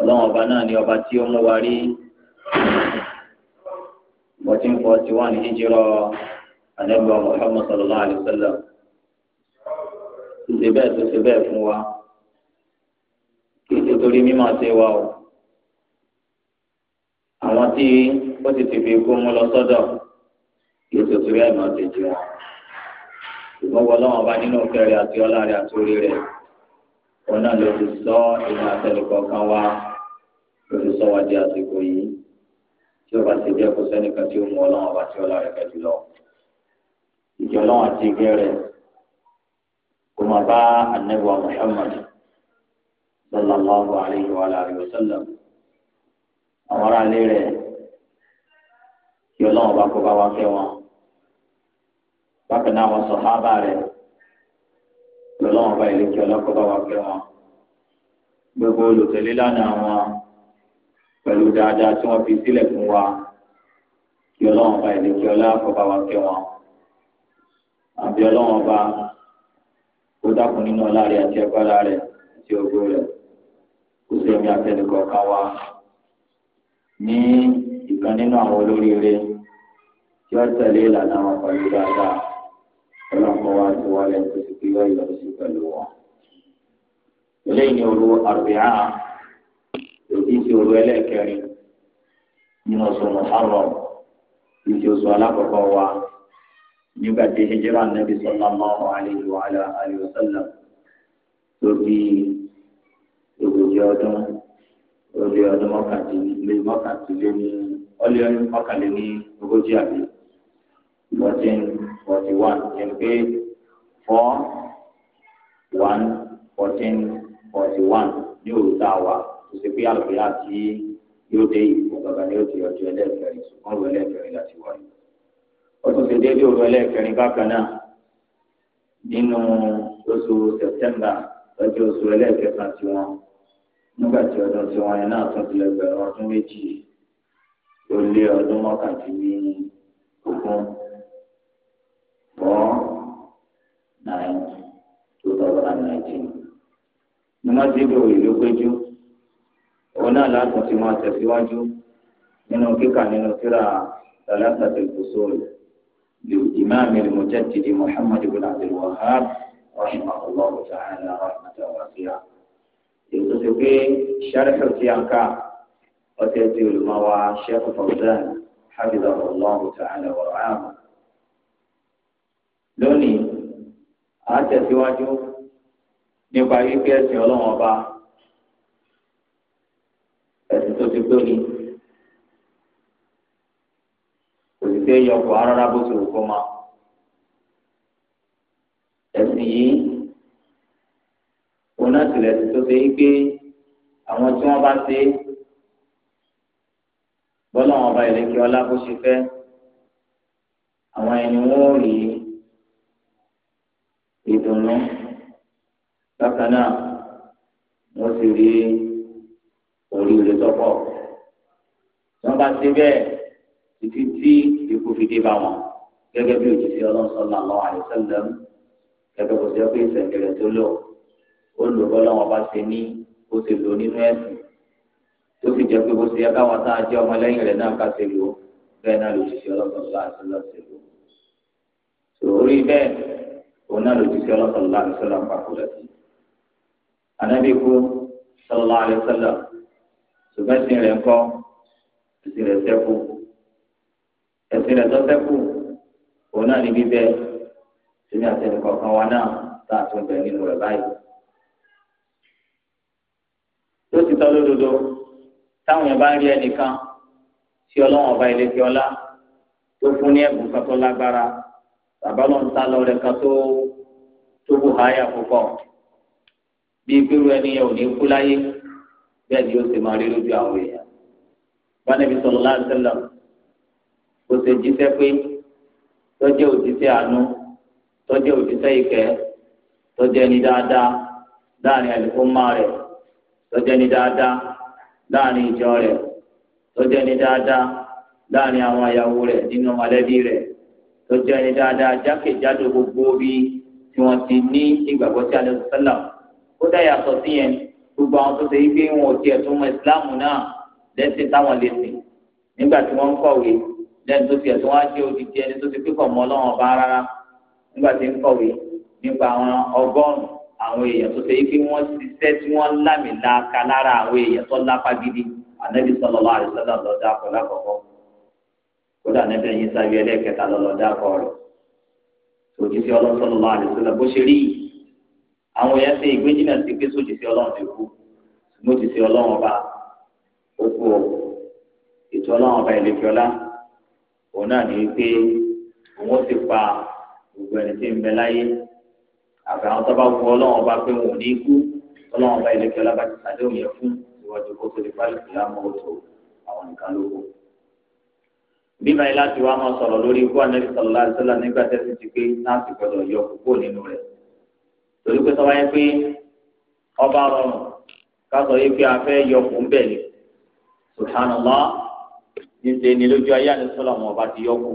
ọlọ́run ọba náà ni ọba tí ó mú wa rí fourteen forty one hijira anabi wa muhammad sallallahu alayhi wa sallam tó ṣe bẹ́ẹ̀ tó ṣe bẹ́ẹ̀ fún wa kí ṣe torí mímọ̀ ṣe wa o àwọn tí ó ti ti fi kó mú lọ sọ́dọ̀ kí ṣe torí àìmọ̀ ṣe jù wọn ṣùgbọ́n wọ́n lọ́wọ́ bá nínú kẹrẹ àti ọlá rẹ̀ àti orí rẹ̀ wọn náà ló ti sọ ìmọ̀ àtẹnukọ̀ọ̀kan wa sọ wá di àsìkò yìí tí ó bá ti jẹ́ kó sẹ́nìkan tí ó mú ọlọ́run ọba tí ọlá rẹ̀ kẹ́jú lọ. ìjọ ọlọ́run àti igẹ́ rẹ̀ kò máa bá anẹ́wà Muhammad sallallahu alayhi wa alayhi wa sallam àwọn aráalé rẹ̀ kí ọlọ́run ọba kó bá wá fẹ́ wọn. bákan náà àwọn sọ̀hábà rẹ̀ kí ọlọ́run ọba ìlú kí ọlọ́kọ̀ bá wá fẹ́ wọn. gbogbo olùtẹ̀lé lánàá wọn pẹ̀lú dáadáa tí wọ́n fi sílẹ̀ fún wa kí ọlọ́run bá ilé kí ọlá kọba wa kẹ́ wọn àbí ọlọ́run bá kó dákun nínú ọlá rẹ̀ àti agbára rẹ̀ àti ògo rẹ̀ kó sì ẹ̀mí àtẹnukọ̀ kan wa ní ìkan nínú àwọn olóríire tí wọ́n tẹ̀lé ìlànà wọn pẹ̀lú dáadáa ọlọ́run wa ti wọlé tó ti fi yọ ìyọ̀sí pẹ̀lú wọn. eléyìí ni olú àrùbíà òru ẹlẹ́ẹ̀kẹrin nínú oṣù Muharram ìṣe oṣù alákọ̀ọ́kọ́ wa nígbà tí hijira nàbì sallallahu alaihi wa ala alihi wa sallam tó di ogójì ọdún ogójì ọdún mọ́kàndínlẹ́ mọ́kàndínlẹ́ ní ọlẹ́ ní ogójì àbí fourteen forty one yẹn pé four one fourteen forty one ní òru tá ṣe pé àlùfẹ́ àti yóò dé ìfún bàbá ni yóò di ọjọ́ ẹlẹ́ẹ̀kẹrin ṣùgbọ́n òru ẹlẹ́ẹ̀kẹrin láti wáyé ó tún ṣe déédéé òru ẹlẹ́ẹ̀kẹrin bákan náà nínú oṣù sẹ̀tẹ́mbà lọ́jọ́ oṣù ẹlẹ́ẹ̀kẹfà tiwọn nígbà tí ọdún tiwọn yẹn náà tún ti lẹ́gbẹ̀rún ọdún méjì ó lé ọdún mọ́kàndínlẹ́ ogún four nine two thousand and nineteen ni wọ́n ti bẹ̀rù ìlú péjú òun náà láti ti máa tẹ̀síwájú nínú kíkà nínú tírà tàlátàtì ìkòsóòlù ìmáàmì al-mujaddid Muhammad ibn Abdul Wahhab rahimahullahu ta'ala rahmatan wasi'a. èso ti pé sáré tí a ń ká ọtí ẹtì olùmọ̀wá Sheikh Fawzan hafidhahullahu ta'ala wa rahmah. lónìí a tẹ̀síwájú nípa wípé ẹ̀sìn ọlọ́wọ́n ọba. òdodo ni kò sì fẹ́ yọkọ̀ rárá bó ti wù kó ma ẹ̀sìn yìí òun náà tilẹ̀ ti tó ṣe é pé àwọn tí wọ́n bá ṣe bọ́lá wọn bá ìlẹ́kẹ́ ọlá bó ṣe fẹ́ àwọn ẹni wọn ò rí ìdùnnú bákan náà wọ́n sì rí oríire tó pọ̀ wọn bá ṣe bẹ́ẹ̀ títí tí ikú fi dé bá wọn gẹ́gẹ́ bí òjijì ọlọ́sọ̀lá àwọn àìsàn gẹ́gẹ́ bó ṣe pé ìṣẹ̀lẹ̀ tó lọ ó lò bọ́ lọ́wọ́ bá ṣe ní bó ṣe lò nínú ẹ̀sìn tó sì jẹ́ pé bó ṣe yẹ káwọn tá a jẹ́ ọmọlẹ́yìn rẹ̀ náà ká ṣe lò bẹ́ẹ̀ náà lòjijì ọlọ́sọ̀lá àìsàn ṣe lò. sòrí bẹ́ẹ̀ òun náà lòjijì ọlọ́sọ̀lá àìsàn pàkúrẹ̀ sí. ànábì kú sọlá àìsàn ṣùgbọ́n rẹ̀ ń kọ́ ẹ̀sìn rẹ̀ sẹ́kù ẹ̀sìn rẹ̀ tó sẹ́kù òun náà ní bíbẹ́ sínú àtẹnu kọ̀ọ̀kan wa náà tá a tún bẹ̀ nínú rẹ̀ báyìí. tó ti tọ́ lódodo táwọn yẹn bá ń rí ẹnìkan tí ọlọ́wọ́n ọba ilé fi ọlá tó fún ní ẹ̀bùn kan tó lágbára bàbá ló ta lọ rẹ̀ kan tó tó bù háyà púpọ̀ bí gbèrú ẹni yẹn ò ní kú láyé bẹ́ẹ̀ ni ó sì máa rí lójú àwọn èèyàn bánẹ́bí sọ̀rọ̀ láàṣẹ́lá kò sì jíṣẹ́ pé tọ́jẹ́ òjíṣẹ́ àánú tọ́jẹ́ òjíṣẹ́ ìkẹ́ tọ́jẹ́ ẹni dáadáa láàrin àlùkòmá rẹ̀ tọ́jẹ́ ẹni dáadáa láàrin ìjọ rẹ̀ tọ́jẹ́ ẹni dáadáa láàrin àwọn àyàwó rẹ̀ nínú mọ̀lẹ́bí rẹ̀ tọ́jẹ́ ẹni dáadáa jákèjádò gbogbo bí tí wọ́n ti ní ìgbàgbọ́ sí àlùkò sẹ́lá kódà yàtọ̀ sí gbogbo àwọn tó ṣe é gbé wọn ò tiẹ̀ tó mọ ìsìláàmù náà lẹ́sìn táwọn lè sìn nígbà tí wọ́n ń kọ̀wé lẹ́nu tó ti ẹ̀sùn wá jẹ́ odidi ẹni tó ti pípọ̀ mọ́ ọlọ́run ọba rárá nígbà tí ń kọ̀wé nípa àwọn ọgọ́rùn-ún àwọn èèyàn tó ṣe é pé wọ́n ṣiṣẹ́ tí wọ́n lámì láaka lára àwọn èèyàn tó lápá gidi ànábì sallallahu alaihi wasallam lọ́dọ̀ akọ lákọ̀ọ́kọ́ kódà ànábì ẹ̀yìn sáyé ẹlẹ́ẹ̀kẹta lọ́dọ̀ akọ rẹ̀ òjíṣẹ́ ọlọ́run sallallahu alaihi wasallam bó ṣe rí yìí àwọn èèyàn ṣe ìgbéjìnà sí pé sójì sí ọlọ́run ti kú ṣùgbọ́n òjíṣẹ́ ọlọ́run ọba ó o ètò ọlọ́run ọba ìlẹ́kẹ̀ọ́lá òun náà ní wípé òun ó sì pa gbogbo ẹni tí ń bẹ láyé àgbà àwọn tọ́ba wù ọlọ́run ọba pé wọn ò ní kú ọlọ́run ọba ìlẹ́kẹ̀ọ́lá bá ti sàdé òun yẹn fún ìwọ́jú kó tó lè bá lè fìlà mọ́ òtò àwọn nìkan ló kù. bíbá ilá ti wá máa sọ̀rọ̀ lórí ikú ànábì sallallahu alaihi wasallam nígbà tẹ́sí ti pé náà sì gbọdọ̀ yọ kókó nínú rẹ̀ torí pé tọ́ba yẹn pé ọba rọrùn ká a fẹ́ yọ kó ń subhanallah níṣẹ ni lójú ayé àdìsọlọ àwọn ọba ti yọkù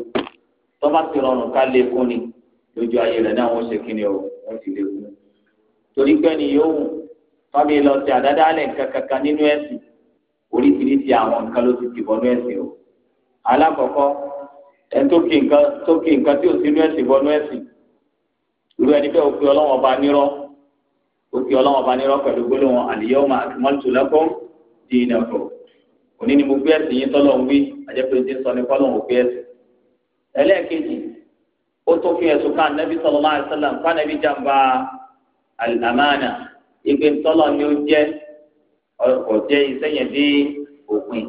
tọba ti rọrùn ká lékún ni lójú ayé rẹ náà wọn ṣe kíni o wọn ti lékún torí pé ni yóò wù fábí lọ sí àdádálẹ̀ kankankan nínú ẹ̀sìn oríṣiríṣi àwọn nǹkan ló ti ti bọnú ẹ̀sìn o alákọ̀ọ́kọ́ ẹni tó kí nǹkan tó kí nǹkan tí ò sínú ẹ̀sìn bọnú ẹ̀sìn irú ẹni bẹ́ẹ̀ òfin ọlọ́wọ́n ọba nírọ́ òní ni mo gbé ẹ̀sìn yín tọ́lọ̀ ń wí àjẹpẹ́ ti sọ ní kọ́lọ̀ ń gbé ẹ̀sìn. ẹlẹ́ẹ̀kejì ó tó fi ẹ̀sùn kan nẹ́bí sallallahu alaihi wasallam kan nẹ́bí jàǹbá àmàna ìgbé tọ́lọ̀ ni ó jẹ́ ọ̀jẹ́ ìsẹ́yìn dé òpin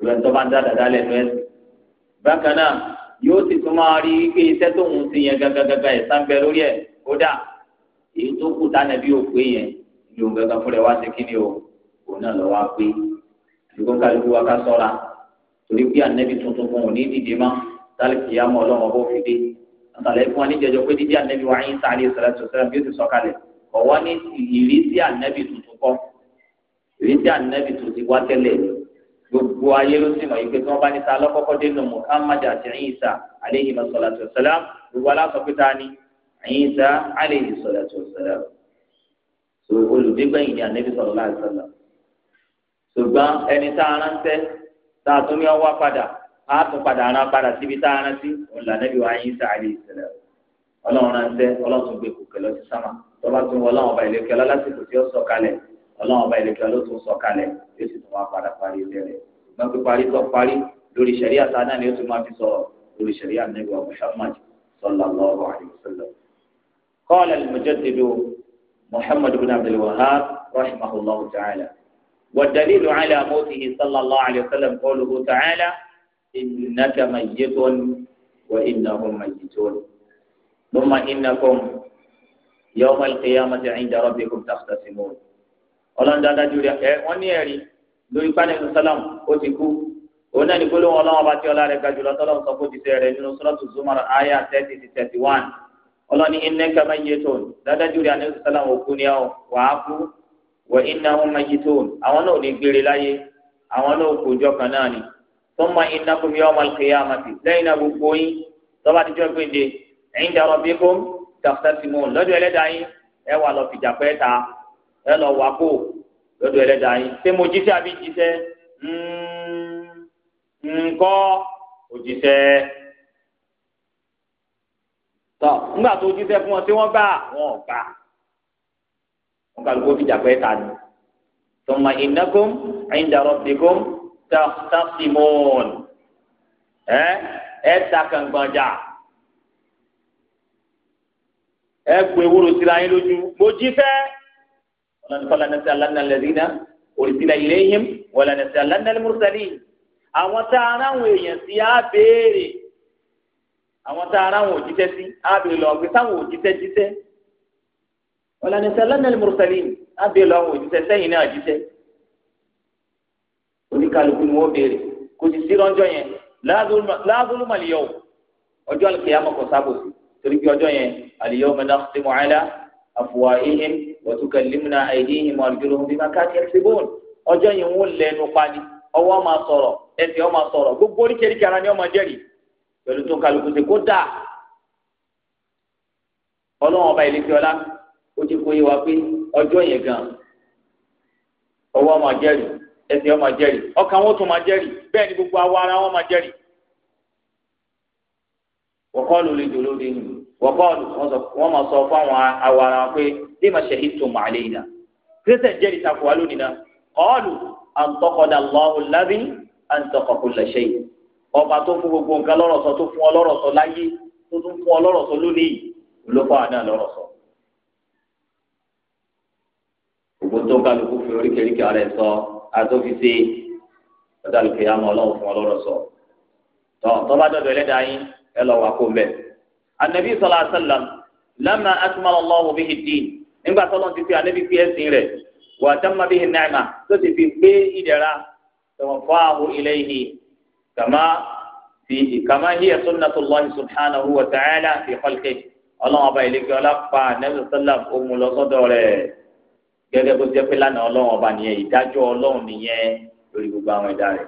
ìrẹ́ tó bá ń dáadáa dálẹ̀ nú ẹ̀sìn. bákan náà yóò sì tún máa rí pé iṣẹ́ tó ń ti yẹn gàgàgàgà ẹ̀sán bẹ lórí ẹ̀ kódà èyí tó kù tá wa ti ṣùgbọ́n kálukú wa ká sọ́ra torí pé ànẹ́bí tuntun fún òní dìde má sálẹ̀ kìí àmọ́ ọlọ́run ọbọ̀ fi dé àtàlẹ́ fún wa níjẹjọ pé dídí ànẹ́bí wa ayín sáré sọ̀rọ̀ sọ̀rọ̀ bí ó ti sọ kalẹ̀ ọ̀wá ní ìrísí ànẹ́bí tuntun kọ́ ìrísí ànẹ́bí tuntun ti wá tẹ́lẹ̀ gbogbo ayé ló sì mọ̀ yìí pé tí wọ́n bá ní ta lọ́kọ́kọ́ dénú Muhammad àti Isa aleyhi masalatu salam gbogbo ṣùgbọ́n ẹni tá a ránṣẹ́ tá a tún ní ọwọ́ padà a tún padà rán padà síbi tá a rántí ọ̀làdá bí wàá yín sáà lè ṣẹlẹ̀ ọlọ́run ránṣẹ́ ọlọ́run tún gbé kòkè lọ sí sámà tọ́ba tún wọ ọlọ́run ọba ìlẹ́kẹ́ lásìkò tí ó sọ kalẹ̀ ọlọ́run ọba ìlẹ́kẹ́ ló tún sọ kalẹ̀ yóò sì tún wá padà parí ilé rẹ̀ ṣùgbọ́n píparí tó parí lórí ṣẹ̀ríà tá ni ó tún máa fi sọ̀rọ̀ lórí ṣẹ̀ríà nígbà Muhammad sallallahu alayhi wa sallam. qala al-mujaddid Muhammad ibn Abdul Wahhab ta'ala والدليل على موته صلى الله عليه وسلم قوله تعالى إنك ميت وإنهم ميتون ثم إنكم يوم القيامة عند ربكم تختصمون ọlọ́run dáadáa ju rẹ̀ wọ́n ní ẹ̀rí lórí pánẹ́lì sálám ó ti kú òun náà ní gbólóhùn ọlọ́run ọba tí ọlá rẹ̀ ga jùlọ tọ́lọ́run sọ fún ìdíṣẹ́ rẹ̀ nínú sọ́lọ́tù zumar aya thirty to thirty one ọlọ́run ní innaka mayyitun dáadáa ju rẹ̀ àníṣe sálám òkú ni ọ wàá kú wa innahum majitun àwọn náà ò ní gbére láyé àwọn náà ò kójọ kan náà ni thumma innakum yawmal qiyamati lẹ́yìn náà gbogbo yín tọ́ba ti jọ gbèdé inda rabbikum taqtasimun lọ́dọ̀ ẹlẹ́dàá yín ẹ wà lọ fìjà pẹ́ ta ẹ lọ wà kó lọ́dọ̀ ẹlẹ́dàá yín ṣé mo jíṣẹ́ àbí jíṣẹ́ hmm, hmm, ńkọ́ òjíṣẹ́ tọ́ ńgbà tó jíṣẹ́ fún wọn tí wọ́n gbà wọn ò gbà wọn kàlùkù ti jà pé ta ni tọmọ ìnákùn ẹ̀yìndà rọ̀bìkùn tàṣìmọ́ọ̀n ẹ ẹ ta kàngbọ̀njà ẹ kú ewúro síra yín lójú mo jí fẹ́ ọlọ́nìkọ́lá ní sàlánà lẹ́dínà òrìṣìlẹ̀ ìlẹ́yìn wọlé ní sàlánà lẹ́mùsàlì àwọn tá a ráwọn èèyàn sí á béèrè àwọn tá a ráwọn òjíṣẹ́ sí á béèrè lọ́wọ́ pé táwọn òjíṣẹ́ jíṣẹ́ ọ̀làní sẹlẹ́nà mùsùlùmí ábẹ́ lọ àwọn òjíṣẹ́ sẹ́yìn náà jíṣẹ́ oníkàlùkù ni wọ́n béèrè kò sì sí rọ́njọ́ yẹn láàbùlù màlìyọ̀ ọjọ́ àlùkìyàmọ̀ kò sábòsí torí pé ọjọ́ yẹn àlìyọ̀ mẹ́ta ti mọ̀ ẹ́lá àfùwà ìhìn wọ̀túkẹ́ límúnà àìdíhìn mọ̀lùjọ́rọ̀ bí má káàkiri ẹ̀sìbọ́ọ̀lù ọjọ́ yẹn wọ́n lẹ́nu pani ọwọ́ máa sọ̀rọ̀ ẹsẹ̀ ọ máa sọ̀rọ̀ gbogbo oríkèéríkèé ara ni ọ máa jẹ́rìí pẹ̀lú tó kálukú ṣe kó dáa ọlọ́run ọba ìlẹ́fẹ́ ọlá ó ti kó yé wa pé ọjọ́ yẹn gan ọwọ́ máa jẹ́rìí ẹsẹ̀ máa jẹ́rìí ọkàn wọn tún máa jẹ́rìí bẹ́ẹ̀ ni gbogbo awọ ara wọn máa jẹ́rìí. wọ́kọ́ọ̀lù lè dòló dé nù wọ́kọ́ọ̀lù wọ́n máa sọ fún àwọn awọ ara wọn pé bí ṣe hìtò lè yìnà takò wá lónìí ọba tó fún gbogbo nǹkan lọ́rọ̀ sọ tó fún sọ láyé tó tún fún sọ lónìí gbogbo tó kálukú fi oríkèéríkè ara ẹ̀ sọ àtòfìsè ọ̀dàlùkè àmọ́ ọlọ́run fún ọlọ́rọ̀ sọ. tọ́ tọ́ba dọ̀dọ̀ ẹlẹ́dàá yín ẹ lọ wà kó mbẹ́. anabi sọlá sẹlẹm lẹ́mà atúmọ̀lọ́ lọ́wọ́ bí hi dín nígbà tọ́lọ́ ti fi anabi fi ẹ̀sìn rẹ̀ wà á dáná bí hi nàìmà tó ti fi gbé ìdẹ̀ra tọ̀wọ̀ fáwọn ilé yìí kàmá fi kàmá hiya sunnatu allahi subhanahu wa ta'ala fi khalqihi ọlọ́run ọba ìlẹ́kẹ́ ọlá pa anabi sọlá òun rẹ̀ gẹ́gẹ́ bó jẹ́ pé lánàá ọlọ́run ọba nìyẹn ìdájọ́ ọlọ́run nìyẹn lórí gbogbo àwọn ẹ̀dá rẹ̀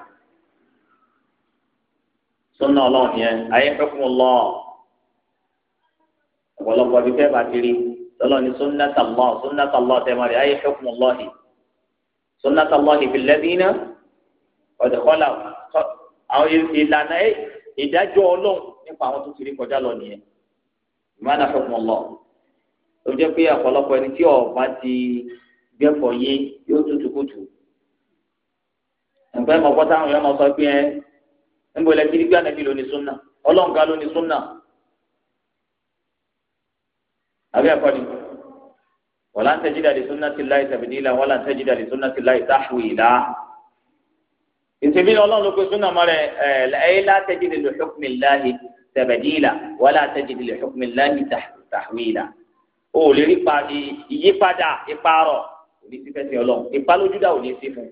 sunna ọlọ́run nìyẹn ayé fẹ́ fún ọlọ́ ọ̀pọ̀lọpọ̀ bí fẹ́ẹ́ bá ti rí lọ́lọ́ ni sunnatallọ́ sunnatallọ́ tẹ́ máa rí ayé fẹ́ fún ọlọ́ yìí sunnatallọ́ yìí fi lẹ́bí iná ọ̀dẹ̀kọ́là àwọn ìlànà ìdájọ́ ọlọ́run nípa àwọn tó ti rí kọjá lọ nìyẹn ìmọ̀ àdàfẹ́ fún ọlọ́ ó jẹ́ pé ọ̀pọ̀lọpọ̀ ẹni tí ọ̀ gẹ́fọ̀ yé yóò tutù kutù. ẹ̀gbẹ́ mọ̀ pọ́tà àwọn ọmọ sọ pé ẹ ń bọ̀ lẹ́kìrì gbé ànábì lóní súnà ọlọ́ǹkà lóní súnà. àbí ẹ̀kọ́ni wọ́n láǹtẹ̀ jídà lè súnà ti láì tàbídìlà wọ́n láǹtẹ̀ jídà lè súnà ti láì táhùwìlà. ìtìbí ọlọ́run ló pe súnà mọ́ rẹ̀ ẹ̀ láǹtẹ̀ jídà lè hukmi láhi tàbídìlà wọ́n láǹtẹ̀ jídà lè láhi táhùwìlà. o lè rí pa ìyípadà ìparọ̀ ní sí fẹsẹ̀ ọlọ́run ìpalójúdà ò ní sí fún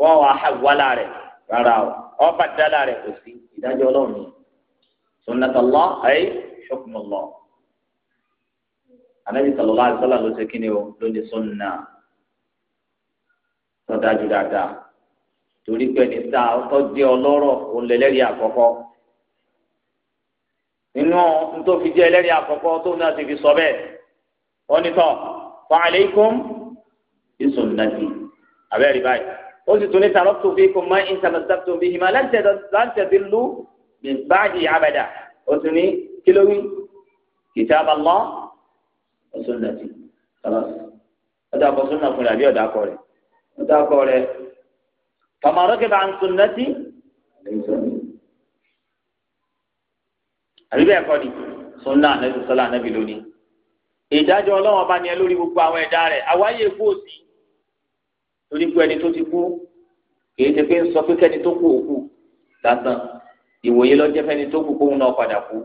wọn wà á wàlà rẹ̀ rárá o wọn bá dálà rẹ̀ kò sí ìdájọ́ ọlọ́run ni sunnatullah ayé hukmullah anabi sallallahu alaihi wasallam ló ṣe kí ni o ló ní sunna tọ́dájú dáadáa torí pé ní sáà tọ́jú ọlọ́rọ̀ òun lẹ́lẹ́rìí àkọ́kọ́ nínú ntòfin jẹ́ ẹlẹ́rìí àkọ́kọ́ náà ti fi sọ bẹ́ẹ̀ wọ́n ní tán fa yusuf nadi abẹ́rẹ́ báyìí ó sì tún ní taraktu fikum ma in tamassaktum bihima lan tadillu min ba'di abada ó tún ní kílówì kitab Allah wa sunnati ọ̀dà kọ sunna fún yàrá bí ọ̀dà kọ rẹ̀ ọ̀dà kọ rẹ̀ famarọ́kẹ́ bá ń sunnati àbí bẹ́ẹ̀ kọ́ ni sunna anabi sọlá anabi lónìí ìdájọ́ ọlọ́wọ́n bá ní ẹ lórí gbogbo àwọn ẹ̀dá rẹ̀ àwáyé kú òsì torí pé ẹni tó ti kú kìí ṣe pé ń sọ pé kẹ́ni tó kú òkú lásán ìwòye lọ́jẹ́ fẹ́ni tó kú kóun náà padà kú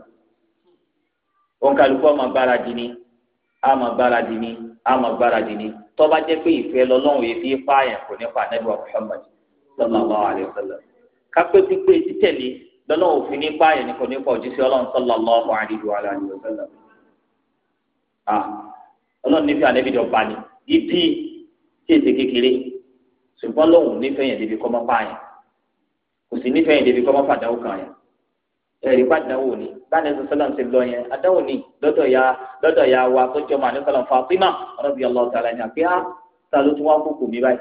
òǹkàlùkọ́ máa gbáradì ni á máa gbáradì ni á máa gbáradì ni tó bá jẹ́ pé ìfẹ́ lọ́lọ́run yìí fi pààyàn kò ní pa nẹ́bí Muhammad sallallahu alaihi wasallam kápẹ́ pípé títẹ̀lé lọ́lọ́run òfin ní pààyàn ní kò ní pa òjíṣẹ́ ọlọ́run sallallahu alaihi wasallam ah, ọlọ́run nífẹ̀ẹ́ àlẹ́bí tí èsì kékeré ṣùgbọ́n lóhùn nífẹ̀ẹ́ yẹn débi kọ́mọ́ pààyàn kò sì nífẹ̀ẹ́ yẹn débi kọ́mọ́ fàdáwò kan yẹn ẹ̀rí bá dáwò ni báyìí ní sọ́lá ṣe lọ yẹn adáwò ni lọ́dọ̀ ya lọ́dọ̀ ya wa tó jọmọ àní sọ́lá Fatima radiyallahu ta'ala ní àpé á ta ló tún wá kókò mi báyìí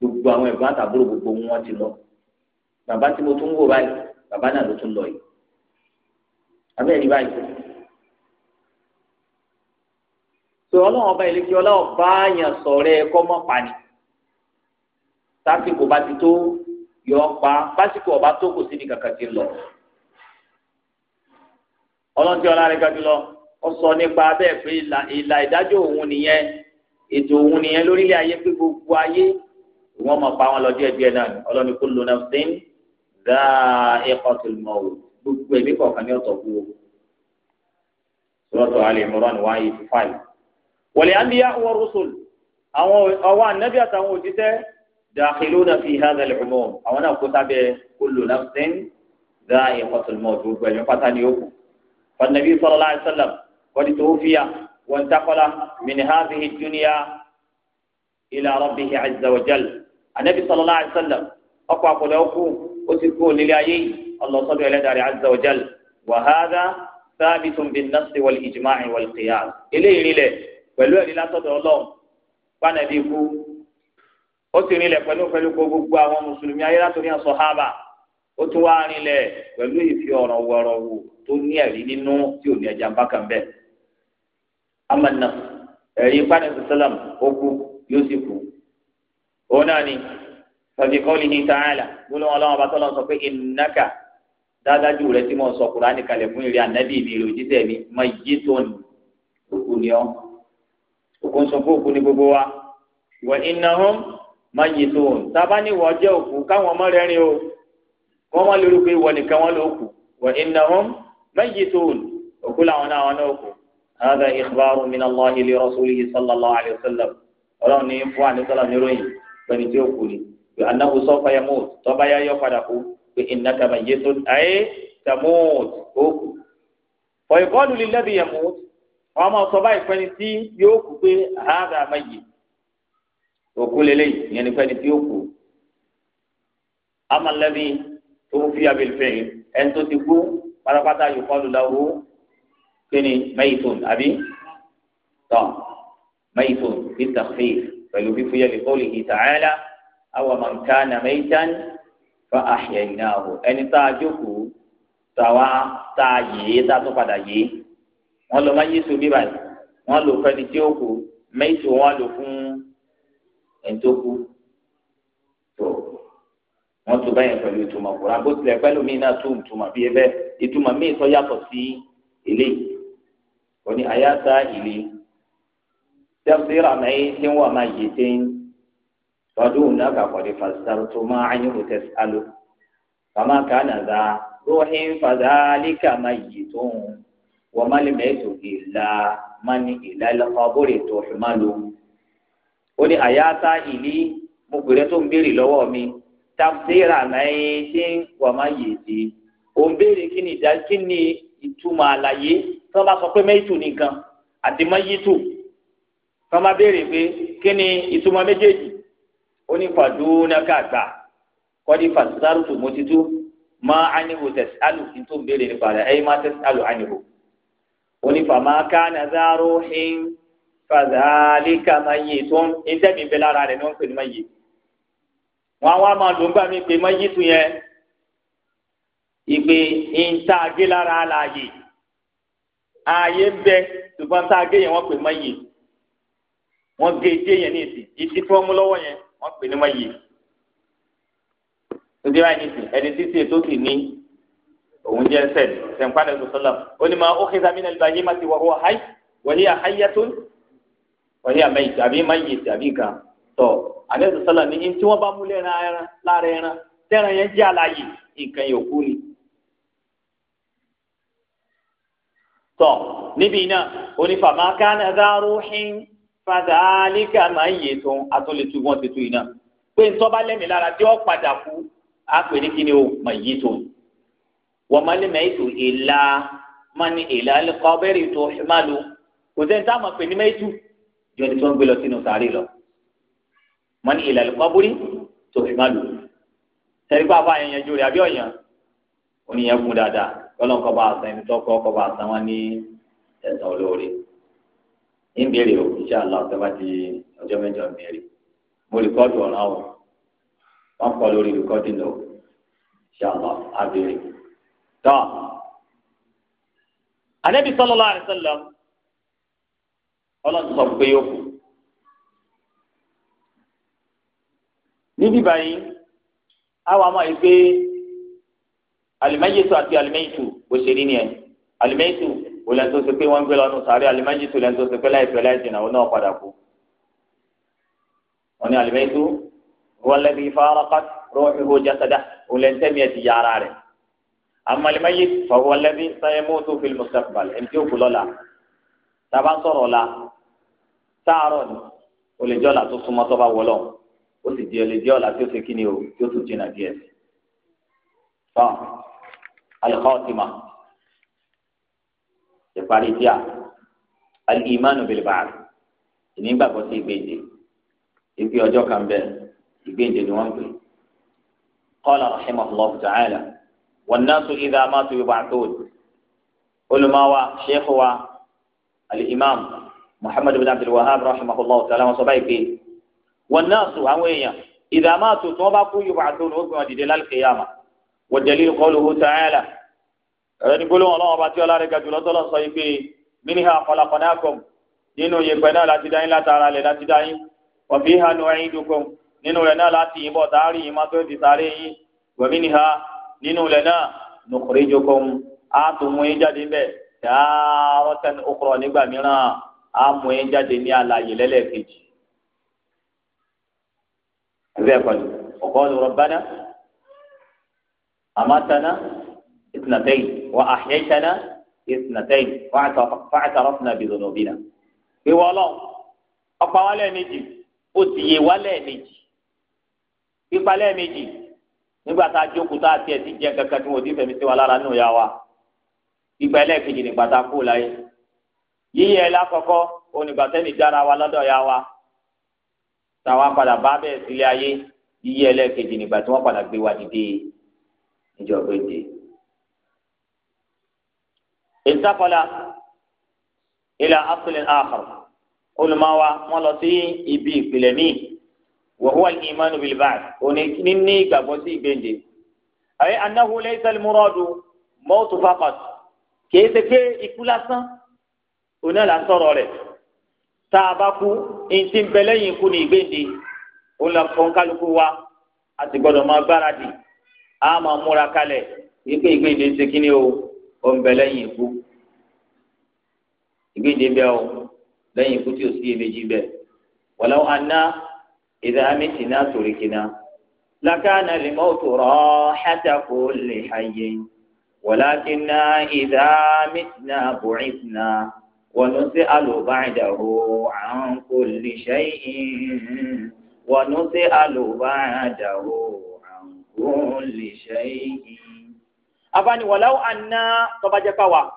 gbogbo àwọn ẹ̀gbọ́n àtàbúrò gbogbo wọn ti lọ bàbá tí mo tún wò báyìí bàbá náà ló tún lọ yìí abẹ́rẹ́ báyìí tó ọlọ́wọ́n bá ilé kí ọlọ́wọ́n bá yàn sọ̀rọ̀ ẹ kọ́ mọ́ pani tásìkò bá ti tó yọ pa básìkò ọba tó kò síbi kàkà ti lọ ọlọ́ntì ọlá rẹ̀ gàdú lọ ó sọ nípa bẹ́ẹ̀ pé ìlà ìdájọ́ òun nìyẹn ètò òun nìyẹn lórílẹ̀ ayé pé gbogbo ayé wọ́n máa pa wọn lọ díẹ̀ díẹ̀ náà ọlọ́ni kò lóna fún dá ẹ̀kọ́ tó lọ o gbogbo ẹ̀mí kọ̀ọ̀kan ní ọ̀tọ̀ kú o sọ́tọ̀ Al Imran one eighty five wọlé anbiya wa rusul àwọn àwọn anabi àtàwọn òjíṣẹ́ dakhiluna fi hadha al-umum àwọn náà kó sábẹ́ kullu nafsin dha'iqatul maut gbogbo ẹ̀yọ́ pátá ni ó kù fanabi sallallahu alayhi wa sallam wọ́n tó fiya wọ́n takọ́la min hadhihi dunya ila rabbihi azza wa jal anabi sallallahu alayhi wa sallam ọkọ̀ àkọ́dọ̀ ó ti kú onílé ayé ọlọ́sọ́dọ̀ ẹlẹ́dàrí azza wa jal wa hadha thabitun bin nafsi wal eléyìí rí pẹ̀lú ẹ̀rí látọ̀dọ̀ ọlọ́run pánàbí ikú ó ti rinlẹ̀ pẹ̀lú pẹ̀lú gbogbo àwọn mùsùlùmí ayé látòrí sàhábà ó tún wá rinlẹ̀ pẹ̀lú ìfi ọ̀rọ̀ wọ̀rọ̀ wò tó ní ẹ̀rí nínú tí ò ní ẹja ń bá kàn bẹ́ẹ̀. amana ẹ̀rí pánàbí sálàm ó kú yóò sì kú òun náà ni tàbí kọ́lì ní tààlà gbólóhùn ọlọ́run bá tọ́lọ́ òkun sunkún òkú ni gbogbo wa wa innahum mayyitun sábà ní wọ́n jẹ́ òkú káwọn ọmọ rẹ̀ rìn o wọ́n wọ́n lérò pé wọ́n nìkan wọ́n ló kù wa innahum mayyitun òkú làwọn náà wọn náà kù hadha ikhbaru min Allah li rasulihi sallallahu alayhi wa sallam ọlọ́run ní fún àdìsọ́lá ní ròyìn pẹ̀lú tí ó kù ni pé annahu sawfa yamut tọ́ba yá yọ ọmọ sọ báyìí fẹ́ni tí yóò kú pé àádọ́ àmàyè òkú lélẹ́yìí ìyẹn ni fẹ́ni tí yóò kú amalẹ́bí tó fi abẹ́lẹ́fẹ́ yìí ẹni tó ti kú pátápátá yóò kọ́ lùdáwó kíni mẹ́yìtòn àbí tọ́ mẹ́yìtòn fi tàfíì pẹ̀lú fífúyẹ́ lè kọ́lé ìtààlà àwọn mọ̀nkánà mẹ́yìtàn fa àhìẹ̀ ìnáwó ẹni tá a jókòó tàwa tá a yé tá a tó padà yé wọ́n lọ májèsè bí báyìí wọ́n lò fẹ́ni tí ó kù mẹ́tò wọ́n lò fún ẹ̀ńtókù tó wọ́n tó báyẹn pẹ̀lú ìtumọ̀ kura bó tilẹ̀ pẹ́lú mi náà tó ìtumọ̀ bíi ẹbẹ́ ìtumọ̀ míì tó yàtọ̀ sí eléyìí wọ́n ní àyàtà ìlé tẹ́síra mẹ́yìn tí wọ́n máa yé tẹ́yìn tọdún náà kàkọ́dé fàṣítàrú tó máa ń yóò tẹ̀sí alo kàmáka nàza róhìn fàdálíkà máa yé tóun. وما لميت إلا من إلى القبر تحمل ó ní àyàtá ìlí mo gbèrè tó ń béèrè lọ́wọ́ mi tafsira mẹ́ẹ̀ẹ́dì wà má yè dé ó ń béèrè kí ni ìdá kí ni ìtumọ̀ àlàyé tí wọ́n bá sọ pé mẹ́ẹ̀tù nìkan àti mẹ́yìtù tí wọ́n bá béèrè pé kí ni ìtumọ̀ méjèèjì ó ní fàdúnákà gbà kọ́ni fàtúntàrùtù mọ́títù má ánìhò tẹ̀sí àlù kí n tó ń béèrè nípa rẹ̀ ẹ̀yin má tẹ̀sí àlù ánìhò onífàmáká nàzáró hin fàzálíkà máa yé tó ń iṣẹ́ mi bẹ lára rẹ̀ ni wọ́n ń pè ní máa yé wọn wá máa lò ń gbà mí pé máa yé tu yẹn ìgbé ìntàgé lára àlàyé ààyè ń bẹ ṣùgbọ́n ìntàgé yẹn wọ́n pè máa yé wọ́n gé ìdí yẹn ní ìsìn ìdí tí wọ́n mú lọ́wọ́ yẹn wọ́n pè ní máa yé. Ndé wáyé ní ìsìn sì ní òun jẹ́ ẹsẹ̀ sẹ̀ǹpánà ẹ̀sùn sọ́lá ó ní máa ó kí sami náà báyìí má ti wà wọ́n háì wọ́n yà háyà tó wọ́n yà mẹ́yì tàbí máyì tàbí gan tọ́ àná ẹ̀sùn sọ́lá ní tí wọ́n bá mú lẹ́ran ẹran lára ẹran tẹ́ran yẹn jẹ́ àlàyé nǹkan yòókù ni. tọ́ níbi náà ó ní fàmà kánà dárúhìn fàdálíkà máyì tó atúlétú wọn ti tú iná pé ntọ́ bá lẹ́mìí lára tí wọ́n padà kú á pè ní kíni wọ́mọ́lì mẹ́tù ìlà mọ́ni ìlà kọ́bẹ́rì tó máa lo kò sẹ́ni tá a máa pè ní mẹ́tù jọ ni tó ń gbé lọ sínú sàárè lọ mọ́ni ìlà kọ́búrí tó máa lo sẹ́ni pa àbá yẹn yanjú rẹ̀ àbí ọ̀yàn oníyẹn kún dáadáa lọ́lọ́n kọ́ bá a sàn ẹni kọ́ bá a sàn wọ́n ní ẹ̀sán olóore ń béèrè o insha Allah ọ̀sẹ̀ bá ti ọjọ́ mẹ́jọ ń béèrè mo rìkọ́dù ọ̀ràn o kọ́ lórí rìkọ́dù náà insha Allah á tọ́ anabi sallallahu alaihi wasallam ọlọ́run sọ pé yóò kú níbí báyìí àwọn àmọ́ yìí pé alimayitu àti alimayitu òṣèré ni ẹ alimayitu olè tó ṣe pé wọn gbé lọnù sáré alimayitu olè tó ṣe pé láìpẹ́ láì jìnnà òun náà padà kú wọn ni alimayitu wọn lẹbi ifá arakat rọhìn hó jásádá olè ń ti yára rẹ amalimayi fawalẹbi sayemoto fil mustaqbal ẹni tí ó kú lọ́la taba sọ̀rọ̀ la taarọ ni o lè jọ la tó súnmọ́ tó bá wọlọ o sì di o lè jọ la tó ṣe kí ni o tó tún jìnnà díẹ̀ tán alikọtima ìparí díà alìmánu bilibaari ìnígbàgbọ́ sí ìgbéǹde ìgbé ọjọ́ kan bẹ́ẹ̀ ìgbéǹde ni wọ́n ń pè qala rahimahullahu ta'ala. والناس إذا ماتوا يبعثون علماء شيخوا الإمام محمد بن عبد الوهاب رحمه الله تعالى وصبايكي والناس هويا إذا ماتوا توبقوا يبعثون وقوا دلال القيامة والدليل قوله تعالى يقولون الله باتي الله رجع جل جل صيفي منها خلقناكم نينو يبنا لا تدعين لا تعالى لا تدعين وفيها نعيدكم نينو ينا لا تيبو تاري ما تودي تاري ومنها nínú ilẹ̀ náà nukhrijukum á tún mú yín jáde bẹ́ẹ̀ taratan ukhra nígbà mìíràn á mú yín jáde ní alàyè lẹ́lẹ́kejì. ẹgbẹ́ ẹ̀kọ́ni ọ̀kọ́ni rabbana amatana ithnatayn wa ahyaytana ithnatayn fa'tarafna bi dhunubina. ìwọ ọlọ́run ọ̀pá wálẹ̀ méjì ó ti yé wálẹ̀ méjì pípa lẹ́ẹ̀mejì nígbà tá a jókòó tá a tiẹ̀ ti jẹ́ kankan tí wọ́n ti fẹ̀mí sí wa lára nínú ya wa ìgbà ẹlẹ́ẹ̀kejì nígbà tá a kú láyé yíyí ẹ lákọ̀ọ́kọ́ onígbà tẹ́ni dára wa lọ́dọ̀ ya wa táwa padà bá bẹ́ẹ̀ sílé ayé yíyí ẹlẹ́ẹ̀kejì nígbà tí wọ́n padà gbé wa dìde ìjọba èdè. ìtakọ̀lá ilà asìlẹ̀ àkàrà olùmọ̀ wa lọ sí ibi ìpìlẹ̀ míì. وهو الإيمان بالبعث ونكنني قبوسي بندي أي أنه ليس المراد موت فقط كيف كي إكلاسا هنا لا صار له تابكو إن تنبلي يكون بندي ولا فنكالكو وا أتقول ما بردي أما مراكله يكي بندي سكيني ó ń bẹ lẹ́yìn ikú ìgbéde bẹ ọ lẹ́yìn ikú tí o sì èméjì إذا متنا تركنا لكان الموت راحة كل حي ولكننا إذا متنا بعثنا ونسأل بعده عن كل شيء ونسأل بعده عن كل شيء أفاني ولو أننا تبجكوا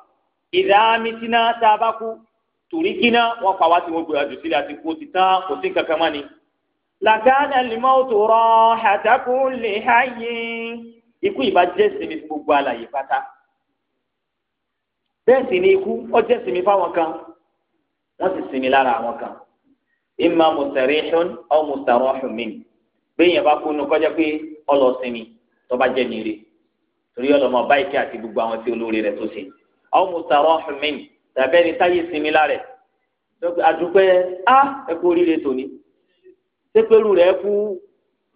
إذا متنا سابقوا تركنا وفواتي وبرجسلة كوتتا كوتين كمان làkàdà lìmọ́tò rọ àtàkùn lè háyé ikú ìbàjẹ́ sinmi gbogbo àlàyé pátá bẹ́ẹ̀ sì ni ikú ọjẹ́ sinmi fáwọn kan wọ́n sì sinmi lára àwọn kan imma mustarihun aw mustarahun min bẹ́ẹ̀ yẹn bá kú nu kọjá pé ọlọ́sinmi tó bá jẹ́ nìire torí ọlọ́mọ báyìí kí àti gbogbo àwọn tí olóore rẹ̀ tó ṣe aw mustarahun min tàbẹ́ni táyé sinmi lára ẹ̀ adúpẹ́ á ah, ẹ̀kú oríire tòní sépèrú rẹ̀ kú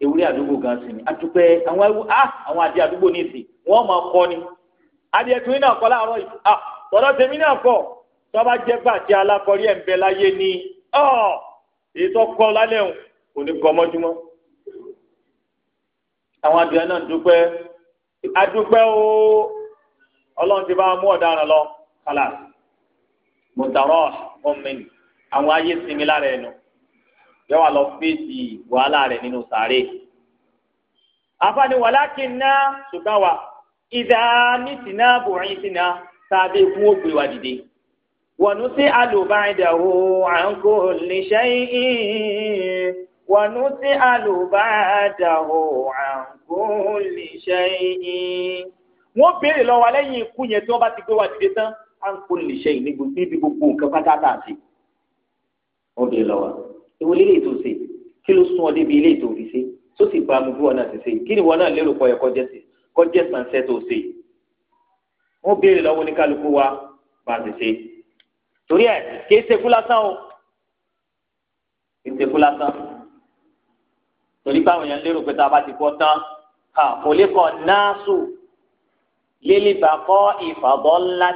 ewúrẹ́ àdúgbò gan sí ni àtúpẹ́ àwọn ewu ah àwọn adìẹ àdúgbò ní ìsìn wọ́n máa kọ́ ni adìẹ tún náà kọ́ láàárọ̀ yìí ah tọ́lọ́ tèmi náà kọ́ tọ́ba jẹ́ bàtí alákọ̀rí ẹ̀ ń bẹ láyé ni ọ́ èyí tó kọ́ lálẹ́ òun kò ní kọ́ mọ́júmọ́ àwọn adìẹ náà dúpẹ́ adúpẹ́ o ọlọ́run ti bá mú ọ̀daràn lọ kálá mùtàrọ́ ọ̀mìn àwọn ayé sinmi lára ẹnu yọ wà lọ fèsì wàhálà rẹ̀ nínú sàárè. àfààní wàlákìnná ṣùgbọ́n wa ìdá mítìnà bùrìntìnà tàbí ikú ògbé wa dìde. wọ̀nù sí alùbáìdàwò àǹkó níṣẹ́ yìí wọ̀nù sí alùbáìdàwò àǹkó níṣẹ́ yìí. wọ́n béèrè lọ́wọ́ lẹ́yìn ikú yẹn tí wọ́n bá ti gbé wa dìde tán àǹkó níṣẹ́ yìí níbi gbogbo nǹkan pátá tàǹtì. wọ́n béèrè lọ́wọ́ ìwé ilé ètò ṣe kí ló sún ọ débi ilé ètò òbí ṣe tó sì bá mu bí wọn náà ṣe ṣe kí ni wọn náà lérò kọyọ kọjẹ sí kọjẹ sànṣẹ tó ṣe wọn béèrè lọ́wọ́ ní kálukú wa bá a ṣe ṣe torí ẹ kì ṣe fún lásán o kì ṣe fún lásán torí báwọn yẹn lérò pé tá a bá ti kọ tán ha kò lè kọ náà sùn lílìbà kọ ìfàbọ ńlá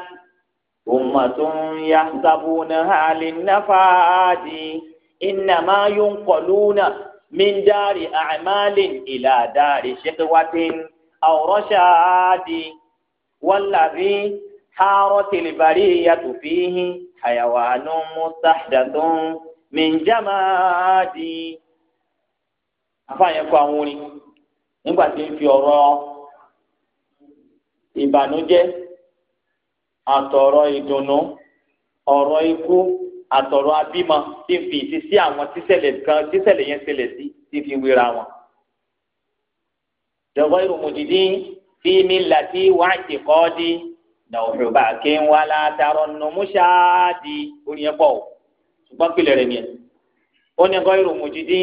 umatun yahsabuna ha linnafaadi ìnàmá yóò ń kọ lónà mindari àmàlìn ìlàdàrí ṣèkíwátín àwòránṣáàdì wàlàbí hàrọ̀tìlìbàrí yàtòfihìn àyàwánú mùsàdàtún mìjàmáàdì. afáàyẹ̀kọ́ àwọn orin nígbà tí ń fi ọ̀rọ̀ ìbànújẹ́ àtọ̀rọ̀ ìdùnnú ọ̀rọ̀ ikú àtọ̀rọ̀ abímọ tí ń fi ìsí sí àwọn tíṣẹ̀lẹ̀ kan tíṣẹ̀lẹ̀ yẹn ṣẹlẹ̀ sí tí fi wéra wọn. dọ̀wọ́ ìrùmùdìdí fi mi làtí wáǹtì kọ́ di nàòṣùbà kí n wá látàrọ̀ nùmúṣáàdì oníyẹn pọ̀ ṣùgbọ́n pìlẹ̀ rẹ̀ nìyẹn. ó ní ẹ̀kọ́ ìrùmùdìdí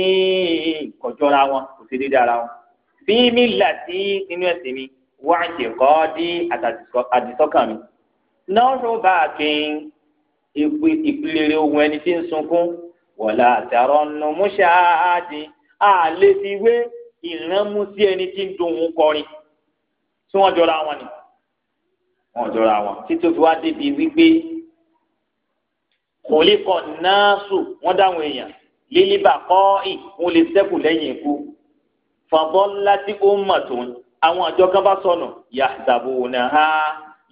kò jọra wọn kò sí dídá ara wọn. fi mi làtí nínú ẹ̀sìn mi wáǹtì kọ́ di àtàdìsọ́kàn mi. nàòṣùbà kí n ìpìlẹ̀ ohun ẹni tí ń sunkún wọ̀lá àtàrọ̀ nùmúṣà àdín àlè ti wé ìrànmú sí ẹni tí ń dohun kọrin tí wọ́n jọra wọn ni wọ́n jọra wọn títí ó fi wá débi wípé kòlíkọ̀ náàsù wọ́n dáhùn èèyàn lílíbà kọ́ ì wọ́n lè sẹ́kù lẹ́yìn ikú fàbọ́ ńlá tí ó mọ̀ tó ń àwọn àjọ kan bá sọnù yàtàbò náà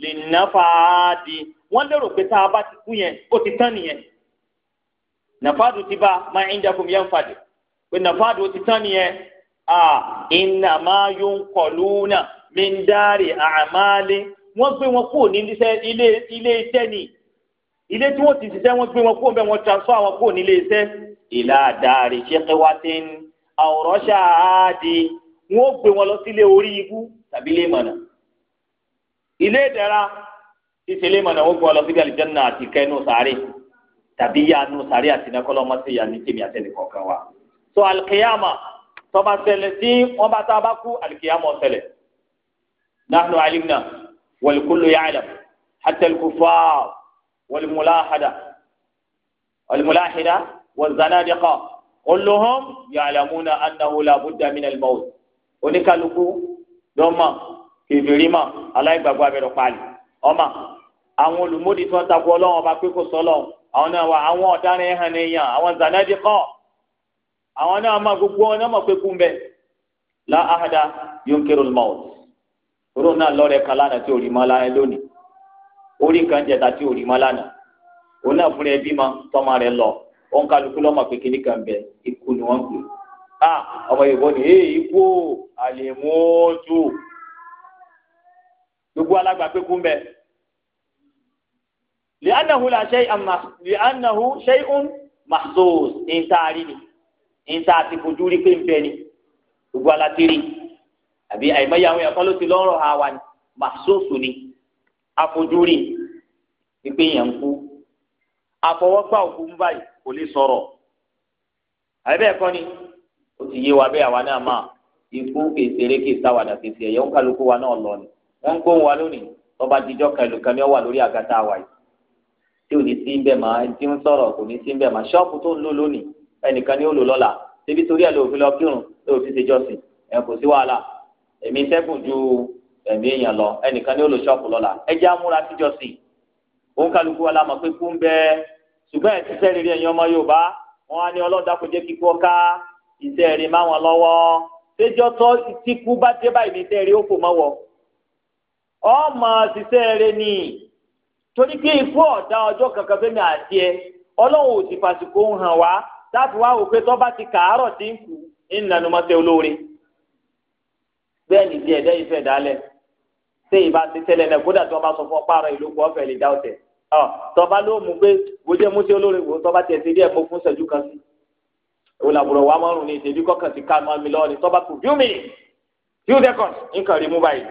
lè náfàá di wọ́n lérò pé tá a bá ti kú yẹn ó ti tán nìyẹn nàfàdù ti bá ma indakum yanfad pé nàfàdù ó ti tán nìyẹn à innama yunqaluna min dari a'mali wọ́n gbé wọn kúrò ní ilé ilé iṣẹ́ ni ilé tí wọ́n ti ṣiṣẹ́ wọ́n gbé wọn kúrò bẹ́ẹ̀ wọ́n transfer wọn kúrò nílé iṣẹ́ ìlà dari shiqwatin aw rashadi wọ́n gbé wọn lọ sílé orí ibú tàbí ilé ìmọ̀nà ilé ìdẹ̀ra ṣíṣe lé mọ̀nà ogun ọlọ síbi àlìjẹ́nà àti kẹ́ nù sáré tàbí yá nù sáré àti nàkọ́lọ́ ọmọ sí yá ní tèmi àtẹnì kọ̀ọ̀kan wa. tó alikiyama tọba ṣẹlẹ̀ tí wọn bá tá bá kú alikiyama ṣẹlẹ̀ nahnu alimna wal kullu ya'lam hatta al-kuffar mulahada wal mulahida wal zanadiqa kulluhum ya'lamuna annahu la budda min al-maut oníkàlùkù dọ́mà kìbìrìmà aláìgbàgbọ́ abẹ́rẹ́ pàálí ọmọ àwọn olùmọdì tí wọn takò Ọlọ́run ọba pé kò sọlọ àwọn náà wà àwọn ọ̀daràn ẹhàn nìyàn àwọn zanadi kọ àwọn náà mọ gbogbo wọn náà mọ pé kú mbẹ la ahada yunkirul maut oró náà lọrẹ kan lánàá tí orí mọ lánàá lónìí orí kan jẹta tí orí mọ lánàá òun náà fúnra ẹbí mọ tọmọ rẹ lọ wọn kálukú lọmọ pé kíní kan bẹ ikú ni wọn pè ah, ọmọ Yorùbá ni ee ikú àlè mọ́ọ́tù gbogbo alágbàgbé kú mbẹ li'annahu la shay'an ma li'annahu shay'un mahsus ntaari ni ntaati fojú rí pé nbẹ ni gbogbo alátìrí àbí àyèmáyà àwọn ẹ̀kọ́ ló ti lọ́rọ̀ ha wa ni mahsus ni afojú rí pípé yẹn ń kú àfọwọ́gbà òkú ń báyìí kò lè sọ̀rọ̀ àbí bẹ́ẹ̀ kọ́ ni ó ti yé wa bẹ́ẹ̀ àwa náà máa ikú kèsèré kèsàwàdà kèsì ẹ̀yẹ́ ń kálukú wa náà lọ ni wọn ń gbóhùn wa lónìí ọba jíjọ kan ìlú kan ni ó wà lórí àgàtà wa yìí tí ò ní sí ń bẹ̀ mọ́ ẹni tí ń sọ̀rọ̀ kò ní sí ń bẹ̀ mọ́ ṣọ́ọ̀pù tó ń lò lónìí ẹnìkan ni ó lò lọ́la síbi torí ẹ̀ lòfin lọ kírun lòfin ṣe jọ́sìn ẹ̀ kò sí wàhálà ẹ̀mí sẹ́kùn ju ẹ̀mí èèyàn lọ ẹnìkan ni ó lò ṣọ́ọ̀pù lọ́la ẹ amúra sí jọ́sìn òun kálukú wa la mọ̀ pé kú ń bẹ ṣùgbọ́n ẹ̀ ṣiṣẹ́ rere ẹ̀yin ọmọ Yorùbá wọn á ní ọlọ́dà kò jẹ́ kíkú ọká iṣẹ́ rere máwọn lọ́wọ́ ṣéjọ́ tó tí kú bá dé báyìí ní iṣẹ́ rere ó kò mọ́wọ́ ọmọ ṣiṣẹ́ rẹ ni torí pé ikú ọ̀dá ọjọ́ kankan fẹ́mi àti ẹ ọlọ́run ò sì fàṣìkò ń hàn wá láti wá wò pé tó bá ti kàárọ̀ tí ń kú ń nànú mọ́tẹ́ olóore bẹ́ẹ̀ ni ti ẹ̀dá ìfẹ́ dálẹ̀ ṣé ìbá ti tẹ́lẹ̀ náà kódà tí wọ́n bá sọ fún ọpárọ̀ ìlú kọ́ ọ̀fẹ́ lè dá ọ̀tẹ̀ ọ tọba ló mú pé wòjẹ́ mú sí olóore wò tọba tiẹ̀ ti díẹ̀ mú fún ṣẹ́jú kan sí òun làbúrò wa márùn-ún ni ìṣèlú kọ́kàn ti ká mọ́ mi lọ́ọ́ ni tọba kù few minutes few seconds nǹkan rí mú báyìí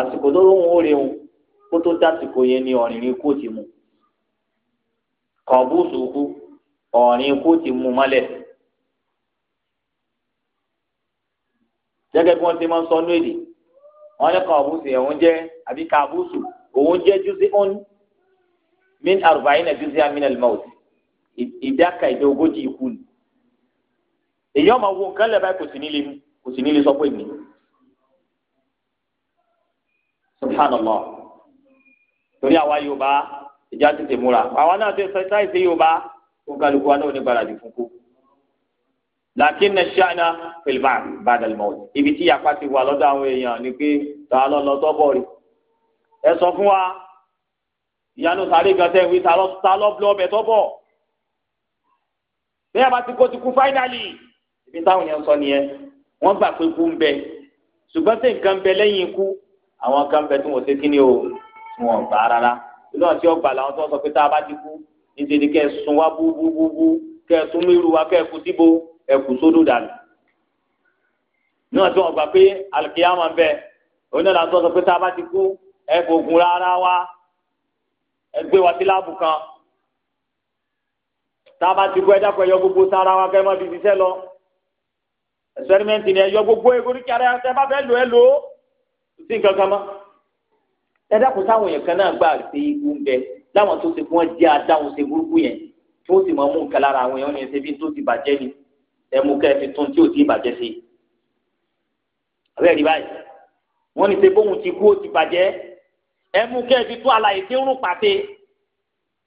àsìkò tó lóun ó rẹun kó tó dásìkò yẹn ni ọ̀rìnrìn kó ti mú kọ̀ọ̀bùsù kú ọ̀rìn kó ti mú mọ́lẹ̀. gẹ́gẹ́ bí wọ́n ti máa ń sọ lóde wọ́n ní kọ̀ọ̀bùsù ẹ̀hún jẹ́ àbí kàbùsù òun jẹ́ júsí ọ́n min àrùbáyìn náà júsí àmì nàlẹ́ mọ́ọ̀tì ìdáka ìdá ogójì ikú ni. èyí ọmọ wo nǹkan lẹ́ẹ̀ báyìí kò sí nílé kò sí nílé sọ pé mi. subhanallah torí àwa yorùbá ìjà tètè múra àwa náà ti sáìsì yorùbá fún kálukú wa náà ní gbàràdì fún kú. lakinna sha'na fil ba'da al-maut ibi tí yàpá ti wà lọ́dọ̀ àwọn èèyàn ni pé ta lọ lọ tọ́bọ̀ rí ẹ sọ fún wa ìyanu sáré gan tẹ́ wí ta lọ blọ́ ọbẹ̀ tọ́bọ̀ bẹ́ẹ̀ bá ti kó ti kú fáínàlì ibi táwọn yẹn sọ nìyẹn wọ́n gbà pé kú ń bẹ ṣùgbọ́n tí nǹkan ń bẹ lẹ́yìn ikú àwọn kan bẹ tí wọn ò ṣe kíni o tí wọn gbà rárá ìlú àti ọgbà làwọn tí sọ pé tá a bá ti kú níṣẹ ni kẹ ẹ sun wá búbúbúbú kẹ ẹ sun mírù wá kẹ ẹ kú síbo ẹ kú sódò dànù náà tí wọn gbà pé alikiyama bẹ òun náà làwọn tí wọn sọ pé tá a bá ti kú ẹ kò gun rárá wá ẹ gbé wá sí láàbù kan tá a bá ti kú ẹ dákọ ẹ gbogbo sára wa kẹ ẹ má fi ṣiṣẹ́ lọ ẹsẹrimẹnti ni ẹ yọ gbogbo egorí kí ara ẹ sí nǹkan kan mọ́ ẹ dákun táwọn èèyàn kan náà gbà ṣe ikú ń bẹ láwọn tó ṣe fún wọn jẹ́ adáhùn ṣe burúkú yẹn tí wọ́n sì mọ mú nǹkan lára àwọn èèyàn yẹn ṣe bí tó ti bàjẹ́ ni ẹ mú kẹ́ ẹ fi tún tí ò ti bàjẹ́ ṣe. àbẹ́rẹ́ rí báyìí wọ́n ní ṣe bóun ti kú ó ti bàjẹ́ ẹ mú kẹ́ ẹ fi tún àlàyé tí ń rún pàṣẹ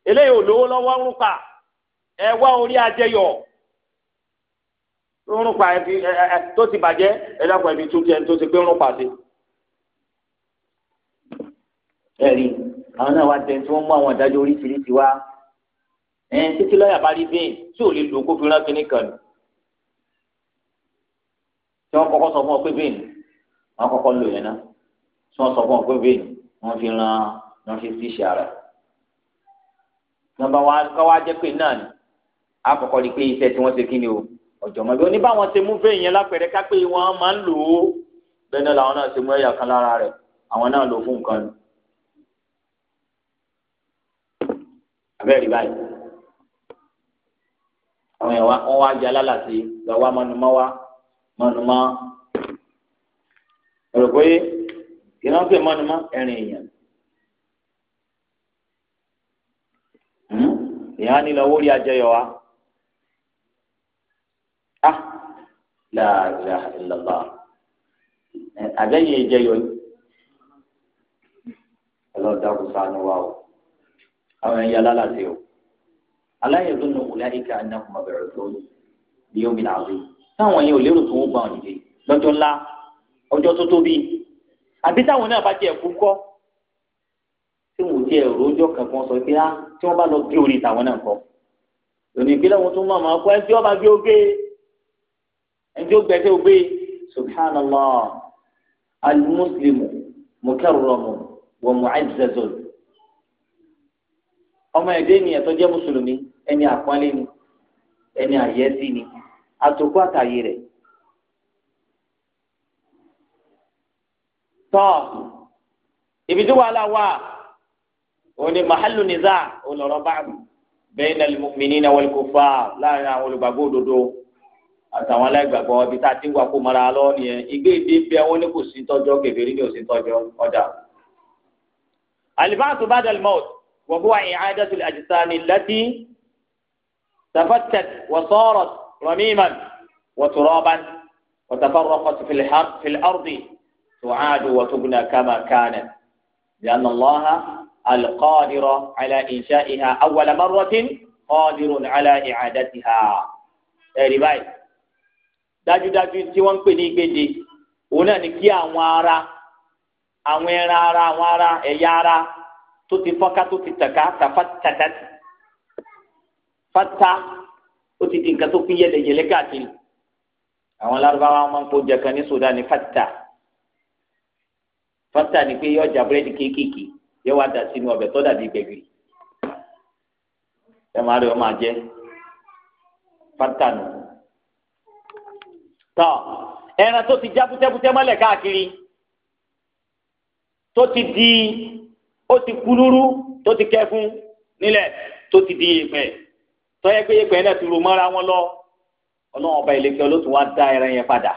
eléyìí ò lówó lọ́wọ́ ń rún pa ẹ wá orí ajẹyọ̀ ń rún pa tó ti bàjẹ́ ẹ dákun ẹ fi tún kí ẹ tó ṣe pé ń ẹ̀rí àwọn náà wá tẹ̀ tí wọ́n mú àwọn ìdájọ́ oríṣiríṣi wá ẹ̀ títí lọ́ọ̀yà bá rí bẹ́ẹ̀ tí ò lè lò kó fi rán kínní kan nù tí wọ́n kọ́kọ́ sọ fún ọ pé bẹ́ẹ̀ ni wọ́n kọ́kọ́ lò yẹn náà tí wọ́n sọ fún ọ pé bẹ́ẹ̀ ni wọ́n fi rán wọ́n fi fi ara nọ́mbà wa kọ́ wa jẹ́ pé náà ni àkọ́kọ́ ni pé iṣẹ́ tí wọ́n ṣe kí ni o ọjọ́ mọ́ bí ó ní báwọn ṣe mú fẹ́ẹ̀ yẹn lápẹ̀rẹ̀ ká pé wọ́n máa ń lò ó bẹ́ẹ̀ náà làwọn náà ṣe mú ẹ̀yà kan lára rẹ̀ àwọn náà lò fún nǹkan ni abẹ́rẹ́ báyìí àwọn yẹn wọ́n wá jẹ́ alálàsí lọ́wọ́ mọ́nùmọ́ wá mọ́nùmọ́ rò pé kí wọ́n pè mọ́nùmọ́ ẹ̀rìn èèyàn èèyàn hmm? á ní lọ́wọ́ orí ajẹyọ̀ wa á ah! la ilaha illallah àbẹ́yẹ ìjẹyọ̀ yìí ọlọ́dà kò sànù wa o àwọn ẹ̀yà lálàsẹ̀ o aláyẹ̀ tó nù wùlá ìka anáhùn ọ̀bẹ̀rẹ̀ tó ní omi náà rí táwọn yẹn ò lérò tó ń gbà wọn nìyẹn lọ́jọ́ ńlá ọjọ́ tó tóbi àbí táwọn náà bá tiẹ̀ kú kọ́ tí wọn ò tiẹ̀ rojọ́ kankan sọ pé á ah, tí wọ́n bá lọ bí orí tàwọn náà kọ́ lónìí ìpínlẹ̀ wọn tún mọ̀ mọ́ kó ẹni bá gbé ogé ẹni tí ọmọ ẹ̀dẹ́ ènìyàn tó jẹ́ mùsùlùmí ẹni àpọ́nlé ni ẹni àyẹ́sí ni àtòkú àtàyè rẹ̀. tọ́ ibi tí wàhálà wà òun ni mahalu niza olọ̀rọ̀ bá bẹ́ẹ̀ na mu'minina wal kuffar láàrin àwọn olùgbàgbọ́ òdodo àtàwọn aláìgbàgbọ́ ibi tá a ti ń wà kó mara lọ nìyẹn igbé ìdí bẹ wọn ní kò sí tọ́jọ́ ní kò tọ́jọ́ ọjà. àlìbáàtú bá dàlmọ́ọ̀tù وهو إعادة الأجسام التي تفتت وصارت رميما وترابا وتفرقت في في الأرض تعاد وتبنى كما كانت لأن الله القادر على إنشائها أول مرة قادر على إعادتها ẹ̀rí báyìí dájúdájú tí wọ́n ń pè ní gbèdé òun náà ni kí àwọn ara àwọn ẹran ara àwọn ara ẹ̀yà ara tó ti fọ́nká tó ti tàka tàfa tàtàtì fata ó ti di nǹkan tó fi yẹlẹyẹlẹ káàkiri àwọn Lárúbáwá máa ń kó jẹkan ní Sudan ní fata fata ni pé yọjà búrẹ́dì kéékèèké yẹ wá dà sínú ọbẹ̀ tó dàbí gbẹ̀gìrì ẹ máa rí ọ máa jẹ fata nù tọ ẹran tó ti já bútẹ́bútẹ́ mọ́lẹ̀ káàkiri tó ti di ó ti kulúrú tó ti kẹfún nílẹ̀ tó ti di yèpẹ̀ tọ́yẹ pé yèpẹ̀ náà ti rò mọ́ra wọn lọ ọlọ́run ọba ìlẹ̀kẹ́ olóòtú wa dá ẹran yẹn padà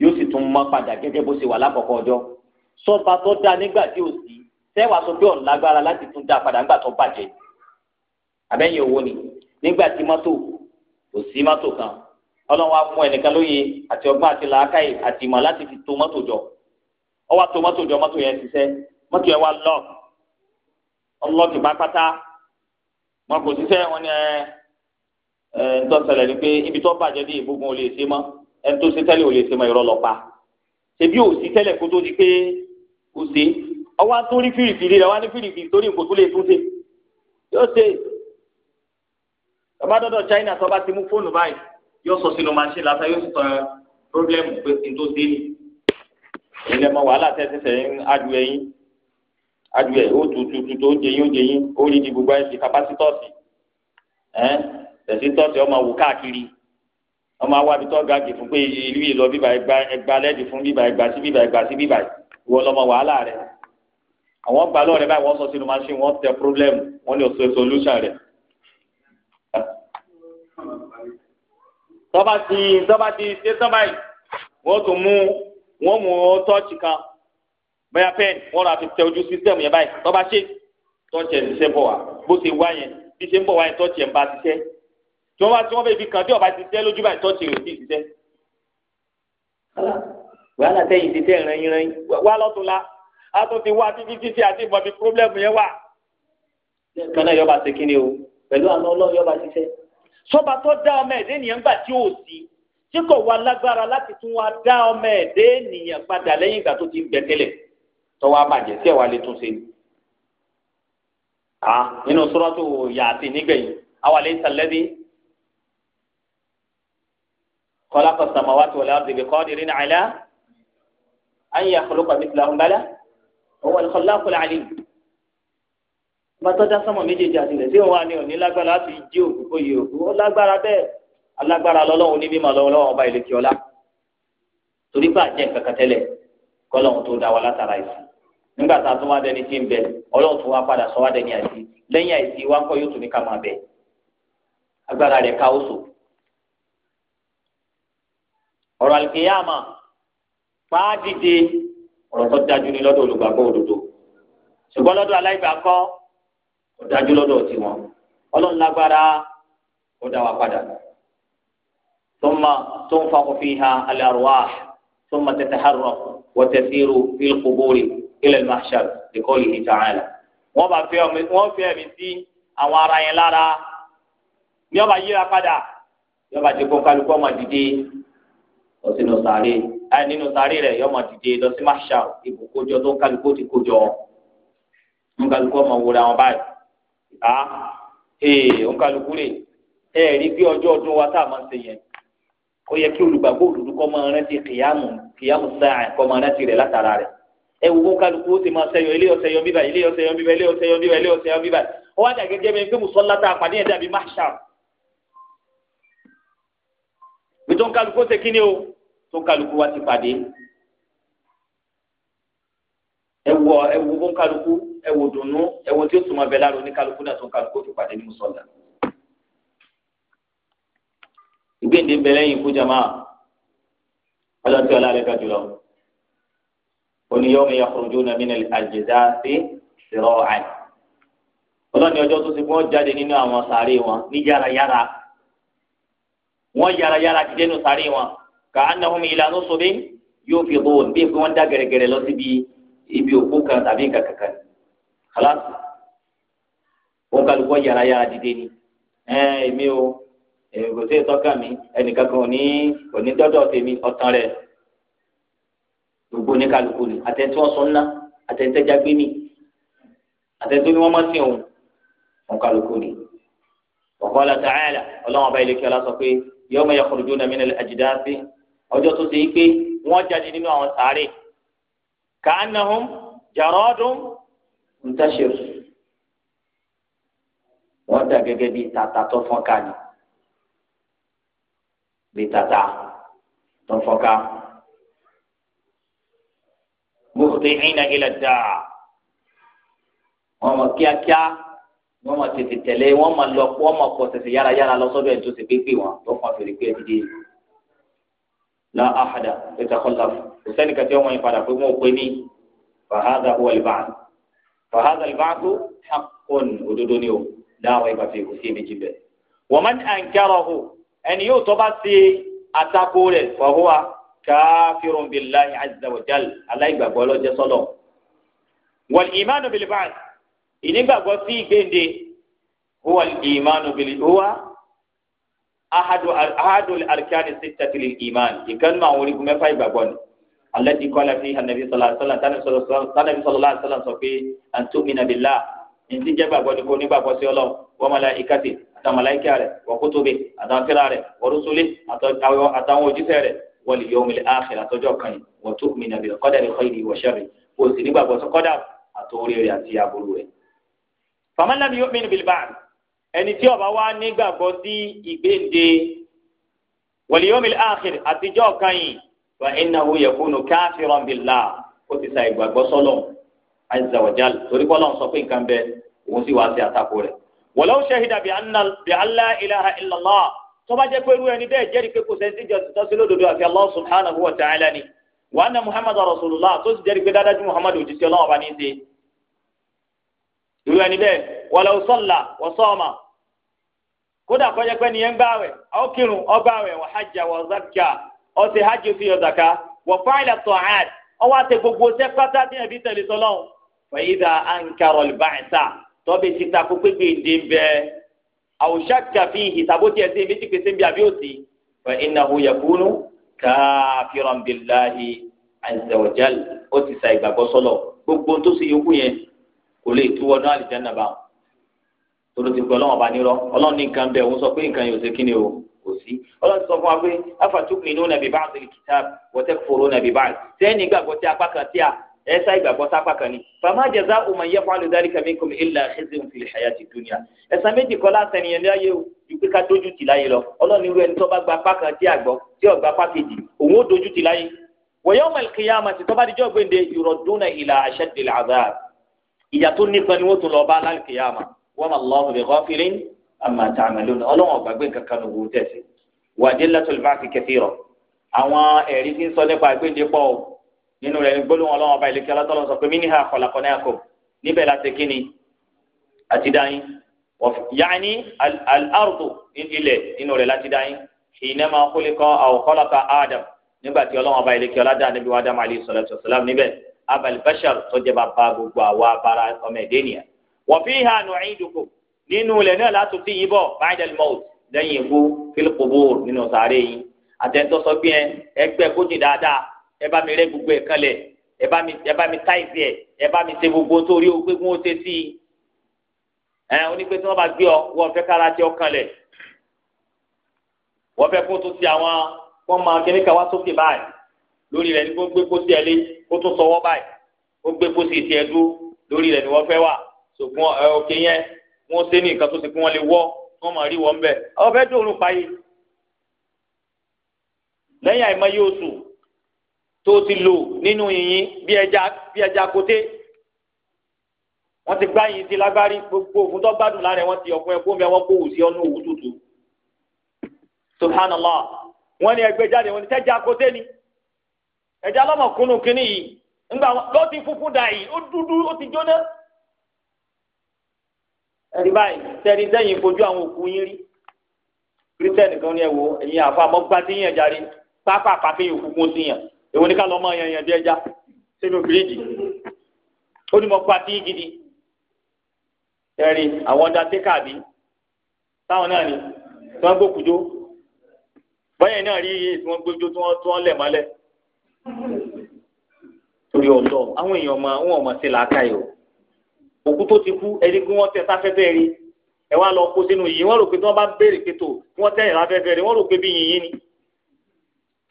yóò sì tún mọ́ padà gẹ́gẹ́ bó ṣe wà lákọ̀ọ́kọ́ ọjọ́ sọ́ba tó dá nígbà tí ò sí sẹ́wàá sọ pé ọ̀n lágbára láti tún dá padà nígbà tó bàjẹ́ àbẹ́yẹ owó ni nígbà tí mọ́tò kò sí mọ́tò kan ọlọ́run wa fún ẹnìkan lóye àti ọgbọ́n àti làákàyè àti ìmọ̀ láti fi tò mọ́tò jọ ó wá mọ́tò jọ mọ́tò yẹn ṣiṣẹ́ mọ́tò ẹ̀ wá lọ ọlọ́ọ̀kì pátápátá wọn kò ṣiṣẹ́ wọn ni ẹ ẹ ntọ́sẹ̀lẹ̀ ni pé ibi tó bàjẹ́ dé ìgbógun ò lè ṣe mọ́ ẹni tó ṣe tẹ́lẹ̀ ò lè ṣe mọ́ irọ́ lọ pa ṣèbí ò sí tẹ́lẹ̀ kó tó di pé kò ṣe ọwọ́ tó rí fìrìfìrì rẹ̀ wá ní fìrìfìrì torí nǹkan tó lè tún ṣe yóò ṣe ọba dọ́dọ̀ China tó bá ti mú fóònù báyìí yóò sọ sínú machine lásán yóò sọ pírọ́blẹ́mù pé n tó ṣe ni ìlẹ̀mọ̀ wàhálà tẹ́sí sẹ́yìn adùn ẹ̀yìn adu o tututu tó jẹyin o jẹyin o rí di gbogbo ayé fi kapasitọọsi ẹ tẹsítọọsi ọmọ wò káàkiri ọmọ awa bi tọ ga jì fún pé ìlú yìí lọ bíbà ẹgba ẹgba lẹdi fún bíbà ẹgba sí bíbà ẹgba sí bíbà ìwọ lọmọ wàhálà rẹ àwọn gbalọ rẹ báyìí wọn sọ sínú machine wọn tẹ problem wọn lè sọ solution rẹ. tọ́ba ti tọ́ba ti ṣe tọ́ba yìí wọ́n tún mú wọ́n mú tọ́ọ̀chì kan bẹ́ẹ̀ pẹ́ẹ́n wọ́n rà fi tẹ ojú sísẹ́mù yẹn báyìí tọ́ bá ṣe tọ́ọ̀tì ẹ̀ ń ṣiṣẹ́ bọ̀ wá bó ṣe wá yẹn bí ṣe ń bọ̀ wá yẹn tọ́ọ̀tì ẹ̀ ń bá ṣiṣẹ́ tí wọ́n bá tí wọ́n fẹ́ fi kàn bí ọba ti tẹ́ lójú báyìí tọ́ọ̀tì rẹ̀ ti ṣiṣẹ́. wàhálà tẹ́yìn ti tẹ́ ìrìn ìrìn wá lọ́tún la a tún ti wá títí títí àti ìmọ̀ bí pírọ́blẹ́mù yẹn wà. kan náà yọba ṣe kíni o pẹ̀lú àná ọlọ́run yọba ṣiṣẹ́. sọ́ba tó dá ọmọ ẹ̀dẹ́ ènìyàn gbà tí ò sí tí kò wá lágbára láti tún wá dá ọmọ tọwọ abàjẹ tí ẹ wà lè tún ṣe à nínú sọrọtò yàtì nígbẹ̀yìn awàlẹ ìsàlẹbí kọlákọ sàmáwá tó lọ àdìbò kọ ọdìrín ní àìlá ayé àkọlùkọ mi tìlà ọmọbàlá òwò àlùkọlá kọlá àlè bàtọjá sọmọ méjèèjì àtìlẹ tí òun wà ní òní lágbára láti jí òkú kó yẹ òkú ó lágbára bẹ́ẹ̀ alágbára lọ́lọ́run onímọ̀ lọ́wọ́lọ́wọ́ ọba ìlẹkẹ ọlá torí bá jẹ kankan tẹ́lẹ̀ tó dá látara ìsìn nígbà tá a tún wá dẹni tí ń bẹ ọlọ́run tún wá padà sọ wá dẹni àìsí lẹ́yìn àìsí wá ń kọ́ yóò tún ní ká máa bẹ agbára rẹ̀ ká ó sò. ọ̀rọ̀ ọ̀rọ̀ tó dájú ní lọ́dọ̀ olùgbàgbọ́ òdodo ṣùgbọ́n lọ́dọ̀ ilẹ̀ mahshar ìkọ́ yìí ta'ala wọ́n bá fẹ́ wọ́n fẹ́ mi sí àwọn ara yẹn lára ní ọba yíra padà ní ọba tí kò kálukọ́ máa dìde lọ sínú sàárè ẹ nínú sàárè rẹ̀ yọ máa dìde lọ sí mahshar ibùkójọ tó kálukọ́ ti kójọ nkálukọ́ máa wúra wọn báyìí a ee nkálukú rè ẹ rí bí ọjọ́ ọdún wa tá a máa ń ṣe yẹn ó yẹ kí olùgbàgbọ́ òdòdó máa rántí kìyàmù kìyàmù sáà kọ́ máa rántí rẹ̀ látara rẹ̀ ẹ wò kó kálukú ó ti máa sẹyọ ilé ọsẹ yọ bíbá ilé ọsẹ yọ bíbá ilé ọsẹ yọ bíbá ilé ọsẹ yọ bíbá ó wá dà gẹ́gẹ́ bíi pé mùsọ́lá tá a pàdé yẹn dàbí máṣá ètò kálukú ó ti kíni o tó kálukú wá ti pàdé ẹ wò ẹ wò kó kálukú ẹ wò dùnú ẹ wò tí ó sùnmọ́ bẹ́ẹ̀ lára oníkálukú náà tó kálukú ó ti pàdé ní mùsọ́lá ìgbéǹde bẹ̀rẹ̀ yìí kú jama ọlọ́tí ọlá rẹ̀ ká jùlọ oníyọ́mi yakhrujuna minal ajdathi sira'an ọlọ́ni ọjọ́ tó ti wọ́n jáde nínú àwọn sàárè wọn ní yàrá-yàrá wọ́n yàrá-yàrá ti dénú sàárè wọn ka annahum ila nusubin yufidun bí wọ́n dá gẹ̀rẹ́gẹ̀rẹ́ lọ síbi ibi òkú kan tàbí nǹkan kankan kàlá wọn kálukọ yàrá-yàrá dìde ni ẹ èmi o kò sí ìtọ́ka mi ẹnìkan kan ò ní ò ní dọ́dọ̀ tèmi ọ̀tàn rẹ̀ gbogbo ní kálukú ni àtẹ̀tí wọn sọ ńlá àtẹ̀tí ẹja gbé mi àtẹ̀tí ni wọ́n mọ̀ sí òun fún kálukú ni. wa qala ta'ala ọlọ́run ọba ilé kí ọlá sọ pé yawma yakhrujuna min al-ajdathi ọjọ́ tó ṣe é pé wọ́n jáde nínú àwọn sàárè ka'annahum jaradun muntashir wọ́n dà gẹ́gẹ́ bíi tata tó fọ́n ká ni bíi tata tó fọ́n ká mukhti'ina ila da'a wọ́n mọ̀ kíákíá wọ́n mọ̀ tètè tẹ̀lé wọ́n mọ̀ lọ wọ́n mọ̀ pọ̀ tètè yárayára lọ sọ́dọ̀ ẹ̀ tó ti pépè wọn tó kàn fèrè pé ẹ̀dídé la ahada yatakhallaf kò sẹ́ni kàtí ọmọ yẹn padà pé wọ́n ò pé ní fahadà huwa al fahadà al-ba'th haqqun òdodo ni o dáwọ̀ ẹ̀ bàtẹ́ kò sí èméjì bẹ́ẹ̀ wa man ankarahu ẹni yóò tọ́ bá ṣe àtakò rẹ̀ fa huwa káfírun billahi azza wa jal aláìgbàgbọ́ lọ́jẹ́ sọ́lọ̀ wal ìmánu bil ba'th ìnígbàgbọ́ sí ìgbéǹde huwa ìmánu bil huwa ahadu arkani sittati lil iman ìkànnì àwọn orígun mẹ́fà ìgbàgbọ́ ni alẹ́tí kọ́lá fi hànàbí sọlá sọlá tánàbí sọlá sọlá sọ pé àtúmínà bìlá ntí jẹ́ gbàgbọ́ ni kò ní gbàgbọ́ sí ọlọ́run wọ́n mọ̀lá ìkàtì àtàwọn mọ̀láìkà rẹ̀ wọ́n kútóbi àtàwọn tírà rẹ̀ wọ́n rúṣulẹ̀ àtàwọn wal yawmil akhir àtọ́jọ́ kan yìí wa tu'mina bil qadari khayri wa sharri kò sì nígbàgbọ́ sí kọ́dà àtòrí rẹ̀ àti aburú rẹ̀. faman lam yu'min bil ba'th ẹni tí ó bá wà nígbàgbọ́ sí ìgbéǹde wal yawmil akhir àtijọ́ kan yìí fa innahu yakunu kafiran billah ó ti sa ìgbàgbọ́ sọ́lọ̀ azza wa torí kọ́ lọ́n sọ tọ́ba jẹ́ pé irú ẹni bẹ́ẹ̀ jẹ́rìí pé kò sẹ́ńtì jọ sí tọ́sí lódodo àti Allah subhanahu wa ta'ala ni wa anna Muhammad rasulullah tó sì jẹ́rìí pé dáadájú Muhammad ò ti ṣe ọlọ́wọ́ bá ní í ṣe. irú ẹni bẹ́ẹ̀ walaw salla wa sama kódà kọjá pé nìyẹn gbààwẹ̀ ọkìrùn ọgbààwẹ̀ wa hajja wa zakka ọsẹ hajj fi ọ̀zàká wa fa'ala ta'at ọwọ́ àti gbogbo ṣẹ́ pátá tí ẹbí tẹ̀lé sọlọ́hún fa idha ankara al-ba'sa àwòṣà kàfi ìtàbó tiẹ̀ sí méjì pèsè bí abíyòsí fa innahu yakunu kafiran billahi azza wa jal ó ti sa ìgbàgbọ́ sọ́lọ̀ gbogbo tó sì yókù yẹn kò lè tú wọnú àlìjáná bá tòrò ti pẹ́ ọlọ́run ọba nírọ́ ọlọ́run ní nǹkan bẹ́ẹ̀ òun pé nǹkan yóò ṣe kí ni o kò sí ọlọ́run sọ fún wa pé afatuminuna bi ba'dil kitab wa takfuruna bi ba'd sẹ́yìn nígbàgbọ́ tí apá kan tí ẹ sá ìgbàgbọ́ sápá kan ni fama jaza'u man yaf'alu dhalika minkum illa khizyun fil hayati dunya ẹ̀san méjì kọ́ lásán nìyẹn láyé o ju pé ká dojú ti láyé lọ ọlọ́ni irú ẹni tó bá gba apá kan tí àgbọ̀ tí ó gba apá kejì òun ó dojú ti láyé wa yawmal qiyamati tó bá dijọ́ gbèǹde yuraduna ila ashaddil azab ìyà tó nípa ni wọ́n nínú rẹ̀ ní gbólóhùn ọlọ́wọ́n ọba ìlẹ́kẹ́ ọlọ́tọ́lọ́ sọ pé mí ní ha kọ̀làkọ̀ náà kò níbẹ̀ láti kíni àti dáyín yaani al-ardu ilẹ̀ nínú rẹ̀ láti dáyín ìnẹ́mà kólékọ́ àwòkọ́lọ́kà adam nígbà tí ọlọ́wọ́n ọba ìlẹ́kẹ́ ọlá dáa níbi wàá dáa màálí sọ̀lẹ́tọ̀ sọ̀lẹ́m níbẹ̀ abal bashar tó jẹ́ bàbá gbogbo àwa bara ọmọ ẹ̀dẹ́ nìyà wa fiha nu'idukum nínú rẹ̀ fi yín bọ̀ ba'da al nínú sàárè yìí àtẹ̀tọ́ ẹ bá mi rẹ gbogbo ẹ̀ kanlẹ̀ ẹ bá mi ẹ bá mi táìsì ẹ ẹ bá mi ṣe gbogbo torí o pé wọn ó ṣe sí i ẹ onígbé tí wọn bá gbé ọ wọn fẹ́ kára tí ọ kanlẹ̀ wọn fẹ́ kó tó ti àwọn wọn máa kíní ká wá sókè báyìí lórí rẹ ni kó gbé pósí ẹ lé kó tó sọwọ́ báyìí kó gbé pósí tiẹ̀ dúró lórí rẹ ni wọn fẹ́ wà ṣùgbọ́n ẹ òkè yẹn wọn ṣe ní nǹkan tó ṣe kí wọn lè wọ wọn máa rí wọn bẹ ọ fẹ́ dóorùn pa yìí àìmọye oṣù tó ti lò nínú yìnyín bí ẹja bí ẹja kote wọn ti gbá yìnyín ti lágbárí gbogbo òfin tó gbádùn lára ti ọkùnrin ẹkún bẹ wọn kó òsì owu òwú tutù subhanallah wọn ni ẹgbẹ jáde wọn ni tẹja kote ni ẹja lọmọkùnrin kínní yìí ńgbà ló ti funfun da yìí ó dúdú ó ti jóná ẹni báyìí tẹni sẹ́yìn fojú àwọn òkú yín rí kan ní ẹ wo ẹ̀yin àfa mọ́gbá jáde pápá òkú èwo ni ká lọ máa yànyàn bí ẹja sínú fíríjì ó ní mo pa tí gidi ẹ̀rí àwọn ọ̀dà tẹ́kà bí táwọn náà ni tí wọ́n gbókùjó báyẹn náà rí iye tí wọ́n gbójó tí wọ́n tí wọ́n lẹ̀ mọ́lẹ̀ torí ọ̀dọ́ àwọn èèyàn ọmọ àwọn ọmọ sí làákàyè o òkú tó ti kú ẹni pé wọ́n tẹ sáfẹ́fẹ́ rí ẹ wá lọ kó sínú yìí wọ́n rò pé tí wọ́n bá béèrè pé tó wọ́n tẹ̀yìn láfẹ́fẹ́ rí wọ́n rò pé bí yìnyín ni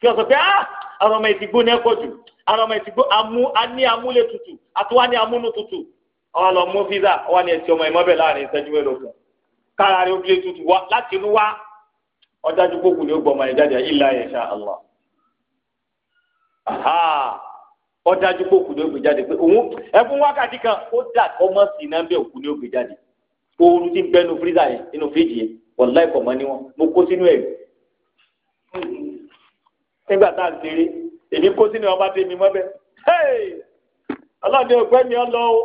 kí wọ́n pé áá ara ọmọ ìdìgbò ní ẹ̀kọ́ jù ara ọmọ ìdìgbò amú ní amúlé tutù àti wá amúnú tutù ọwọ́ lọ mú visa wá ní ẹtì ọmọ ìmọ̀bẹ̀ láàrin ìṣẹ́jú mélòó kan kára rẹ̀ obìnrin tutù wá láti inú wá ọ̀dájú kókù ni ó gbọ́ ọmọ jáde ilá yẹn ṣá Allah ọ̀dájú kókù ni ó gbé jáde pé òun ẹkún wákàtí kan ó dà kọ́mọ́ sí iná bẹ́ẹ̀ òkú ni ó gbé jáde ooru ti bẹ́ẹ̀ nu yẹn nínú fíjì yẹn wọ́n láì nígbà tá à ń ṣeré èmi kó sínú ọba tèmi mọ́bẹ́ ọlọ́ọ̀dẹ òpẹ́ mi ọlọ́ o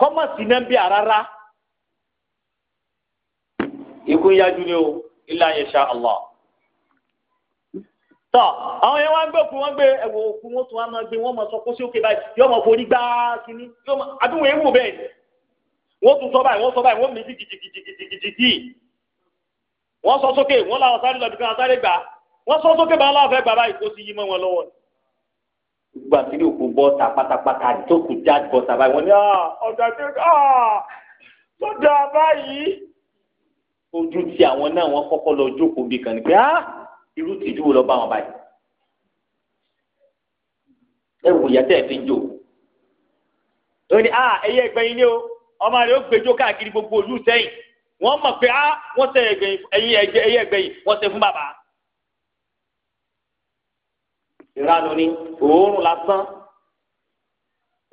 kọ́mọ̀sì náà bí àrárá ikú yájú ni o ilé ayé ṣá Allah tọ àwọn yẹn wá ń gbé òkú wọn gbé ẹwọ òkú wọn tún wá máa gbé wọn máa sọ kó sí òkè báyìí yóò máa forí gbá kínní yóò máa àdúgbò ewu bẹ́ẹ̀ ni wọn tún sọ báyìí wọn sọ báyìí wọn mí jìjìjìjìjìjì wọn sọ sókè wọn làwọn sáré lọ bí kan sáré gbà wọ́n sọ sókè bá aláàfẹ́ bàbá yìí kó ti yí mọ́ wọn lọ́wọ́ ni. gbogbo àtìrí òkú bọ́ta pátápátá tó kù jáde bọ́ta báyìí wọ́n ní ah, ọ̀dà ah, tó dà báyìí. ojú ti àwọn náà wọ́n kọ́kọ́ lọ jókòó bí kan ní pé ah, irú tìjú wo lọ bá wọn báyìí. ẹ wò yàtọ̀ ẹ̀ fi ń jò. ó ní ẹyẹ ìgbẹ́yìn ni o ọmọ rẹ̀ ó gbẹjọ́ káàkiri gbogbo olú sẹ́yìn wọ́n mọ̀ pé wọ́n sẹ́ ẹyẹ ìgbẹ́yìn wọ́n sẹ́ fún bàbá ìranu ni òórùn lásán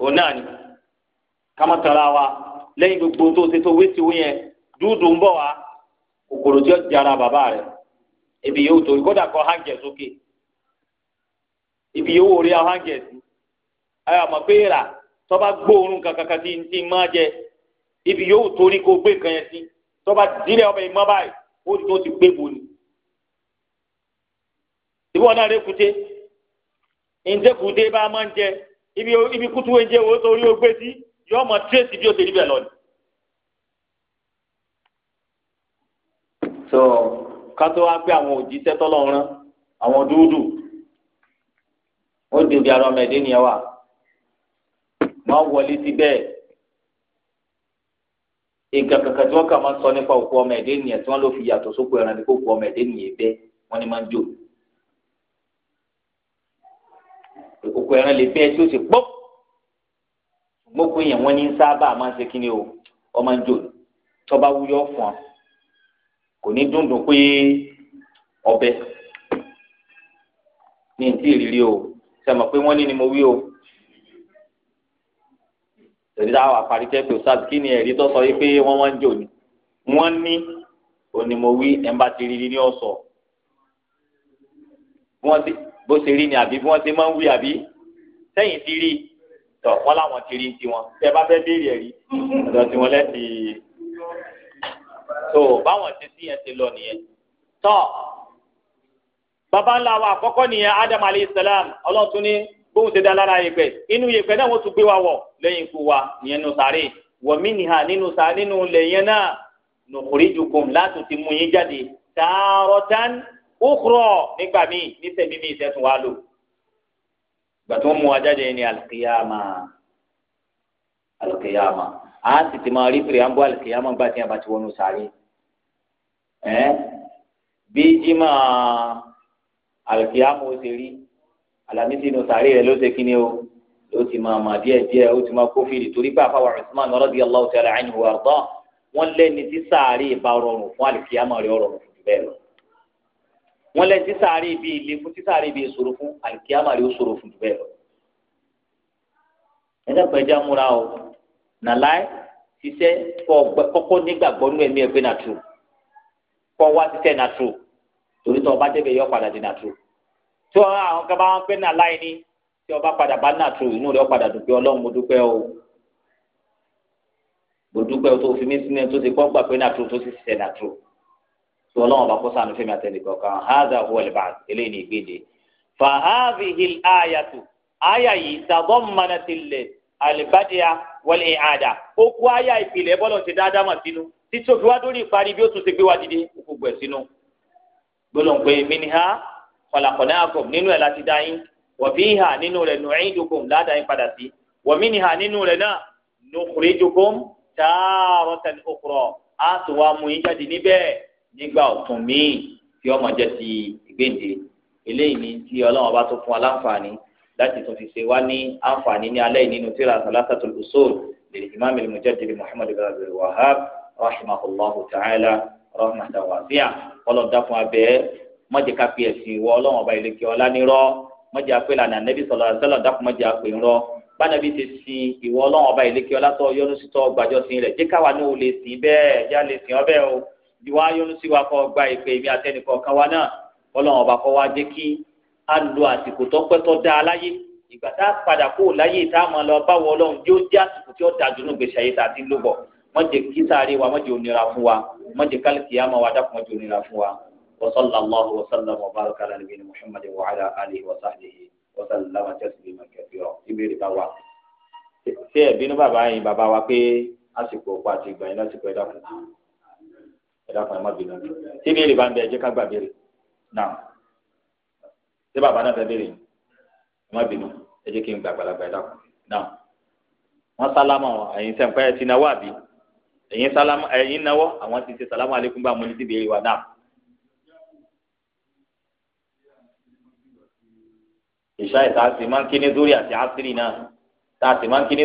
òun náà ni kámọ́tara wa lẹ́yìn gbogbo tó ṣe tó wéṣi wí yẹn dúdú ń bọ̀ wá kòkòrò tí ó jara bàbá rẹ̀ ibi yóò tó kódà kọ hangẹ̀ sókè ibi yóò wò rí àwọn hangẹ̀ sí ayọ̀ àmọ́ pé rà tọ́ba gbóòórùn kankan tí tí máa jẹ ibi yóò torí kó gbé kan yẹn sí tọ́ba dílé ọbẹ̀ ìmọ̀ báyìí ó ti tó ti gbé bò ní. ìwọ náà rékúté ǹjẹ́kùdé bá máa ń jẹ ibi ibi kútu oúnjẹ wo torí o gbé sí yọ ọmọ tírèsì bí o ti rí bẹ́ẹ̀ lọ ni. so kátó wá pé àwọn òjíṣẹ́ tọ́lọ́run rán àwọn dúdú ó di ibi ara ọmọ ẹ̀dẹ́ nìyẹn wà wọ́n wọlé sí bẹ́ẹ̀ nǹkan kankan tí wọ́n kà máa ń sọ nípa òkú ọmọ ẹ̀dẹ́ nìyẹn tí wọ́n lọ fi yàtọ̀ sóko ẹran ní kó òkú ọmọ ẹ̀dẹ́ nìyẹn bẹ́ẹ̀ wọ́n ní máa ń jò. òkú ẹran lè bẹ́ẹ̀ tí ó sì pọ́ gbogbo yẹn wọ́n ní sábà máa ń ṣe kí ni o ọmọ ń jò tọ́ba wúyọ́ fún ọ kò ní dúndùn pé ọbẹ̀ ní ntí ìrírí o sẹ́mọ̀ pé wọ́n ní ni mo wí o tẹ̀lé táwọn àparitẹ́ pé sáà kí ni ẹ̀rí tó sọ yìí pé wọ́n wọ́n ń jò ni wọ́n ní onímọ̀wí ẹ̀ńbà ti rírí ní ọ̀sọ̀ wọ́n ti bó ṣe rí ni àbí bí wọ́n máa ń wí àbí sẹ́yìn ti rí tọ̀ wọ́n láwọn ti rí tiwọn tẹ́ bá fẹ́ béèrè ẹ̀rí ọ̀dọ̀ tiwọn lẹ́sì tó báwọn ti sí yẹn ti lọ nìyẹn tọ́ bàbá àkọ́kọ́ nìyẹn Adam alayhi salam ọlọ́run tún ní bóun ti da lára yẹ̀pẹ̀ inú yẹ̀pẹ̀ náà wọ́n tún gbé wa wọ̀ lẹ́yìn ikú wa nìyẹn nù sáré wọ̀mí nìhà nínú sáré nínú lẹ́yìn náà nùkúrídùkùn láti ti mú yín jáde tààrọ̀tán ó kúrọ̀ nígbà míì ní sẹ́mi míì sẹ́tùn wa lò gbàtí wọn mú wa jáde ní alikiyama alikiyama a sì ti máa rí pèrè à ń bọ alikiyama gba tí a bá ti wọnú sáré ẹ bí jimá alikiyama ó ṣe rí alamisi nu sáré rẹ ló ṣe kíni o ló ti máa ma díẹ̀ díẹ̀ ó ti máa kófìrì torí pé àfa wa Usman radiyallahu ta'ala anhu wa arda wọn lẹni tí sáré bá rọrùn fún alikiyama rẹ rọrùn jù lọ wọn lẹ tísàárì bíi ilé fún tísàárì bíi ìṣòro fún àlìkíyàmà rí ó ṣòro fún jù bẹ́ẹ̀ lọ. ẹ dẹ́kun ẹja múra o nàláì ṣiṣẹ́ kọ́kọ́ nígbàgbọ́ nínú ẹ̀mí ẹgbẹ́ nàtúrò kọ́ wá ṣiṣẹ́ nàtúrò torí tó ọba débẹ̀ yọ padà di nàtúrò tí wọn àwọn kan bá wọn pé nàláì ni tí ọba padà bá nàtúrò inú rẹ̀ padà dùn pé ọlọ́run mo dúpẹ́ o mo dúpẹ́ o tó fi mí sílẹ̀ tó ti kọ́ gbà pé nàtúrò tó ti ṣiṣẹ́ nàtúrò tó ọlọ́run bá kó sànù fẹ́mi àtẹnìkọ̀ kan haza huwa al-ba'th eléyìí ní ìgbéde. fa hadhihi al-ayatu aya yìí tadammanat al-bad'a wal-i'ada ó kó aya ìpìlẹ̀ bọ́lọ̀ ti dáadáa mà sínú títí òfin wá dórí ìparí bí ó tún ti gbé wá dìde ó kó gbẹ̀ sínú. gbọ́dọ̀ pé minha khalaqnakum nínú ẹ̀ láti dá yín wa fiha nínú rẹ̀ nu'idukum ládàá yín padà sí wa minha nínú rẹ̀ náà nukhrijukum taratan ukhra á tún wá mú yín jáde níbẹ̀ nígbà ọ̀tun míì tí ọmọ jẹ́ ti ìgbéǹde eléyìí ni tí ọlọ́run bá tó fún wa láǹfààní láti tún fi ṣe wá ní àǹfààní ní alẹ́ nínú tíra salasatul usul lè imam al-mujaddid muhammad ibn abdul wahhab rahimahullahu ta'ala rahmatan wasi'a ọlọ́run dákun abẹ́ mọ̀jẹ̀ ká fi ẹ̀sìn ìwọ ọlọ́run ọba ìlẹ̀kẹ́ ọlá nírọ́ mọ̀jẹ̀ apẹ́ lànà nẹ́bí sallallahu alaihi wasallam dákun mọ̀jẹ̀ apẹ́ ńrọ́ bánàbí ti sin ìwọ ọlọ́run ọba ìlẹ̀kẹ́ ọlá tó yọnu sí tó gbàjọ́sìn rẹ̀ jẹ́ káwa ní o lè sìn bẹ́ẹ̀ já lè sìn ọ bẹ́ẹ̀ o ìwà ayọ́nu sí wa kọ́ gba ìpè mi àtẹnìkọ̀ kan wa náà ọlọ́run ọba kọ́ wa jẹ́ kí a lo àsìkò tọ́pẹ́ tọ́ da aláyé ìgbà tá a padà kó láyé tá a máa lọ báwo ọlọ́run yóò jẹ́ àsìkò tí ó da dunu gbèsè ayé tá a ti ló bọ̀ má jẹ́ kí sáré wa má jẹ́ onira fún wa má jẹ́ kálíkì yá máa wá dákun má jẹ́ onira fún wa wasalaamu wasalaamu wa baraka ala nabiyina muhammad wa ala alihi wa sahbihi wasalaamu taslima kathira ìbéèrè bá wa. ṣé ẹ̀bínú bàbá yín bàbá wa pé àsìkò pàtó ìgbà yín lásìkò ẹ̀dá fún un ẹ̀dá kan ẹ̀ má bínú tí béèrè bá ń bẹ ẹ jẹ́ ká gbà béèrè náà tí bàbá náà fẹ́ béèrè ẹ má bínú ẹ jẹ́ kí n gbà àgbàlagbà ẹ̀dá kan náà wọ́n sálámà ẹ̀yin sẹ́ǹpẹ́ ẹ̀ ti náwó àbí ẹ̀yin sálámà ẹ̀yin náwó àwọn ti ṣe sálámà alẹ́kùn bá mọ́ni tí béèrè wa náà. ìṣá ìta sì máa ń kí ní àti ásírì náà tá a sì máa ń kí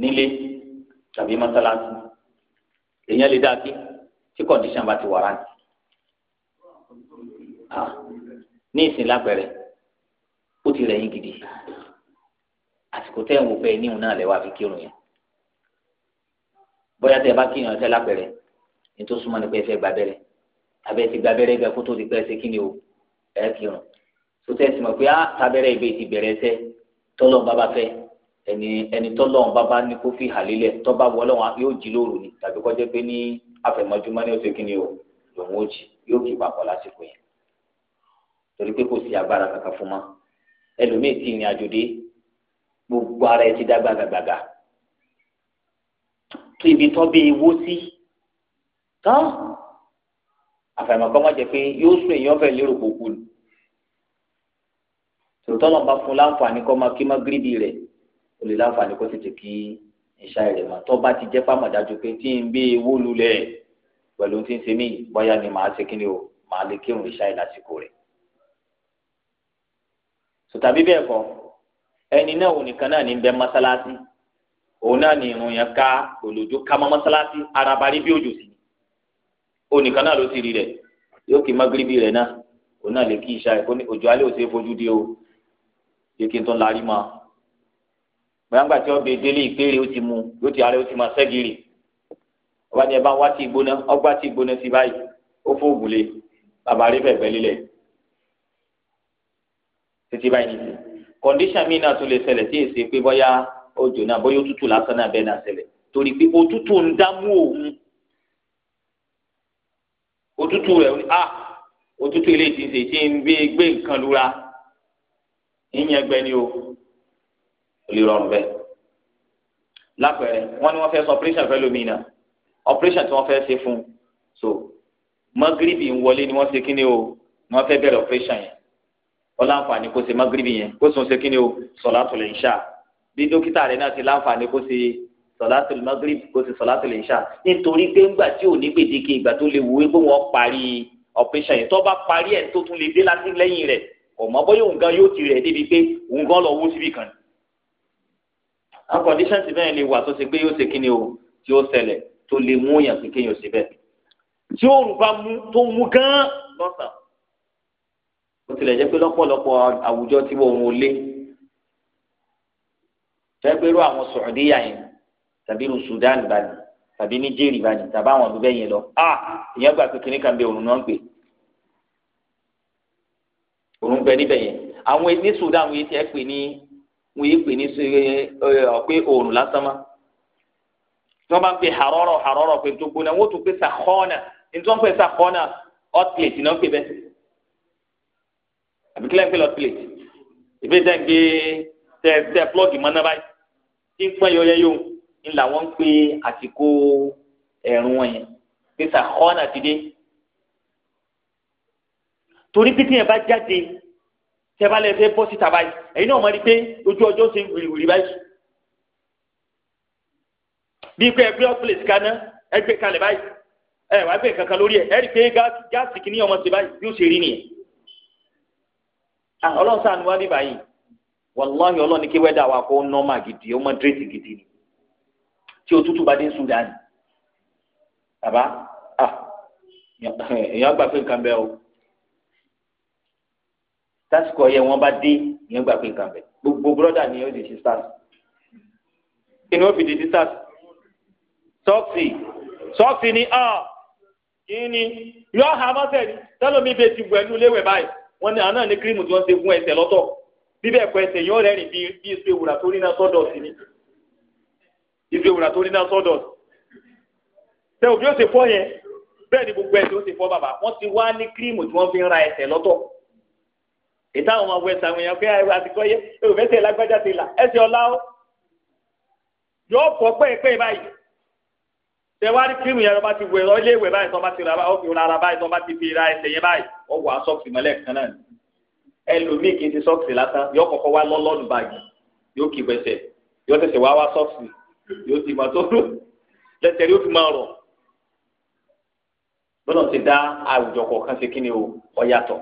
nílé tàbí mọ́sálásí èèyàn lè dáa kí tí kọ́ndíṣàn bá ti wàrà ní ìsìn lápẹ̀rẹ̀ ó ti rẹ̀ yín gidi àsìkò tẹ́ ń wò pé níhùn náà lẹ́wọ́ àfi kírun yẹn bóyá tẹ́ ẹ bá kírun ọ̀tẹ́ lápẹ̀rẹ̀ ní tó súnmọ́ ni pé ẹ fẹ́ gba abẹ́rẹ́ abẹ́ ti gba abẹ́rẹ́ gẹ kó tó di pé ẹ ṣe kí ni o ẹ kírun tó tẹ́ ẹ sì mọ̀ pé á tábẹ́rẹ́ ibẹ̀ ti bẹ̀rẹ̀ ẹsẹ̀ tọ́lọ́ ẹni ẹni tọ́lọ́run bábá ní kó fi hàlílẹ̀ tọ́ba wọlọ́run yóò jí lóru ni tàbí kó jẹ́ pé ní àfẹ̀mọ́júmọ́ ní oṣù kìíní o lòun ó jí yóò kí papọ̀ lásìkò yẹn torí pé kò sí agbára kankan fún ma ẹlòmíì tí ìrìn àjò dé gbogbo ara ẹ ti dá gbàgàgbàgà tó ibi tọ́ bí ewó sí tán àfẹ̀mọ́kọ́ pé yóò sún èèyàn fẹ́ lérò kókó ni tòótọ́ lọ́nba fún láǹfààní kọ́ máa kí má gírídì o lè láǹfààní kó tètè kí ìṣá rẹ̀ mọ́ tó bá ti jẹ́ pàmò pé tí ń gbé ewó lulẹ̀ pẹ̀lú tí ń ṣe mí bóyá ni màá ṣe kíni o màá lè kírun ìṣá yìí lásìkò rẹ̀. sòtàbí bẹ́ẹ̀ kọ́ ẹni náà òun nìkan náà ní bẹ mọ́sálásí òun náà ní irun yẹn ká òlòjó ká mọ́ mọ́sálásí arabarí bí òjò sí ni òun nìkan náà ló ti rí rẹ̀ yóò kí magiribi rẹ̀ náà òun náà lè kí ìṣá yìí kó ní òjò alẹ́ òsè fojú dé gbàngbà tí ọbẹ̀ délé ìpèrè ó ti mu yóò ti ara ó ti máa sẹ́gìrì ọba wá ọgbà ti ìgbóná sí báyìí ó fóògùn lé bàbá rí fẹ̀fẹ́ lílẹ̀ títí báyìí nìyí kọ̀ǹdíṣàn míì náà tún lè ṣẹlẹ̀ tí èsì pé bóyá òjò náà bóyá òtútù lásán náà bẹ́ẹ̀ náà o. olùrọrùn bẹ́ẹ̀ lápẹẹrẹ wọn ni wọn fẹẹ sọ operation fẹẹ lómi náà operation tí wọn fẹẹ ṣe fún so magribi ń wọlé ni wọn ṣe kíni o ni wọn fẹẹ bẹ̀rẹ̀ operation yẹn wọn láǹfààní kó ṣe magribi yẹn kó sùn ṣe kíni o sọlátùl ìṣà bí dókítà rẹ náà ti láǹfààní kó ṣe sọlátùl magrib kó ṣe sọlátùl ìṣà nítorí pé ńgbà tí ò ní gbèdéke ìgbà tó lè wúwé pé wọn parí operation yẹn tó bá parí ẹ̀ tó tún lè dé láti lẹ́yìn rẹ̀ kò mọ bóyá òun gan yóò ti rẹ̀ débi pé òun lọ wó síbi kan àwọn conditions bẹ́ẹ̀ lè wà tó ṣe pé yóò ṣe kíni o tí ó ṣẹlẹ̀ tó lè mú yàn pé kéèyàn ṣe bẹ́ẹ̀ tí òòrùn bá mú tó mú gán lọ́sàn ó tilẹ̀ jẹ́ pé lọ́pọ̀lọpọ̀ àwùjọ tí wọ́n ò lé tẹ́gbẹ́rú àwọn sọ̀rọ̀díyà yẹn tàbí irú Sudan báyìí tàbí Níjẹ̀rì báyìí tàbí àwọn ọ̀dọ́ bẹ́ẹ̀ yẹn lọ a ìyẹn gbà pé kíní kan bẹ òòrùn náà ń pè òòrùn bẹ níbẹ̀ yẹn àwọn ní Sudan wọ́n yẹn ti ẹ̀ pè ní wọn yìí pè ní ọ̀pẹ òòrùn lásán má tí wọ́n bá ń pè harọ́rọ̀ harọ́rọ̀ pé tó gbóná wọ́n tún pè sàkọ́ọ̀nà nítorí wọ́n pè sàkọ́ọ̀nà hot plate náà pè bẹ́ẹ̀ àbí kílẹ̀ ń pè hot ìbí tẹ́ ń gbé tẹ́ tẹ́ plọ́ọ̀gì mọ́ báyìí tí ń pẹ́ yọyẹ yóò ń là wọ́n ń pè àsìkò ẹ̀rùn wọn yẹn pé sàkọ́ọ̀nà torí pé tí bá jáde tẹ́bálẹ̀ fẹ́ bọ́ síta báyìí ẹ̀yin náà mọ̀ ní pé ojú ọjọ́ ṣe ń wìrìwìrì báyìí. bí pé ẹgbẹ́ ọ́pìlẹ̀sì kaná ẹgbẹ́ kalẹ̀ báyìí ẹ wàá gbé kankan lórí ẹ ẹ rí i pé gáàsì kìíní ọmọ ṣe báyìí yóò ṣe rí nìyẹn. Ah, ọlọ́run sáà ni wá ní báyìí wàláhì ọlọ́run ní kí wẹ́dà wa kó nọ́ọ̀mà gidi ó mọ dírẹ́sì gidi ni tí òtútù bá dé ń sùn dání. bàbá ah èèyàn gbà pé nǹkan bẹ́ẹ̀ o tásìkò ọyẹ wọn bá dé ìyẹn gbà pé nǹkan bẹ gbogbo brọdà ni ó di sisters kí ni ó fi di sisters sọọsì sọọsì ni ọ ah, kí ni yọ ha mọ́sẹ̀ ni tẹ́lọ̀mí bẹ́ẹ̀ ti wẹ̀ ní ilé wẹ̀ báyìí wọ́n ní àná ní kírímù tí wọ́n ṣe fún ẹsẹ̀ lọ́tọ̀ bíbẹ̀ ẹ̀kọ́ ẹsẹ̀ yóò rẹ́rìn bí bí ife wùrà tó rí náà sọ́dọ̀ sí ni ife wùrà tó rí náà sọ́dọ̀ tẹ òbí ó ṣe fọ́ yẹn bẹ́ẹ̀ ni gbogbo ẹsẹ̀ ó ṣe fọ́ bàbá wọ́n ti wá ní kírímù tí wọ́n fi ń ra ẹsẹ̀ lọ́tọ̀ ìtàwọn ọmọ wẹsẹ àwọn èèyàn pé àtìkọ yẹ ẹ ò mẹsẹ lágbájá ti là ẹsẹ ọlá ó yóò pọ pẹpẹ báyìí tẹwárí kírun yẹn lọba ti wẹ ọlé ìwẹ báyìí tọba ti ra ọfi rárá báyìí tọba ti fi ra ẹsẹ yẹn báyìí ọwọ asọọsì mọlẹ kan náà ni ẹlòmíì kì í ti sọọsì lásán yóò kọ́kọ́ wá lọlọnù báyìí yóò kì wẹsẹ yóò tẹsẹ wá wá sọọsì yóò ti máa tó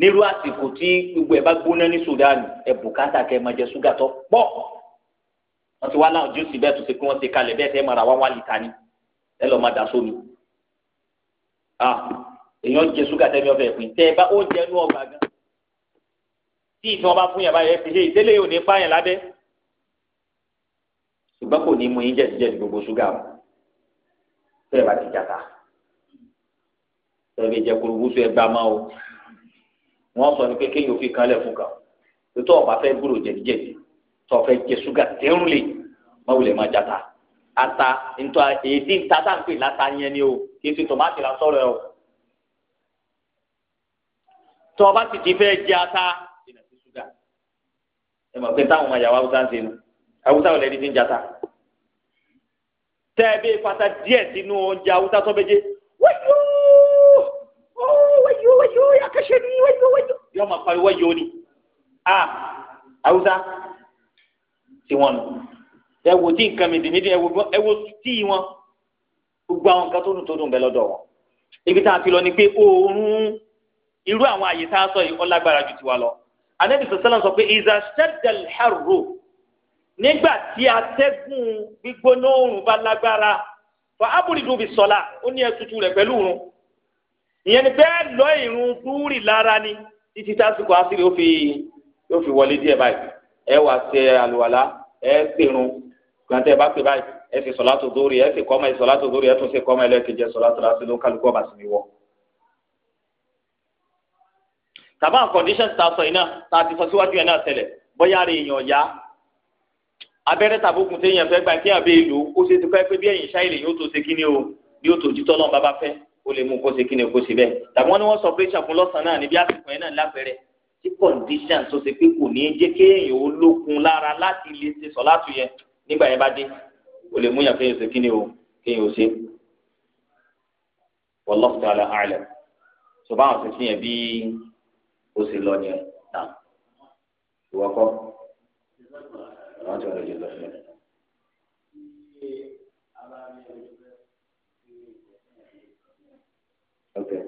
nílùú àsìkò tí gbogbo ẹ̀ bá gbóná ní Sudan ẹ̀ bùkátà kẹ́ ẹ máa jẹ ṣúgà tó pọ̀ wọ́n ti wá láwọn júùsì bẹ́ẹ̀ tó ṣe pé wọ́n ti kalẹ̀ bẹ́ẹ̀ tẹ́ mara wá wá lìta ni ẹ lọ́ọ́ máa dà sómi. èèyàn jẹ ṣúgà tẹ́ mi ọ̀fẹ́ pín tẹ́ ẹ bá ó jẹ inú ọgbà gan. tí ìfẹ́ wọn bá fún yàrá yẹn fi ṣe ìdélé yóò ní pààyàn lábẹ́. ṣùgbọ́n kò ní mú yín jẹ jíjẹ gbogbo ṣúgà o tẹ́ ẹ bá ti jàta wọ́n sọ ní kékeré yóò fi kalẹ̀ fún kan tó ọba fẹ́ gbúrò jẹ̀díjẹ̀dí tó fẹ́ jẹ ṣúgà tẹ́rùn lè má wulẹ̀ má jata ata ntọ́ èdè ntata ń pè láta yẹn ni o kì í ṣe tòmátì la sọ̀rọ̀ ẹ o tó ọba sì ti fẹ́ jẹ ata ìnà sí ṣúgà ẹ mọ̀ pé táwọn ọmọ yàrá haúsá ń ṣe nu haúsá ò ti ń jata tẹ́ ẹ bí pata díẹ̀ sínú oúnjẹ haúsá sọ́bẹ́jẹ́ kashe ni wayo wayo yóò máa pariwo wayo ni a Haúsá tí wọn nù ẹ wo tí nǹkan mi dìní ẹ wo ẹ wo tí wọn gbogbo àwọn nǹkan tó dùn tó dùn bẹ lọ́dọ̀ wọn ibi tá a ti lọ ni pé oòrùn irú àwọn àyè tá a sọ yìí ó lágbára ju tiwa lọ anabi sọsẹlẹ sọ pé ìzà ṣẹdẹl hẹrù nígbà tí atẹ́gùn gbígbóná oòrùn bá lágbára fa abúlé dùn bí sọlá ó ní ẹtutù rẹ pẹ̀lú oòrùn ìyẹn ni bẹ́ẹ̀ lọ ìrun dúrì lára ni títí tásìkò àṣírí ó fi ó fi wọlé díẹ̀ báyìí ẹ wà ṣe àlùwàlá ẹ ṣèrun gbàtẹ́ bá pè báyìí ẹ ṣe sọ̀látò dórí ẹ ṣe kọ́mọ ẹ sọ̀látò dórí ẹ tún ṣe kọ́mọ ẹlẹ́kẹjẹ sọ̀látò láti ló kálukú ọ̀bà sí mi wọ̀. tàbá condition ta sọ iná tá a ti sọ síwájú yẹn náà tẹ̀lẹ̀ bóyá rè èèyàn yá abẹ́rẹ́ tàbókun téèyàn fẹ́ gbà kéèyàn bẹ́ẹ̀ lò ó ṣe ti pẹ́ pé bí ẹ̀yìn ṣáìlì yóò tó ṣe kí o ni ó tó jítọ́ náà bá bá fẹ́ ó lè mú kó ṣe kí ni kó ṣe bẹ́ẹ̀ tàbí wọ́n ní wọ́n sọ pírẹ́ṣà fún lọ́sàn-án náà níbi àsìkò yẹn náà lápẹ̀rẹ̀ tí condition tó ṣe pé kò ní í jẹ́ kéèyàn ó lókun lára láti lè ṣe sọ láti yẹn nígbà yẹn bá dé ó lè mú yàn kéèyàn ṣe kí ni o kéèyàn ó ṣe. wallahu ta'ala a'lam sọ báwọn ṣe fi bí ó ṣe lọ yẹn náà ìwọ́kọ́. Okay.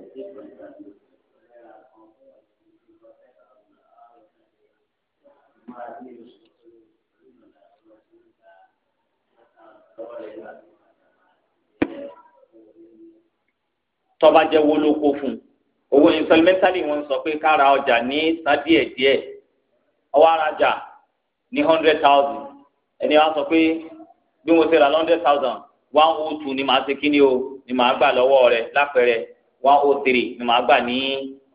tọ́ba jẹ́ owó ló kó fún un owó insolmentally wọ́n sọ pé ká ra ọjà ní san díẹ̀ ọwọ́ arajà ní hundred thousand ẹni wàá sọ pé bí mo ṣe ra hundred thousand one oh two ni màá ṣe kí ni o ni màá gbà lọ́wọ́ rẹ̀ lápẹ̀rẹ̀ one oh three ni màá gbà ní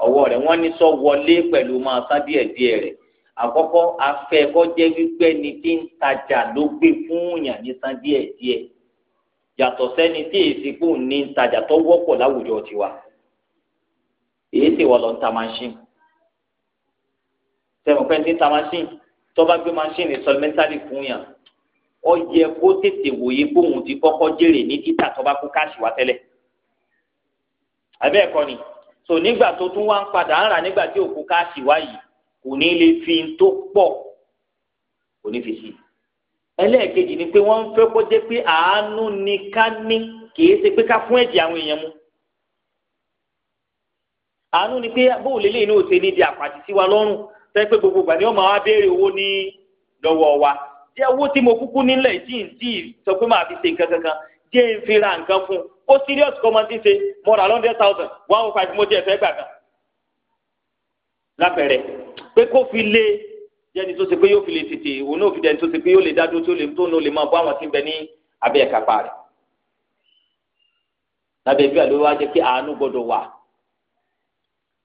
ọwọ́ rẹ̀ wọ́n ní sọ wọlé pẹ̀lú máa san díẹ̀ díẹ̀ rẹ̀ àkọ́kọ́ afẹ́ kọ́jẹ́ wípé ni tí ń tajà ló gbé fún yàn ní san díẹ̀ díẹ̀ yàtọ̀ sẹ́ni tí èsì kù ní ń tajà tó wọ́pọ̀ láwùjọ tiwa èyí sì wọ́n lọ ń ta machine sẹ́wọ̀n pé ní ta machine tó bá gbé machine sọlmẹ́ntàlì fún yàn ó yẹ kó tètè wòye bóun ti kọ́kọ́ jèrè ní títà tó bá kó káàṣì wá tẹ́lẹ̀ àbẹ́ ẹ̀kọ́ ni so nígbà tó tún wá ń padà ń rà nígbà tí òkú káàsì wá yìí kò ní lè fi tó pọ̀ kò ní fi sí i ẹlẹ́ẹ̀kejì ni pé wọ́n ń fẹ́ kó jẹ́ pé àánú ni ká ní kìí ṣe pé ká fún ẹ̀jẹ̀ àwọn èèyàn mu àánú ni pé bó lè léyìn náà ṣe ní di àpàtì sí wa lọ́rùn fẹ́ pé gbogbo ìgbà ni wọ́n máa wá béèrè owó ní lọ́wọ́ wa jẹ́ owó tí mo kúkú nílẹ̀ tí n jẹ́ ń fi ra nǹkan fún un ó serious kọ́ máa ti ṣe mo rà lọ́ndẹ̀ thousand one oh five mo jẹ́ ẹ̀fẹ́ gbà kan lápẹ̀rẹ̀ pé kó fi lé jẹ́ni tó ṣe pé yóò fi lè tètè òun náà fi jẹ́ni tó ṣe pé yóò lè dá dúró tó lè tó lè máa bọ́ àwọn tí ń bẹ ní abẹ́ ẹ̀ka pa rẹ̀ lábẹ́ bí àlọ́ wá jẹ́ pé àánú gbọ́dọ̀ wà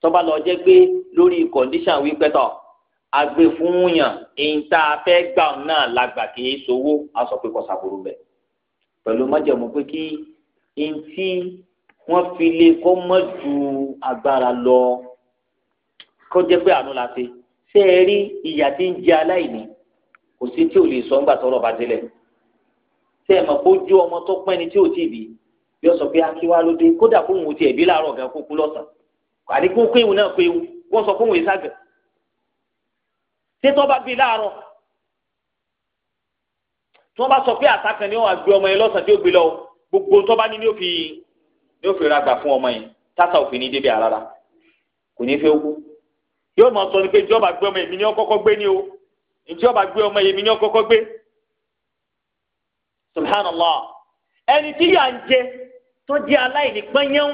tọ́ba lọ jẹ́ pé lórí condition wípé tọ̀ agbe fún yàn èyí tá a fẹ́ gbà náà lágbà kì í sowó a sọ pé kọ́sàbùrù bẹ́ẹ̀ pẹ̀lú májẹ̀mú pé kí ntí wọ́n fi lé kó mọ́ ju agbára lọ kó jẹ́ pé àánú la ṣe ṣé ẹ rí ìyà tí ń jẹ aláìní kò sí tí ò lè sọ ńgbà tọrọ bá délẹ̀ ṣé ẹ mọ̀ pé ojú ọmọ tó pẹ́ni tí ò tí ì bí yọ sọ pé akíwá ló dé kódà kó òun ti ẹ̀bí láàárọ̀ gan kó kú lọ́sàn-án kéwù náà kéwù wọ́n sọ fóun ìságẹ̀ ṣé tó bá bí láàárọ̀ tí wọ́n bá sọ pé àtàkàn ni wọ́n á gbé ọmọ yẹn lọ́sàn-án tí ó gbé lọ gbogbo tó bá ní ní òfin ní òfin ra gbà fún ọmọ yẹn tásà òfin ní débi àràrà kò ní fẹ́ kú yóò mọ̀ sọ ni pé ìjọba gbé ọmọ èmi ní ọkọ́kọ́ gbé ni o ìjọba gbé ọmọ èmi ní ọkọ́kọ́ gbé subhanallah ẹni tí yà ń jẹ tó jẹ aláìní pẹ́yẹ́wó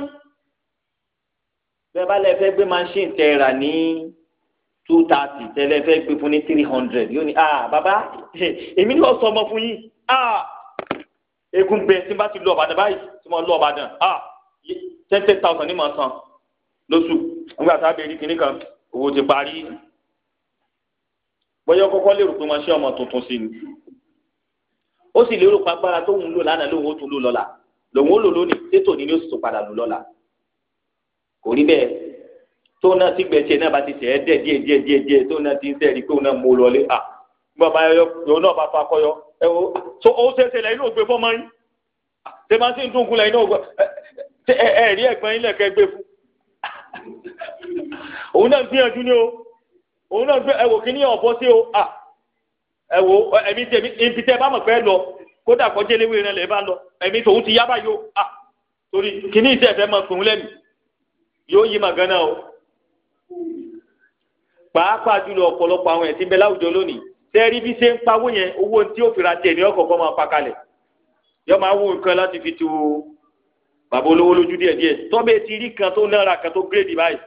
bẹ́ẹ̀ bá lẹ fẹ́ gbé machine tẹ̀ rà ní two thirty tẹ́lẹ̀ fẹ́ gbé fún ní three hundred yóò ní ah bàbá èmi ni wọ́n sọ ọmọ fún yín ah egun bẹ tí n bá ti lọ ọ̀bàdàn báyìí tí mo lọ ọ̀bàdàn ah ten ten thousand ní màá san lóṣù nígbà tá a bẹ̀rẹ̀ kínní kan owó ti parí bọ́yọ̀ kọ́kọ́ lérò pé wọ́n ṣe ọmọ tuntun sí ni ó sì lérò pé agbára tó ń lò lánàá lòun ó tún lò lọ́la lòun ó lò lónìí tètò ní ní oṣù tó padà lò lọ́la kò rí bẹ́ẹ̀ tó náà ti gbẹ̀tsẹ̀ náà bá ti tẹ̀ ẹ́ dẹ̀ díẹ̀ díẹ̀ díẹ̀ díẹ̀ tó náà ti ń sẹ́ẹ̀rí kó náà mú lọlé à bàbá yọ yọ náà bá fa akọyọ ẹ wo so ó ṣẹṣẹ lẹ́yìn náà gbé fọ́mọ yín tẹ̀má sí ń dúnkù lẹ́yìn náà gbé ẹ ẹ rí ẹ̀gbọ́n yín lẹ́kẹ́ gbé fún òun náà gbìyànjú ni o òun náà gbé ẹwò kíní ọ̀bọ sí o à ẹwò ẹ̀mí tẹ̀mí ibi tẹ́ bá mọ̀ pé lọ kódà kọjá eléwé rẹ lẹ́ẹ̀ bá lọ ẹ̀mí tòun ti yá báyìí o à torí kíní ìtẹ̀fẹ́ mọ̀ pòun lẹ́mìí yóò yí màgánná o pàápàá jùlọ ọ̀pọ̀lọpọ̀ àwọn ẹ̀sìn bẹ láwùjọ lónìí tẹ́rí bí ṣe ń pawó yẹn owó tí ó fira tiẹ̀ ní ọ̀kọ̀ọ̀kan máa pa kalẹ̀ yọ máa wo nǹkan láti fi tu bàbá olówó lójú díẹ̀ díẹ̀ tọ́bẹ̀ ti rí kan tó náírà kan tó gírèdì báyìí.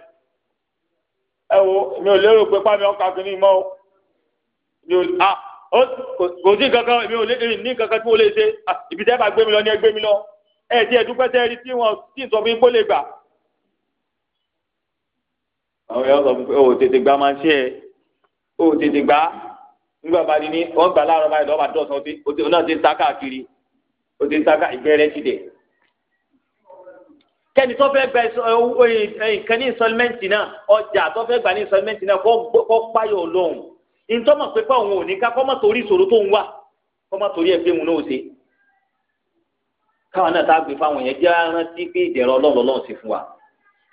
ẹ wo mi ò lérò pé pàmì ọkà kìíní mọ́ o mi ò a ó kò sí nǹkan kan mi ò lè ní nǹkan kan tí mo lè ṣe ibi tẹ́ bá gbé mi lọ ní ẹ gbé mi lọ ẹ ti ẹ̀ dúpẹ́ tẹ́ rí tí wọ́n tí ì sọ fún yín kó lè gbà àwọn yóò sọ fún o oh, tètè gba máa ń ṣe ẹ o oh, tètè gba nígbà bá di ní wọn gbà láàárọ̀ báyìí lọ́wọ́ àdọ́sán o ti náà ti ń ta káàkiri o ti ń ta ká ìbẹ̀rẹ̀ ti dẹ̀. kẹ́ni tó fẹ́ gba nǹkan ní ìsọlmẹ́ǹtì náà ọjà tó fẹ́ gba ní ìsọlmẹ́ǹtì náà kọ́ páyọ̀ lóhùn ìtọ́mọ̀ pé pé òun ò ní ká kọ́ mọ̀ torí ìṣòro tó ń wà kọ́ mọ̀ torí ẹ̀ pé òun náà ò ṣe káwọn náà tá a gbé fáwọn yẹn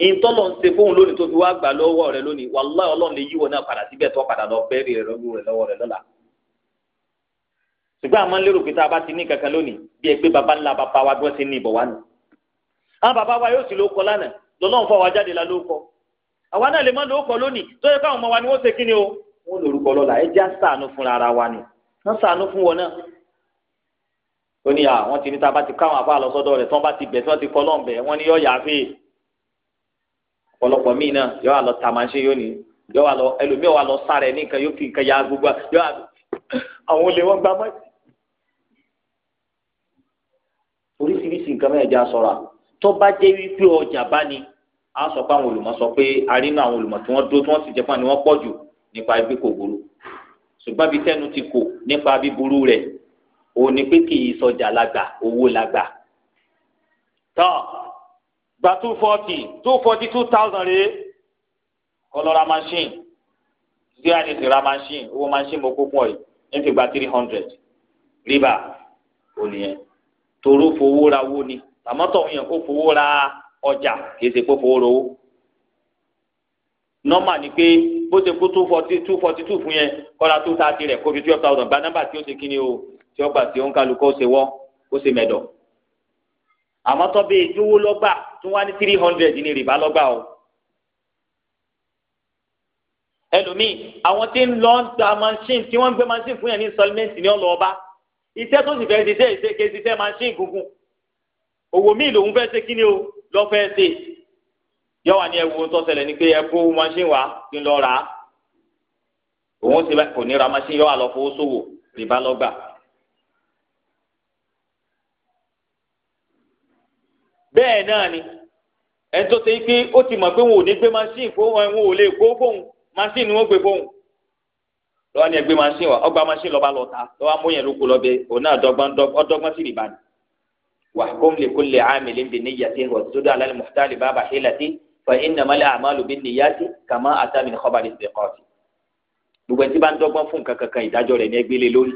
ìtọ́lọ̀ ń ṣe fóun lónìí tó fi wá gbà lọ́wọ́ rẹ lónìí wàláhì ọlọ́run lè yíwọ náà padà síbẹ̀ tó padà lọ bẹ́ẹ̀rì rẹ lọ́wọ́ rẹ lọ́la. ṣùgbọ́n àmọ́ lérò pé tá a bá ti ní kankan lónìí bí ẹ pé baba ńlá baba wa ní ìbọ̀ wa nù. àwọn baba wa yóò sì lóko lánàá lọ́lọ́run jáde la lóko. àwa náà lè má lóko lónìí tó yẹ káwọn ọmọ wa ni wọ́n o. ara wa ọ̀pọ̀lọpọ̀ míì náà yọ àlọ́ tàmáṣe yóò ní yọ àlọ́ ẹlòmíì wà lọ sára ẹ̀ ní nǹkan yóò fi nǹkan ya gbogbo yọ àlọ́ àwọn olè wọn gba mọ́tì. oríṣiríṣi nǹkan mẹ́ẹ̀ẹ́dì aṣọra tó bá jẹ́ wípé ọjà bá ní a sọ pé àwọn olùmọ̀ sọ pé arínú àwọn olùmọ̀ tí wọ́n dó tí wọ́n sì jẹ́ pọ́n ni wọ́n pọ̀ jù nípa ibi kò burú ṣùgbọ́n bí tẹ́nu ti kò nípa bíburú rẹ̀ òun ni pé kì í sọjà lágbà owó lágbà gba two forty two forty two thousand rèé kọlọ́ra machine tí a ní ti ra machine owó machine mo kó pọ̀ yìí ẹ̀ fi gba three hundred rìbá ò nìyẹn toró fowó ra owó ni àmọ́ tọ̀ yẹn kó fowó ra ọjà kì í ṣe kó fowó rowó nọ́mà ni pé bó ṣe kó two forty two forty two fún yẹn kọ́ra two thirty rẹ̀ kó fi twelve thousand gba nọ́mbà tí ó ṣe kí ni o tí ó gbà tí ó ń kálukọ́ ṣe wọ́ kó ṣe mẹ́dọ̀ àmọ́ tó bẹ́ẹ̀ ìdówó lọ́gbà tó wá ní three hundred ní rìbá lọ́gbà o. ẹlòmíì àwọn tí ń lọ ń ta machine tí wọ́n ń gbé machine fún yẹn ní installment ní ọlọ́ọ̀bá iṣẹ́ tó sì fẹ́ ṣiṣẹ́ ìṣèké ṣiṣẹ́ machine gungun òwò míì lòun fẹ́ ṣe kí ni o lọ́ fẹ́ ṣe yọ wà ní ẹwu tó ṣẹlẹ̀ ní pé ẹ kó machine wá kí n lọ rà á òun sì kò ní ra machine yọ wà lọ fowó ṣòwò rìbá lọ́gbà. bẹ́ẹ̀ náà ni ẹni tó ṣe é pé ó ti mọ̀ pé wọn ò ní gbé machine fún wọn wọn ò lè kó fóun machine ni wọ́n gbé fóun lọ́wọ́ ni ẹgbẹ́ machine wa ọgbà machine lọ́ba lọ́ta lọ́wọ́ amóyẹ̀ ló kó lọ́bẹ̀ òun náà ọdọ́gbọ́n sí rìbá ni. wà á kóm lè kó lè àmì lè bi níyàtí wà sódò alálẹ̀ mọ̀tálì bàbà hílàtí fà ìnàmálẹ̀ àmàlù bí níyàtí kàmá àtàmì kọ́bàdì sí kọ́ọ̀tì. gbogbo ẹtí bá ń ní ẹgbẹ́ lé lórí.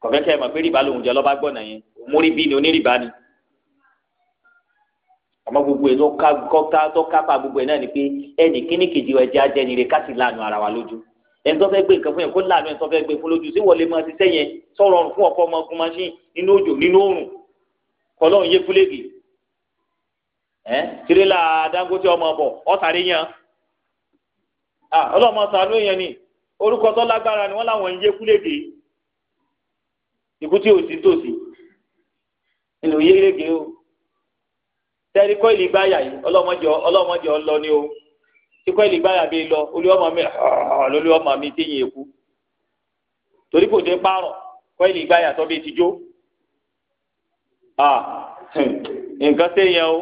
kọ̀fẹ́kẹ́ òmùrí bíi ni onírìbá ni àmọ́ gbogbo ẹ̀ tó kápá gbogbo ẹ̀ náà ni pé ẹnì kíní kejì ẹ̀jẹ̀ ajẹ́nire ká sì láàánú ara wa lójú ẹni tó fẹ́ gbé nǹkan fún yẹn kó láàánú ẹni tó fẹ́ gbé fún lójú sí wọlé máa ṣiṣẹ́ yẹn sọ̀rọ̀ ọ̀run fún ọkọ ọmọkùn machine nínú òjò nínú òrùn kọlọ́run yé fúlẹ́gì ẹ́ tirẹ́là Dangote ọmọ ọbọ̀ ọ̀sàrí yẹn ọlọ́mọ sàánú yẹn ni orúkọ tó lágbára ni wọ́n láwọn ń yé fúlẹ́gì ikú tí ò sí tòsí nínú yérége o tẹ́lí kọ́ìlì gbáyà yìí ọlọ́mọdé ọlọ́mọdé ọlọ ni o tí kọ́ìlì gbáyà bíi lọ olú ọmọ mi lórí ọmọ mi téyìn èkú torí kò dé párọ̀ kọ́ìlì gbáyà tó bíi ti jó nǹkan téèyàn o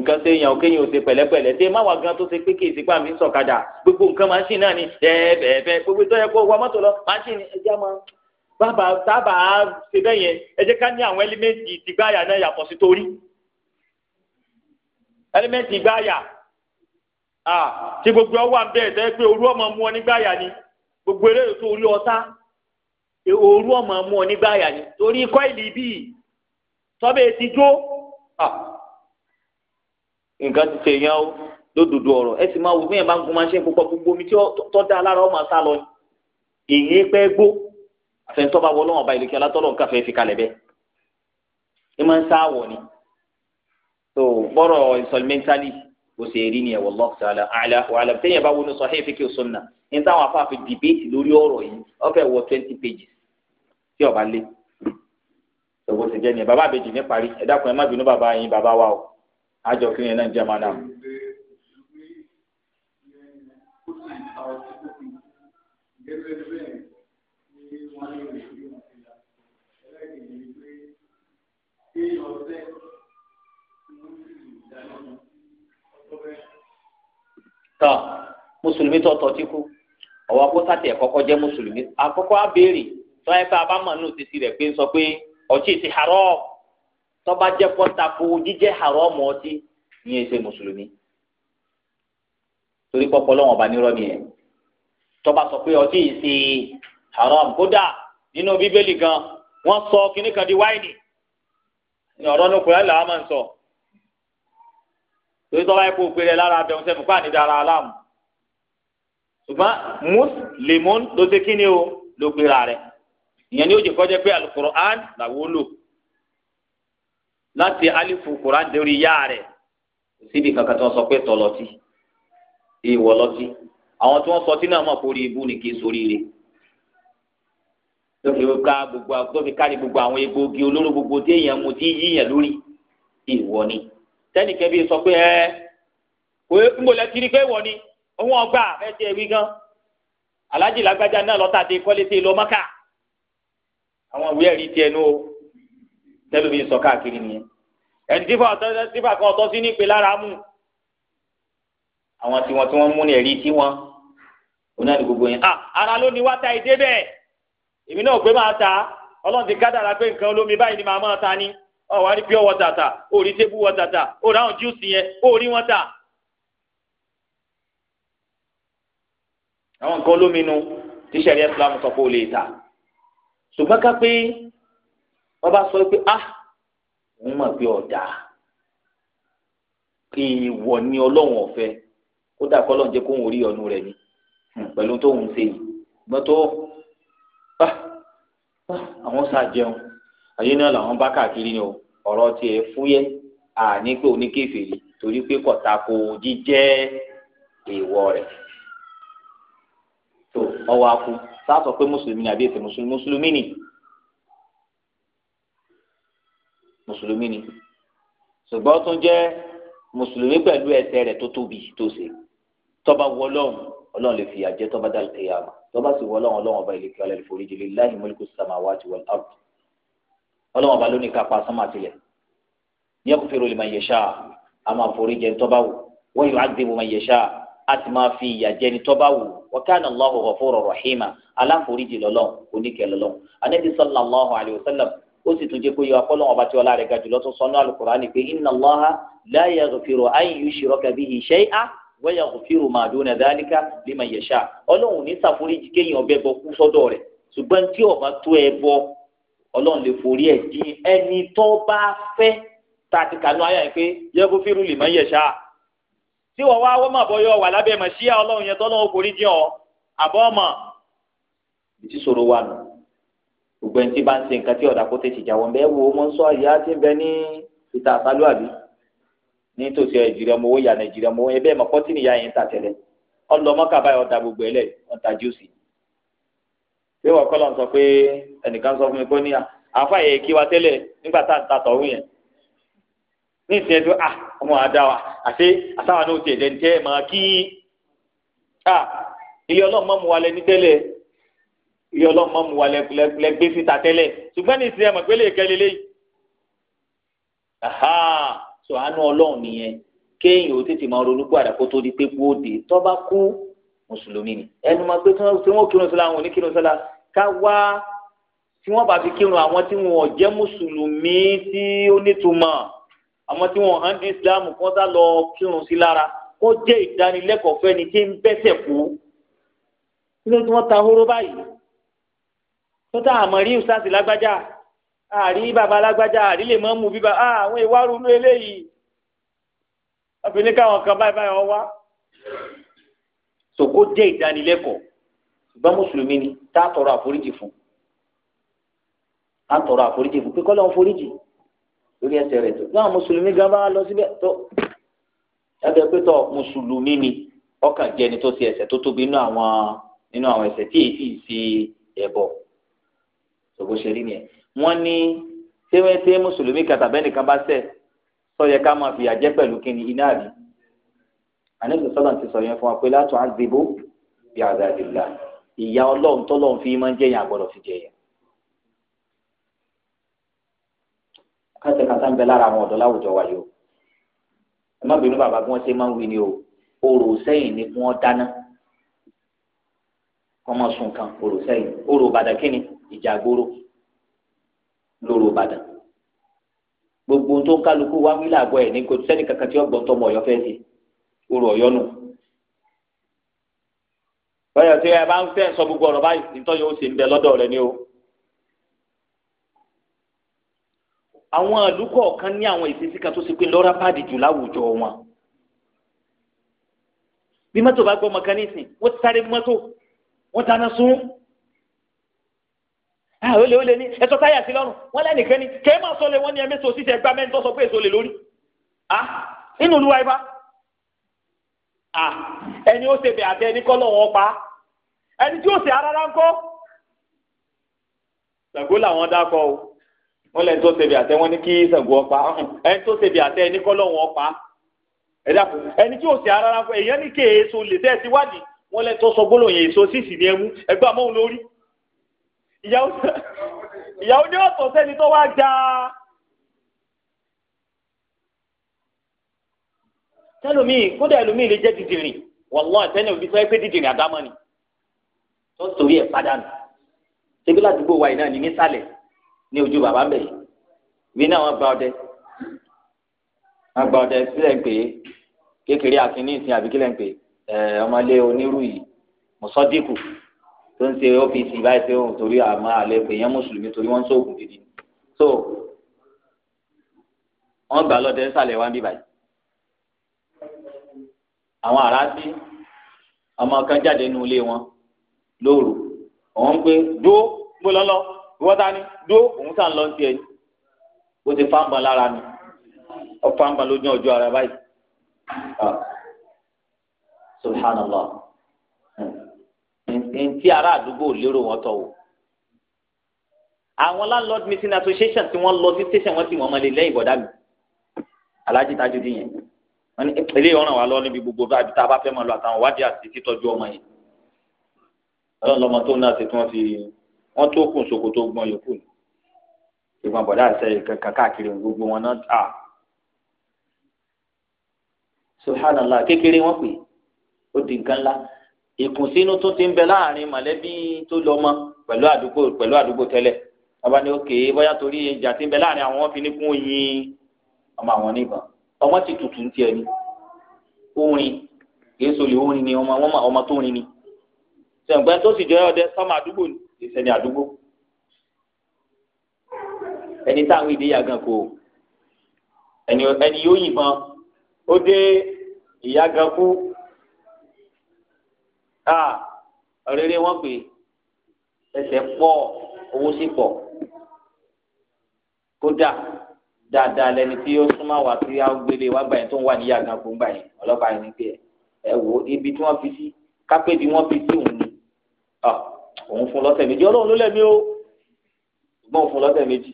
nǹkan séèyàn kéèyàn ò ṣe pẹ̀lẹ́pẹ̀lẹ́ ṣe má wà gan tó ṣe pé kí èsì pàmì sọ̀kadà gbogbo nǹkan máṣíìnì náà ni ẹ̀ẹ́dẹ̀ẹ́dẹ́ gbogbo tó bàbá sábà ṣe bẹ́ẹ̀ yẹn ẹ jẹ́ ká ní àwọn ẹlẹ́mẹ̀ntì ìgbáyà náà yàtọ̀ sí torí ẹlẹ́mẹ̀ntì ìgbáyà tí gbogbo ọwọ́ àbẹ́ẹ̀ tẹ́ pé orú ọmọ mú ọ nígbáyà ni gbogbo eré ètò orí ọ̀tá òru ọmọ mú ọ nígbà àyà ni torí kọ́ìlì bíi tọ́bẹ̀ ti jó nǹkan ti ṣe yẹn o lódodo ọ̀rọ̀ ẹ sì máa wù mí ẹ̀ máa ń gun máa ń ṣe púpọ̀ gbogbo omi tí tọ́ da lára ọmọ sá lọ yìí àfẹnitọ́ bá wọ lọ́wọ́ ọba ìlẹ̀kẹ́ alátọ́lọ́ nǹkan fẹ́ẹ́ fi kalẹ̀ bẹ́ẹ̀ ẹ máa ń sáwọ̀ ni tó bọ́rọ̀ ìsọlmẹ́ntálì kò sì rí ni ẹ̀wọ̀ lọ́ọ̀tà àlà àlà wàhálà tẹ́yìn bá wọnú sọ̀hẹ́ fi kí o sọ̀nà ní táwọn afáàfin dìbéètì lórí ọ̀rọ̀ yìí ọ̀fẹ́ wọ twenty pages tí ọba lé tòwó ti jẹ́ ni bàbá àbèjì ní parí ẹ dákun ẹ má bínú bàbá yín bàbá wa o àjọ kí ni ẹ náà jẹ́ ọ̀tọ̀ tí kú ọ̀wọ́ kó sátì ẹ̀ kọ́kọ́ jẹ́ mùsùlùmí àkọ́kọ́ á béèrè tó ẹ pé abámọ̀ náà ti ti rẹ̀ pé ń sọ pé ọtí ti harọ́ tó bá jẹ́ pọ́ńtàkù jíjẹ́ harọ́ mọ́ ọtí ìyẹn ṣe mùsùlùmí torí pọ́pọ́ lọ́wọ́n ọba nírọ́ ni ẹ̀ sọ pé ọtí yìí ṣe haram kódà nínú bíbélì gan wọ́n sọ kíní kan di wáìnì ní ọ̀rọ̀ ní kùrẹ́ làwọn máa ń sọ torí tó bá yẹ kó lára abẹ́hùn sẹ́nu kó ànídàá aláàmù ṣùgbọ́n mùsùlùmí ló ṣe kí ni o ló gbéra rẹ̀ ìyẹn ni ó jẹ́ kọjá pé alukur'an làwọn lò láti alifu kur'an lórí yá rẹ̀ síbi kankan tí wọ́n sọ pé tọ̀lọ́tì ìwọ̀ àwọn tí wọ́n sọ tí náà ibú ni kì í sórí gbogbo tó fi kárí gbogbo àwọn egbògi olóró gbogbo tí èèyàn mu tí yíyàn lórí ìwọ ni tẹnikẹ́ bí ni. òun ọgbà fẹ́ẹ́ tiẹ̀ wí gan alájì lágbájá náà lọ́tà dé kọ́lé tẹ́ lọ mọ́kà àwọn ìwé ẹ̀rí tiẹ̀ nù o tẹ́lómi sọ káàkiri nìyẹn ẹni tí fà kan ọ̀tọ́ sí ní ìpè lára mú àwọn tiwọn tí wọ́n mú ní ẹ̀rí tiwọn òun náà ní gbogbo yẹn ah ara ló ní wá ta ìdé bẹ́ẹ̀ èmi náà gbé máa ta ọlọ́run ti kádàrá pé nǹkan olómi báyìí ni màá máa ta ni ọ̀wá rí pure water ta òrí table water ta òrí àwọn juice yẹn òrí wọn ta àwọn nǹkan olóminu tí sẹ̀rí islam sọ pé ó lè ta ṣùgbọ́n ká pé wọ́n bá sọ pé ah òun mọ̀ pé ọ̀dà èèwọ̀ ni ọlọ́run ọ̀fẹ́ kódà kọ́lọ́n jẹ́ kóun orí ọ̀nu rẹ̀ ni hmm, pẹ̀lú tóun ṣe yìí gbọ́n tó ah, ah, àwọn ṣàjẹun àyè náà làwọn bá káàkiri ni o ọ̀rọ̀ tiẹ̀ fúyẹ́ àní pé oníkèfèrí torí pé kọ̀tà kò jíjẹ́ èèwọ̀ rẹ̀ tó ọwọ́ akú sáàsọ pé mùsùlùmí ni àbí èsè mùsùlùmí mùsùlùmí ni mùsùlùmí ni ṣùgbọ́n tún jẹ́ mùsùlùmí pẹ̀lú ẹ̀ṣẹ̀ rẹ̀ tó tóbi tó ṣe tọ́ba wọ ọlọ́run ọlọ́run lè fìyà jẹ tọ́ba dá lè yàrá tọ́ba sì wọ ọlọ́run ọlọ́run ọba ìlẹ̀kẹ́ ọlẹ́lẹ́ foríjì lillahi mulku samawati wal ard ọlọ́run ọba lónìí kápá sánmà tilẹ̀ yaghfiru liman yasha a máa foríjì tọ́ba wò wa yu'adhibu man yasha a sì máa fi ìyà jẹni tó bá wù wa kana Allahu ghafurur rahima aláforíjì lọ́lọ́ oníkẹ́ lọ́lọ́ anabi sallallahu alayhi wa sallam ó sì tún jẹ́ kó yọ akọ́lọ́wọ́n ọba tí ọlá rẹ̀ ga jùlọ tó sọnú alukur'ani pé inna Allaha la yaghfiru an yushraka bihi shay'an wa yaghfiru ma duna dhalika liman yasha ọlọ́run ní ṣàforíjì kéèyàn ọbẹ̀ bọ kú sọ́dọ̀ rẹ̀ ṣùgbọ́n tí ó tó ẹ bọ ọlọ́run lè forí ẹ̀ di ẹni tó bá fẹ́ tá a ti kànú ayà yìí pé yaghfiru tí wọ́n wá wọ́n mà bọ́ yọ wà lábẹ́ mọ̀ sí ọlọ́run yẹn tọ́lọ́run forí jìn ọ́ àbọ̀ ọmọ ìtì sòrò wà nù gbogbo ẹni tí bá ń ṣe nǹkan tí ọ̀dà kó tètè jà wọ́n bẹ́ẹ̀ wo mọ́ sọ ìyá tí ń bẹ ní ìta àsálù àbí ní tòsí nàìjíríà mowó ya nàìjíríà mowó ẹbẹ́ mọ̀ pọ́tì nìyá yẹn ń ta tẹ́lẹ̀ ọlọmọkà báyọ̀ ọ̀dà gbogbo ẹlẹ̀ wọ́n ta jùsì. pé wọ́n kọ́ lọ́n sọ pé ẹnìkan sọ fún mi pé ní àfáàyè kí wa tẹ́lẹ̀ nígbà tá à ta tọ̀hún yẹn ní ìsìn ẹjọ́ à ah, ọmọ àdá wa àti àtàwọn náà tiẹ̀ dẹ́ntẹ́ máa kí à ah, ilé ọlọ́run mọ́ mu wa lẹ́ni tẹ́lẹ̀ ilé ọlọ́run mọ́ wa lẹ́gbẹ́ síta tẹ́lẹ̀ ṣùgbọ́n ní ìsìn ẹ̀mọ̀ pélé kẹ́lẹ́ lẹ́yìn aha sọ àánú ọlọ́run nìyẹn kéèyàn ó tètè máa ronú padà kó tó di pé kú òde tó bá kú mùsùlùmí ni ẹnu máa gbé tí wọ́n kírun sọ́la àwọn oníkírun sọ́la ká wá tí wọ́n bá fi kírun àwọn tí wọ́n jẹ́ mùsùlùmí tí ó nítumọ̀ àwọn tí wọ́n hàn di islam kan sá lọ kírun sí lára kó jẹ́ ìdánilẹ́kọ̀ọ́ fẹ́ni tí ń bẹ́sẹ̀ kú nígbà tí wọ́n ta horo báyìí tó tá àmọ̀rí ìsáàsì lágbájá àrí bàbá lágbájá àrí lè mọ́ mú bíbá àwọn ìwárú inú eléyìí wọ́n fi ní káwọn kan báyìí báyìí wọ́n wá sòkó jẹ́ ìdánilẹ́kọ̀ọ́ ṣùgbọ́n mùsùlùmí ni tá a tọrọ àforíjì fún a tọrọ àforíjì fún pé kọ́lọ́ ń foríjì lórí ẹsẹ̀ rẹ̀ tó náà mùsùlùmí gan bá lọ síbẹ̀ tó ẹgbẹ́ pé tọ mùsùlùmí ni ọkàn jẹ́ ẹni tó ṣe ẹ̀ṣẹ̀ tó tóbi nínú àwọn nínú àwọn ẹ̀ṣẹ̀ tí èyí sì ṣe ẹbọ ṣògbó ṣe rí nìyẹn wọ́n ní tẹwẹtẹ mùsùlùmí kàtà bẹnìkan bá ṣẹ̀ sọyẹ ká máa fìyà jẹ pẹ̀lú kíni iná rí àníbi sọlá ti sọ yẹn fún wa pé látọ àzìbò bí àzàdìlà ìyá Ọlọ́run tọlọ́run fi máa ń jẹyàn àgbọ́dọ̀ fi jẹyàn kátàkátà ń bẹ lára àwọn ọ̀dọ́ láwùjọ wa yìí o ẹ má bínú bàbá bí wọ́n ṣe máa ń wí ni o orò sẹ́yìn ni wọ́n dáná ọmọ sùn kan orò sẹ́yìn orò Ìbàdàn kí ni ìjà gbòòrò lórò Ìbàdàn gbogbo tó ń kálukú wá wí làgọ́ ẹ̀ ní kò sẹ́ni kankan tí ọgbọ́n tọmọ Ọ̀yọ́ fẹ́ ṣe orò Ọ̀yọ́ nù báyọ̀ tí ẹ bá ń fẹ́ sọ gbogbo ọ̀rọ̀ báyìí nítorí ó ṣe ń bẹ lọ́dọ̀ rẹ ni o. àwọn àlùkò kan ní àwọn ìṣesí kan tó ṣe pé lọ́ra pàdé jù láwùjọ wọn bí mọ́tò bá gbọ́ mẹkáníìsì wọ́n ti sáré mọ́tò wọ́n dáná sun àwọn olè olè ní ẹ̀tọ́ táyà sí lọ́rùn wọ́n lẹ́nìkan ní kẹ́ẹ́ máa sọ lé wọ́n ní ẹ̀mí sọ sísẹ gbá mẹ́rin tó sọ pé èso lè lórí à nínú olúwa ibà à ẹni ó ṣe bẹ̀ àtẹ ẹni kọ́ lọ́wọ́ pa ẹni tí ó ṣe arára ń wọn lẹni tó ṣebí àtẹ wọn ní kí Ṣàngó ọpa ẹni tó ṣebí àtẹ ẹni kọ́ lọ́wọ́ ọpa ẹ dàpọ̀ ẹni tí ò sí ara rárá èèyàn ní kí èso lè tẹ́ ẹ ti wádìí wọn lẹni tó sọ gbólóhùn yẹn èso sísì ní ẹmu ẹgbẹ́ àmọ́hùn lórí ìyàwó ní ọ̀tọ̀ sẹ́ni tó wá já tẹlomiin kódà ẹlòmíìn lè jẹ́ dìdìrìn wàlúwà tẹ́lẹ̀ òbí sọ pé dìdìrìn àdámọ́ ni tó torí ẹ̀ padà nù ṣebí ládùúgbò wa yìí náà ní nísàlẹ̀ ní ojú bàbá bẹ̀ yìí ibi náà wọ́n gba ọdẹ wọ́n gba ọdẹ sílẹ̀ ń pè é kékeré akínní ìsìn àbí kílẹ̀ ń pè é ọmọlé onírú yìí mùsọ́díkù tó ń ṣe ọ́fíìsì báyìí tó ń torí àmọ́ àlẹ́ pé yẹn mùsùlùmí torí wọ́n ń sóògùn gidi so wọ́n gbà lọ́dẹ ńsàlẹ̀ wá ń bí báyìí àwọn aráàlú ọmọ kan jáde nínú ilé wọn lóru òun pé dúró gbólọ́lọ́ ìwọ́n ta ni dúró òun sàn lọ tiẹ̀ ni o ti fáǹbà lára ni ọ fáǹbà lójú ọjọ́ ara báyìí subhanallah ntí ará àdúgbò lérò wọn tọ̀ wò àwọn landlord meeting association tí wọ́n lọ sí station wọn ti wọ́n máa lè lẹ́yìn bọ̀dá mi alájí tájú dín yẹn wọ́n ní eléyìí ọ̀ràn wa lọ níbi gbogbo àbí tá a bá fẹ́ máa lọ àtàwọn wádìí àti títọ́jú ọmọ yẹn ọlọ́run lọ́mọ tó ń náà ṣe tí wọ́n fi wọ́n tó kùn ṣòkòtò gbọ́n yòókù ni ìgbọ̀n bọ̀dá àṣẹ kankan káàkiri gbogbo wọn náà tà subhanallah kékeré wọn pè ó di nǹkan ńlá ìkùnsínú tó ti ń bẹ láàrin mọ̀lẹ́bí tó lọ mọ́ pẹ̀lú àdúgbò pẹ̀lú àdúgbò tẹ́lẹ̀ ọba ní òkè bóyá torí ìjà ti ń bẹ láàrin àwọn fi ní kún yín ọmọ àwọn níbọn ọmọ ti tutù ń tiẹ̀ ni orin kìí sọ lè orin ni ọmọ ọmọ tó rin ni sẹ̀ǹgbẹ́ tó sì jẹ́ ọdẹ sọ́mọ àdúgbò ni ìsẹni àdúgbò ẹni táwọn ìdí yàgàn kò ẹni ẹni yóò yìnbọn ó dé ìyàgàn kú a rere wọn pè ẹsẹ̀ pọ̀ owó sì pọ̀ kódà dáadáa lẹni tí ó súnmọ́ wá sí àgbélé wá gbà yẹn tó ń wà ní yàgàn kó ń gbà yẹn ọlọ́pàá yẹn ní pé ẹ wò ibi tí wọ́n fi sí kápẹ́ẹ̀dì wọ́n fi sí òun ni òun fún lọ́sẹ̀ méjì ọlọ́run ló lẹ́mí o ṣùgbọ́n òun fún lọ́sẹ̀ méjì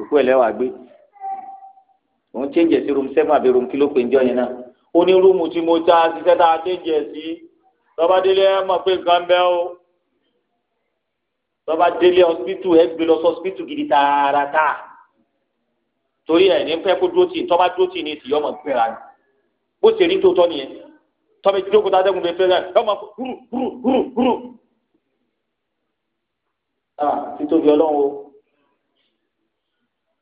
òkú ẹ̀ lẹ́wàá gbé òun change sí room seven àbí room kìló pé ń jọ yẹn náà ó ní rúùmù tí mo ta ṣiṣẹ́ tá a change sí lọ́ba délé ẹ mọ̀ pé nǹkan bẹ́ o lọ́ba délé hospital ẹ gbé lọ sí hospital gidi tààràtà torí ẹ̀ ní pẹ́ kó dúró tì tọ́ba dúró tì ní tìyọ́ mọ̀ gbéra bó ṣe rí tó tọ́ nìyẹn tọ́bi jókòó tá a dẹ́kun bẹ fẹ́ rẹ̀ ẹ máa huru huru huru huru. ah títóbi ọlọ́run o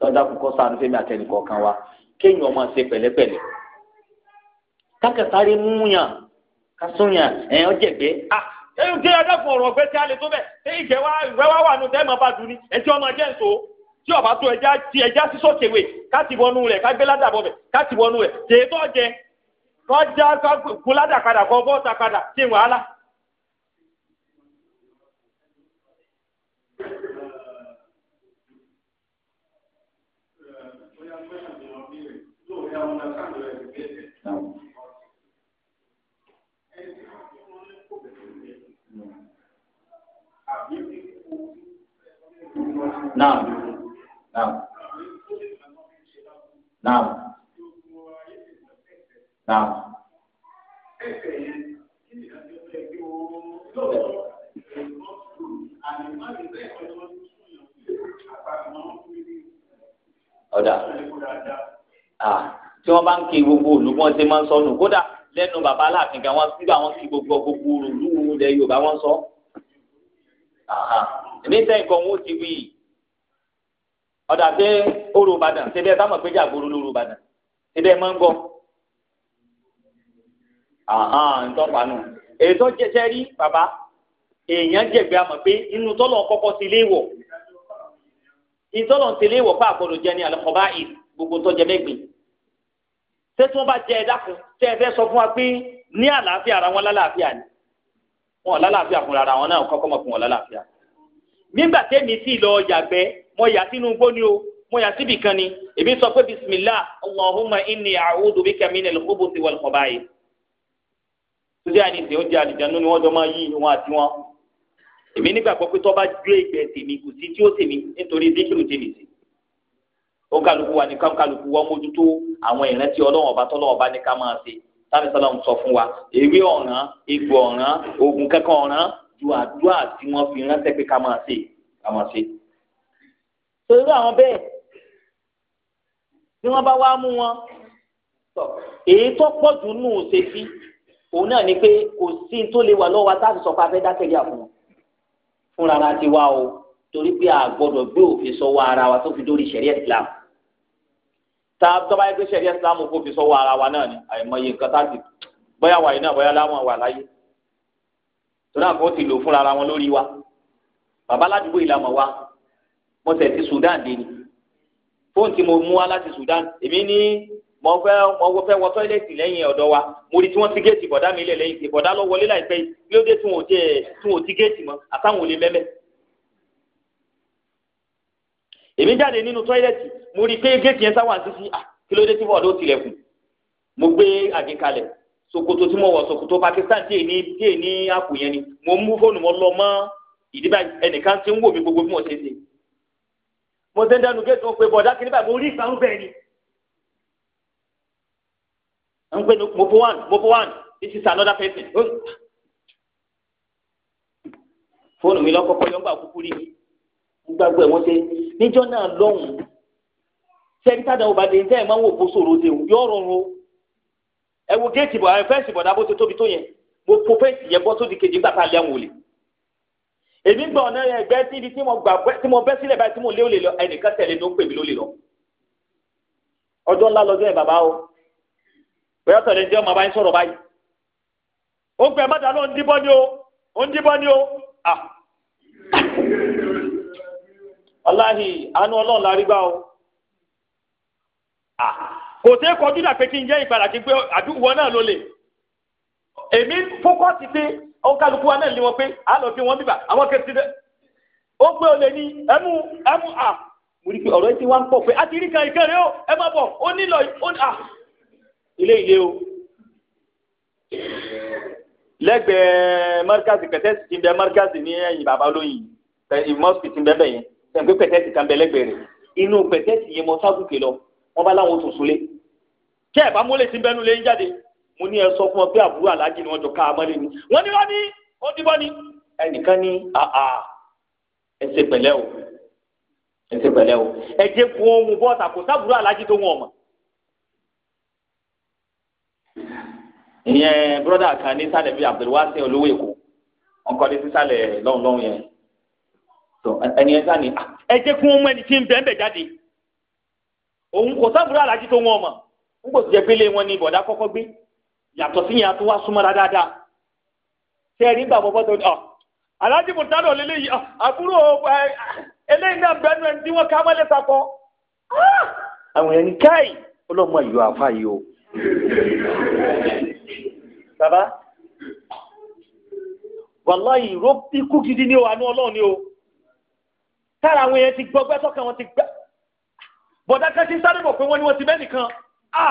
lọ́dà kúkọ́ sànú fẹ́mi àtẹnìkọ̀ kan wa kéèyàn máa ṣe pẹ̀lẹ́pẹ̀lẹ́ kákẹ́sáré múyàn kásúnyàn ẹ̀ ọ́ jẹ̀gbẹ́ ah ẹ̀yìn tí ẹ dẹ́kun ọ̀rọ̀ ọ̀gbẹ́ tí a lè tó bẹ̀ ṣé ìjẹ́ wa ìwẹ́ wa wà nù tẹ́ máa bá dùn ní ẹ̀ tí ọmọ jẹ́ ń so tí ọba tó ẹja ti ẹja sísọ kèwé káti wọnú rẹ̀ kágbé ládàbọ̀ bẹ̀ káti wọnú rẹ̀ tèétọ́ jẹ kọjá kó ládàkadà kọ bọ́ọ̀tà kadà ṣe wàhálà. Naam. Naam. Naam náà. ọ̀dà tí wọ́n bá ń kí gbogbo òlù wọ́n ṣe máa ń sọnù kódà lẹ́nu bàbá aláàfin kan wọ́n síbà wọ́n kí gbogbo gbogbo òlù ilẹ̀ Yorùbá wọ́n sọ. èmi sẹ́yìn kan wọ́n ti wí ọ̀dà pé ó ro Ìbàdàn ṣe bẹ́ẹ̀ sámọ̀ pé ló ro Ìbàdàn ṣe máa ń gbọ́ ntọ́panu ètò jẹjẹ rí bàbá èèyàn jẹ̀bi àmọ̀ pé inú tọ́lọ̀ kọ́kọ́ ti léwọ̀ ìtọ́lọ̀ ti léwọ̀ fún àgbọ̀dọ̀ jẹ ní àlùkọ́bá ì gbogbo tọ́jẹ mẹ́gbìn ṣé tí wọ́n bá jẹ ẹ̀dá kan tẹ́ ẹ fẹ́ sọ fún wa pé ní àlàáfíà ara wọn lálàáfíà ni wọn lálàáfíà fúnra ara wọn náà kọ́kọ́ mọ̀ fún wọn lálàáfíà nígbà tẹ́mi sì lọ yàgbẹ́ mo yà sínú igbó ni o mo yà síbì kan ni èmi sọ pé bismillah allahumma inni a'udhu bika minal khubuthi wal khaba'ith sójà ní ìsìn oúnjẹ àlìjánu ni wọ́n jọ máa yí wọn àti wọn èmi nígbàgbọ́ pé tọ́ bá jó ìgbẹ́ tèmi kò sí tí ó tèmi nítorí díkìrù tèmi sí ó kálukú wa ní ká kálukú wọn mójútó àwọn ìrántí ọlọ́wọ́n ọba tọ́lọ́wọ́n ọba ní ká máa ṣe sáré sálọ̀mù sọ fún wa ewé ọ̀ràn egbò ọ̀ràn oògùn kankan ọ̀ràn ju àdúrà tí wọ́n fi ránṣẹ́ pé ká máa ṣe ká máa ṣe. torí àwọn bẹ́ẹ̀ bí wọ́n bá wá mú wọn èyí tó pọ̀ jù nù ṣe sí òun náà ni pé kò sí tó lè wà lọ́wọ́ wa táàbì sọ pé a fẹ́ dákẹ́lẹ́ àfún fúnra ara ti wá o torí pé a gbé òfin sọ́wọ́ ara wa tó fi dórí ṣẹ̀ríà Islam tá a tọ́ bá pé ṣẹ̀ríà Islam kò fi sọ́wọ́ ara wa náà ni àìmọye nǹkan tá a ti bóyá wà yìí náà bóyá láwọn wà láyé torí àwọn kan ti lò fúnra ara wọn lórí wa bàbá aládùúgbò ìlànà wa mo tẹ̀ sí Sudan dé ni fóònù tí mo mú wa láti Sudan èmi ní mo fẹ́ mo fẹ́ wọ tọ́ílẹ̀tì lẹ́yìn ọ̀dọ̀ wa mo rí tí wọ́n ti géètì bọ̀dá mi lẹ̀ lẹ́yìn tí bọ̀dá lọ wọlé láìpẹ́ yìí ní ó dé tí wọn ò tiẹ̀ tí wọn ò ti géètì mọ́ àtàwọn ò mẹ́mẹ́. èmi jáde nínú tọ́ílẹ̀tì mo rí pé géètì yẹn sáwà sísí à ah, kí ló dé tí bọ̀dá ó tilẹ̀kùn mo gbé àgé kalẹ̀ ṣòkòtò tí mo wọ̀ ṣòkòtò Pakistan tí èyí tí èyí ní àpò yẹn ni mo mú fóònù mo lọ mọ́ ìdíbà ẹnìkan tí ń wò mí gbogbo bí mo ṣe ṣe mo tẹ́ ń dẹnu géètì wọn pé bọ̀dá kí ń pè ní move on move on this is another person. Oh. fóònù mi lọ́kọ́kọ́ yọ̀ǹgbà kúkú rí mi mo gbàgbọ́ ẹ̀ wọ́n ṣe níjọ́ náà lọ́hùn-ún sẹ́ni tádà ọba dé njẹ́ ẹ̀ máa ń wò kó sòrò dé o yọ̀ rọrùn o ẹ wo géètì bọ̀ ẹ fẹ́ǹsì bọ̀dá bó ti tóbi tó yẹn mo fo fẹ́ǹsì yẹn bọ́ sódì kejì gbàtà lé àwọn olè èmi gbọ́ ọ̀nà ẹgbẹ́ síbi tí mo gbà tí mo bẹ́ sílẹ̀ báyìí tí mo lé olè lọ ẹnìkan tẹ̀lé ló ń pè mí lólè lọ ọjọ́ ńlá lọ́jọ́ yẹn bàbá o bóyá tọ̀lé ní ọmọ báyìí sọ̀rọ̀ báyìí ó gbẹ mọ́ta ń díbọ́ ni o ó ń díbọ́ ni o à aláhi àánú ọlọ́run la rí gbá o à kò tẹ́ kọjú dà pé kí n jẹ́ ìpadà kí n pé náà ló lè èmi fókọ́sì pé ó kálukú wọn pé a lọ fi wọn bíbà àwọn kẹsì dẹ ó pé olè ní ẹmu ẹmu à mo a ti ilé ilé o lẹ́gbẹ̀ẹ́ mọrikasi pẹtẹsi ti bẹ mọrikasi ní ẹ̀yìn baba lóyìn ẹ̀yìn mọsiki ti bẹ bẹyẹn sẹpẹ pẹtẹsi kan bẹ lẹ́gbẹ̀ẹ́ rẹ̀ inú pẹtẹsi yẹn mọ sábùkè lọ wọn bá láwọn tuntun lé kí ẹ bá múlẹ ti bẹnu lé ń jáde mo ní ẹ sọ fún ọ pé àbúrò aláàjì ni wọn jọ ká a mọlẹ ni wọn ní wọn ní ó dìbọn ni ẹnìkan ní àà ẹsẹ pẹ̀lẹ́ o ẹsẹ pẹ̀lẹ́ o ẹ jẹ kó ohun bọ́ọ̀tà kò sábùrò aláàjì tó wọn ọmọ ìyẹn bọ́dà kan ní sálẹ̀ bíi abdulwasi olówó èkó wọn kọ́ ní sísàlẹ̀ lọ́hùnlọ́hùn yẹn tó ẹni yẹn sáni ah, ẹ jẹ́ kí wọ́n mú ẹni tí ń bẹ́ẹ̀ bẹ́ẹ̀ jáde òun kò sábúrò alájí tó wọn mọ̀ n kò sì jẹ́ pélé wọn ni bọ̀dá kọ́kọ́ gbé yàtọ̀ sí yẹn a tó wá súnmọ́ra dáadáa ṣé ẹ nígbà bọ́bọ́ tó ọ ah, alájí mo dáná lélẹ́yìí ah, àbúrò eléyìí náà bẹ́ẹ̀ ẹni tí wọ́n ká mọ́lẹ́ sakọ àwọn ẹni káì ọlọ́mọ ìyọ àfáà yìí o bàbá wàláyé ìró ikú gidi ni o àánú ọlọ́run ni o tára àwọn èèyàn ti gbọgbẹ́ tọ́ka wọn ti gbẹ́ bọ̀dá kan ti sáré bọ̀ pé wọ́n ní wọ́n ti bẹ́ẹ̀ nìkan á.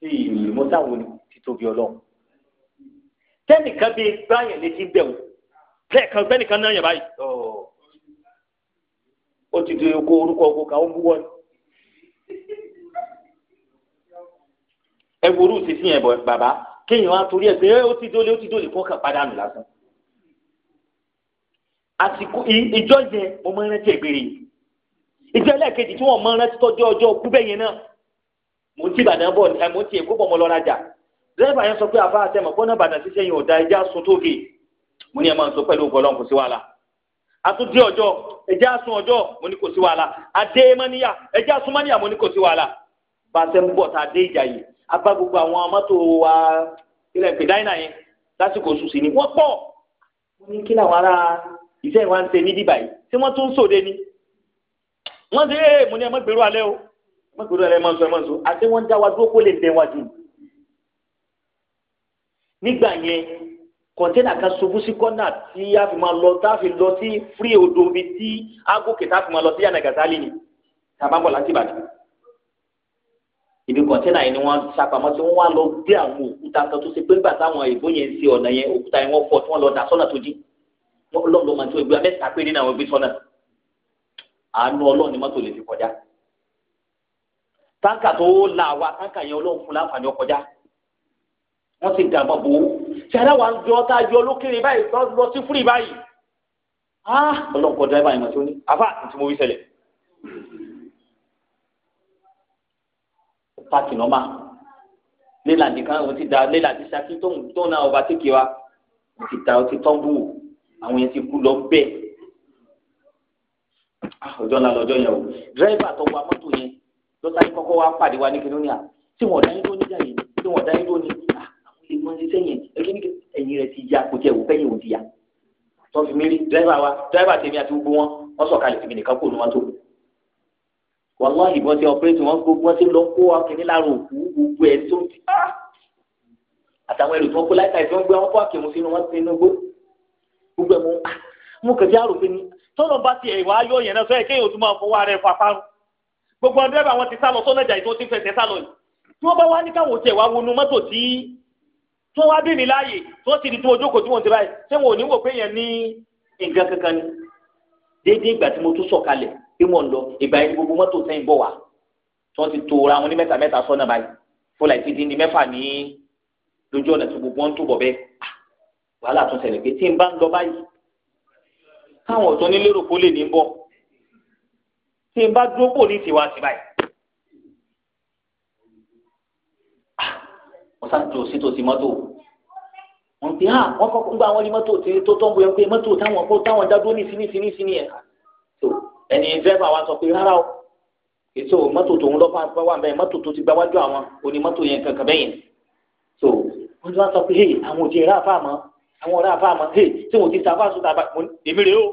ṣé ìròyìn mo táwọn títóbi ọlọ́run tẹ́nìkan bíi báyẹn létí bẹ̀rù lẹ́ẹ̀kan gbẹ́nìkan náà yẹn báyìí. ó ti di oko orúkọ oko kan ó ń bú ni. ẹ wo orú ìṣesí yẹn bàbá kéèyàn á torí ẹ pé ó ti dólé ó ti dólé kó kàn padà nù lásán àsìkò ìjọ yẹn mo máa ń rántí ẹgbẹrẹ ìjọ ẹlẹ́ẹ̀kejì tí wọ́n máa ń rántí tọ́jú ọjọ́ òkú bẹ́ẹ̀ yẹn náà mo ti Ìbàdàn bọ̀ ẹ mo ti Èkó bọ̀ mo lọ rajà dẹ́rẹ́bà yẹn sọ pé àfa àtẹ̀mọ̀ pọ́nà Ìbàdàn ṣiṣẹ́ yẹn ò ẹja sun tóge mo ní ẹ máa sọ pẹ̀lú ọgọlọ́n kò sí wàhálà àtúndí ọjọ́ ẹja sun ọjọ́ mo ní kò sí wàhálà adé mọ́níyà ẹja sun mọ́níyà mo ní kò sí wàhálà bá a ṣe ń bọ̀ tá a ìjà yìí abá gbogbo àwọn mọ́tò wa ilẹ̀ pè dáínà yẹn lásìkò oṣù sí ni wọ́n pọ̀ wọ́n ní kí làwọn ará iṣẹ́ ìwà ń ṣe ní dìbà yìí tí wọ́n tún ń sòde ni wọ́n ṣe é mo ní ẹ má gbèrú alẹ́ o ẹ má gbèrú alẹ́ mọ́ nsọ ẹ mọ́ nsọ àti wọ́n ń já wa dúró kó lè dẹ́ wa jù nígbà yẹn kọ̀ńténà kan ṣubú sí kọ́nà tí a fi máa lọ tá a fi lọ sí fúrí odò bíi tí ágòkè tá a fi máa lọ sí yànnà gàtálì ni tàbá bọ̀ láti Ìbàdàn ibi kọ̀ńténà yìí ni wọ́n ṣàpamọ́ tí wọ́n wá lọ gbé àwọn òkúta kan tó ṣe pé nígbà táwọn èèbó yẹn ń ṣe ọ̀nà yẹn òkúta yẹn wọ́n fọ́ tí wọ́n lọ dà sọ́nà tó dí ọlọ́run ló máa tó ẹgbẹ́ mẹ́ta péré náà wọ́n gbé sọ́nà àánú ọlọ́run ni mọ́tò lè fi kọjá táǹkà tó la wa táǹkà yẹn ọlọ́run fún láǹfààní ọkọjá wọ́n ti dàgbà bò ó ṣẹlẹ̀ wà ń jọ tá a yọ lókèrè báyìí lọ sí fúrì báyìí ah ọlọ́run kọjá báyìí mọ̀ tó ní pààkì nọ́mà léèlà nìkan ó ti da léèlà ti ṣáàkì tóun tóun náà ọba tèké wa ó ti da ó ti tán bù àwọn yẹn ti kú lọ bẹ́ẹ̀ ah, ọjọ́ ńlá lọ́jọ́ yẹn o dírẹ́bà tó wa mọ́tò yẹn lọ́tà yìí kọ́kọ́ wa pàdé wa ní kinní ní à tí wọ́n dá yín lóní jáde tí wọ́n dá yín lóní à ah, àwọn ilé mọ́ ṣiṣẹ́ yẹn ẹ̀yìn rẹ̀ ti ya kò tiẹ̀ wò fẹ́yìn ti ya tọ́ fi mí wa dírẹ́bà tèmi àti gbogbo wọn wọ́n sọ̀kalẹ̀ tèmi nìkan kò ní wàhálà ìbọn ti ọpẹrẹtì wọn kó wọn ti lọ kó akínní lára òkú gbogbo ẹ tó ti á ah! àtàwọn ẹrù tó ń kó láìka ìfẹ́ ń gbé wọn kó akínmú sínú wọn sínú gbó gbogbo ẹ mọ á mú ah! kẹjá rò pé ní tọ́nà bá ti ẹ̀wà ayọ̀ yẹn náà sọ yẹ kéèyàn tó máa fọwọ́ ara ẹ̀ fà parun gbogbo ọdún ẹ̀bà wọn ti sá lọ sọ́nà ìjà ìtò tí ń fẹsẹ̀ sá lọ yìí tí wọ́n bá wá ní káwọn òtí ẹ̀wà wọnú mọ́tò tí tí wọ́n wá dé ní láàyè tí mò ń lọ ìgbà yẹn gbogbo mọ́tò sẹ́yìn bọ̀ wá tí wọ́n ti to ra wọn ní mẹ́ta mẹ́ta sọ́nà báyìí fúnra ìfi dín ní mẹ́fà ní lójú ọ̀nà tí gbogbo wọn ń túbọ̀ bẹ́ẹ̀ ah! wàhálà tún ṣẹlẹ̀ pé tí n bá ń lọ báyìí káwọn ọ̀tún ní lérò kó lè ní bọ̀ tí n bá dúró pò ní tiwa sí báyìí. Ah! wọ́n sá tó sí tòsí mọ́tò wọ́n ti hàn ah! wọ́n kọ́kọ́ gba àwọn ní mọ́tò tó tó ń pé mọ́tò táwọn kó táwọn dá dúró ní síní síní síní ẹ̀ ẹni dẹ́fà wa sọ pé rárá o ètò mọ́tò tòun lọ́pàá ń pẹ́ wà bẹ́ẹ̀ mọ́tò tó ti gba wájú àwọn oní yẹn kankan bẹ́yẹn so wọ́n ti wá sọ pé hey àwọn òjì ẹ̀rá àfa àmọ́ àwọn ọ̀rá àfa àmọ́ hey tí wọ́n ti ta fáṣọ tàbá èmi rè o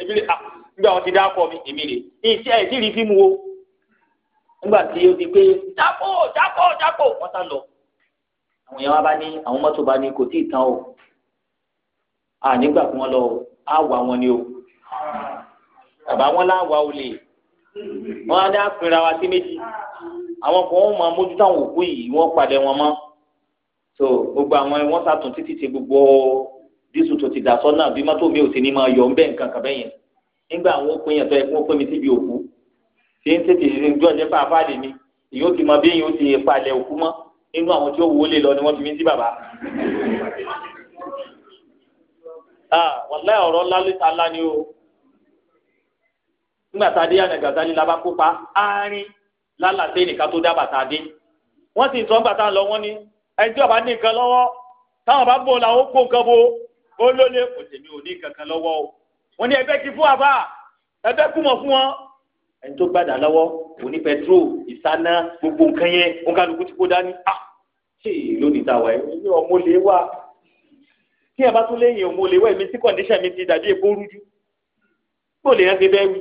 èmi rè ah nígbà wọn ti dá kọ mi èmi rè iṣẹ́ ẹ̀ sì rí fíìmù o nígbà tí o ti pé jápò jápò jápò wọ́n sá lọ àwọn yẹn wá bá ní àwọn mọ́tò bá ní kò tí ì tán o à nígbà tí wọ́n lọ bàbá wọn láwa olè wọn á dá pinra wa sí méjì àwọn kan wọn máa mójútó àwọn òkú yìí wọn padà wọn mọ́ so gbogbo àwọn wọn sàtún títí ti gbogbo dísù tó ti dà sọ́nà bí mọ́tò mi ò sí ní máa yọ ńbẹ́ nǹkan kan bẹ́yẹn nígbà àwọn òpin yẹn tó yẹ kí wọ́n pín mi síbi òkú ṣé ń tètè jọ jẹ́ fáfá lè mi èyí ó ti mọ bí èyí ó ti palẹ̀ òkú mọ́ nínú àwọn tí ó wọlé lọ ni wọ́n fi mí sí bàbá. Ah, wàlá ọ̀rọ̀ lálẹ́ lá ni o nígbà tá a dé yànnà gàzálì la bá kópa àárín lálàtẹ́ nìkan tó dábàá tá a dé wọ́n sì sọ nígbà tá a lọ wọ́n ní ẹni tí ọba ní nǹkan lọ́wọ́ táwọn bá bò làwọn kó nǹkan bo ó ló lé kò tèmi ò ní nǹkan kan lọ́wọ́ o wọ́n ní ẹgbẹ́ ti fún àbá ẹgbẹ́ kú mọ̀ fún wọn ẹni tó gbàdá lọ́wọ́ òní pẹtró ìsáná gbogbo nǹkan yẹn òǹkàlùkù ti kó dání ah ṣé lónìí tá a wà ẹ ní ọmọ lè wà kí ẹ bá tún léyìn ọmọ lè wà ẹ̀mí tí kọ̀ǹdíṣàn mi ti dàbí èkó rújú kó lè yẹn ti bẹ́ẹ̀ wí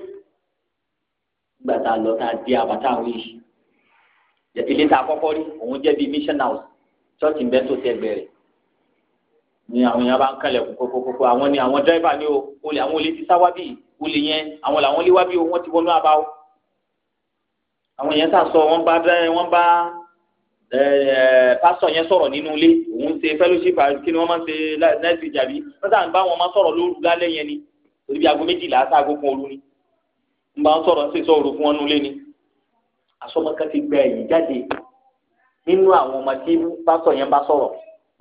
nígbà tá a lọ tá a dé àbátá àwọn yìí ilé tá a kọ́kọ́ rí òun jẹ́ bíi mission house church ń bẹ tó ti ẹgbẹ́ rẹ̀ ni àwọn èèyàn bá ń kalẹ̀ kókókókó àwọn ni àwọn dírẹ́fà ni o olè àwọn olè ti sá wá bí olè yẹn àwọn làwọn lé wá bí o wọ́n ti wọnú àbá o àwọn èèyàn sà sọ wọ́n bá wọ́n bá pásítọ̀ yẹn sọ̀rọ̀ nínú ilé òun ṣe fellowship kí ni wọ́n máa ń ṣe nẹ́ẹ̀sì jàbí wọ́n sà ń bá wọn máa sọ̀rọ̀ lóru lálẹ́ yẹn ni torí bí aago méjìlá sí aago kan òru ni ń bá ń sọ̀rọ̀ ń sì sọ̀rọ̀ fún wọn nulẹ̀ ni asọ́mọ́ká ti gba ẹ̀yìn jáde nínú àwọn ọmọ tí pásọ̀ yẹn bá sọ̀rọ̀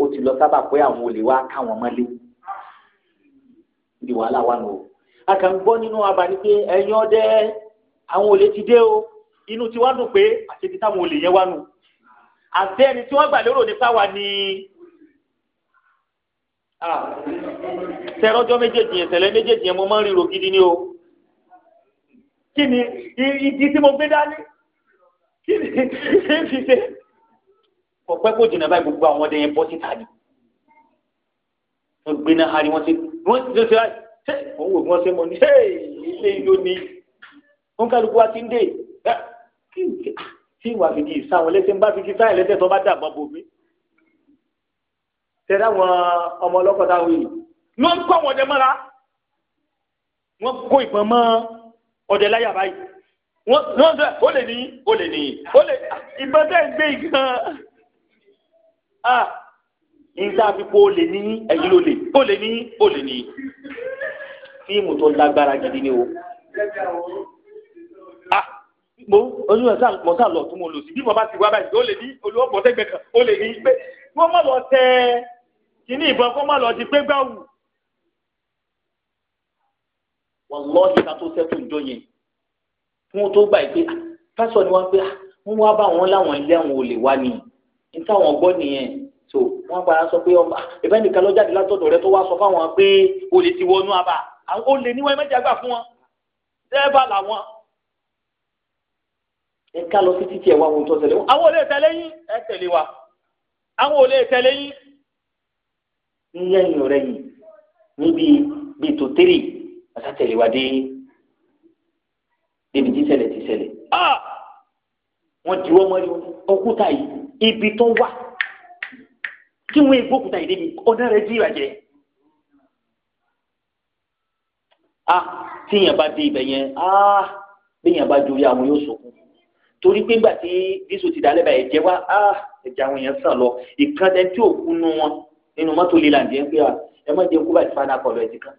ó ti lọ sábà pé àwọn olè wá káwọn mọ́lé ní wàhálà wà nù o a kàn ń gbọ́ nínú abàní pé ẹ̀yin ọdẹ àwọn olè ti dé o inú ti wá dùn pé àṣetí táwọn olè yẹn wà nù àti ẹni tí wọ́n gbà lérò nípa wa ni tẹ̀rọ̀jọ́ ah, méjèèjì yẹn tẹ̀lẹ́ méjèèjì yẹn mo máa ń ríro gidi ni o kí ni igi tí mo gbé dání kí ni ẹ fi ṣe. ọ̀pẹ́ kò jìnnà báyìí gbogbo àwọn ọdẹ yẹn bọ́ síta ni wọ́n gbé náà hari wọ́n ti wọ́n ti ṣe láì ṣe òun wò wọ́n ṣe mọ́ ni ṣe ilé ìlú ni wọ́n kálukú wa ti ń dé kí ni ah, tí ìwà fìdí ìsáwọn lẹ́sẹ̀ ń bá fi kíkà ẹlẹ́sẹ̀ tó bá dàgbà bò mí. tẹ̀lé àwọn ọmọ ọlọ́kọ̀dá wí ló ń kọ́ wọn jẹ mọ́ra wọ́n kó ìbọn mọ́ ọ̀dẹ̀ láyà báyìí wọ́n sọ ó lè ní ó lè ní ó lè ìbọn tẹ́ ń gbé gan ah nígbà fipò ó lè ní ẹ̀yìn ló lè ó lè ní ó lè ní fíìmù tó lágbára gidi ni o ah mo onímọ̀ sá mo sá lọ tún mo lò sí bí mo bá ti wá báyìí ó lè ní olùwọ́pọ̀ tẹ́gbẹ̀ẹ́ kan ó lè ní pé wọ́n mọ̀ lọ tẹ kíní ìbọn kó mọ̀ lọ ti pé gbáwù wàlọ́ọ̀hì ká tó sẹ́tù ìjọ yẹn fún tó gbà pé ah, pásọ ni wọ́n pé ah, wọ́n wá bá wọn láwọn ilé àwọn olè wá ni n táwọn gbọ́ nìyẹn tó wọ́n padà sọ pé ọba ah, ẹ̀fẹ́ nìkan ló jáde látọ̀dọ̀ rẹ tó wá sọ fáwọn pé olè ti wọnú abà olè níwọ̀n ẹ mẹ́jẹ̀ àgbà fún wọn dẹ́ẹ̀bà làwọn ẹ ká lọ sí títí ẹ wá ohun tó ṣẹlẹ̀ wọn àwọn olè tẹ̀lé yín ẹ tẹ̀lé wa àwọn olè tẹ̀lé yín ń yẹ́yìn rẹ̀ yìí níbi bíi tòtérì àtàtẹ̀lé wa dé débi tí ṣẹlẹ̀ ti ṣẹlẹ̀ wọ́n diwọ́ mọ́lẹ́ òkúta yìí ibi tó wà kí wọ́n egbókúta yìí débi ọ̀nà rẹ̀ di ìbàjẹ́ a tíyàn bá dé ibẹ̀ yẹn a bíyàn bá dorí àwọn yóò sọkún torí pé ńgbà tí dísò ti dalẹ́ bá ẹ̀jẹ̀ wá a ẹ̀jẹ̀ àwọn yẹn sàn lọ ìkànnì tí ò kú nu wọn nínú mọ́tò líla ǹjẹ́ pé ẹ má jẹ́ kó bá ti fa náà kọ̀ lọ ti kán.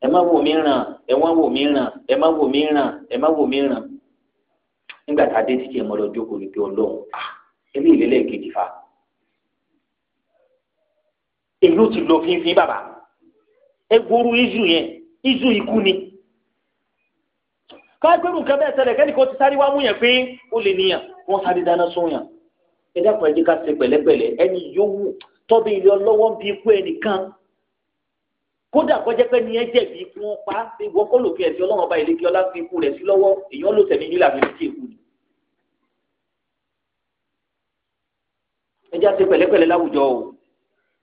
ẹ má wò mí ràn ẹ wá wò mí ràn ẹ má wò mí ràn ẹ má wò mí ràn nígbà tá a dé títí ẹ mọ lọ jókòó ní pé Ọlọ́run à ilé kejì fa ti lọ bàbá ẹ gbóru izu yẹn izu ikú ni nǹkan bẹ́ẹ̀ ti sáré mú yẹn pé ó lè níyàn wọ́n sáré dáná sún yàn ẹ ẹ jẹ́ ká ṣe kódà kọjá pé ní ẹ jẹ̀bi kí wọ́n pa ìwọ kọ́ lòfin ẹ̀sìn ọlọ́run ọba ìlẹ́kí ọlá fi ikú rẹ̀ sí lọ́wọ́ èèyàn ló tẹ̀mí nílà fi kí èkú ni. ẹjẹ́ àti pẹ̀lẹ́pẹ̀lẹ́ láwùjọ o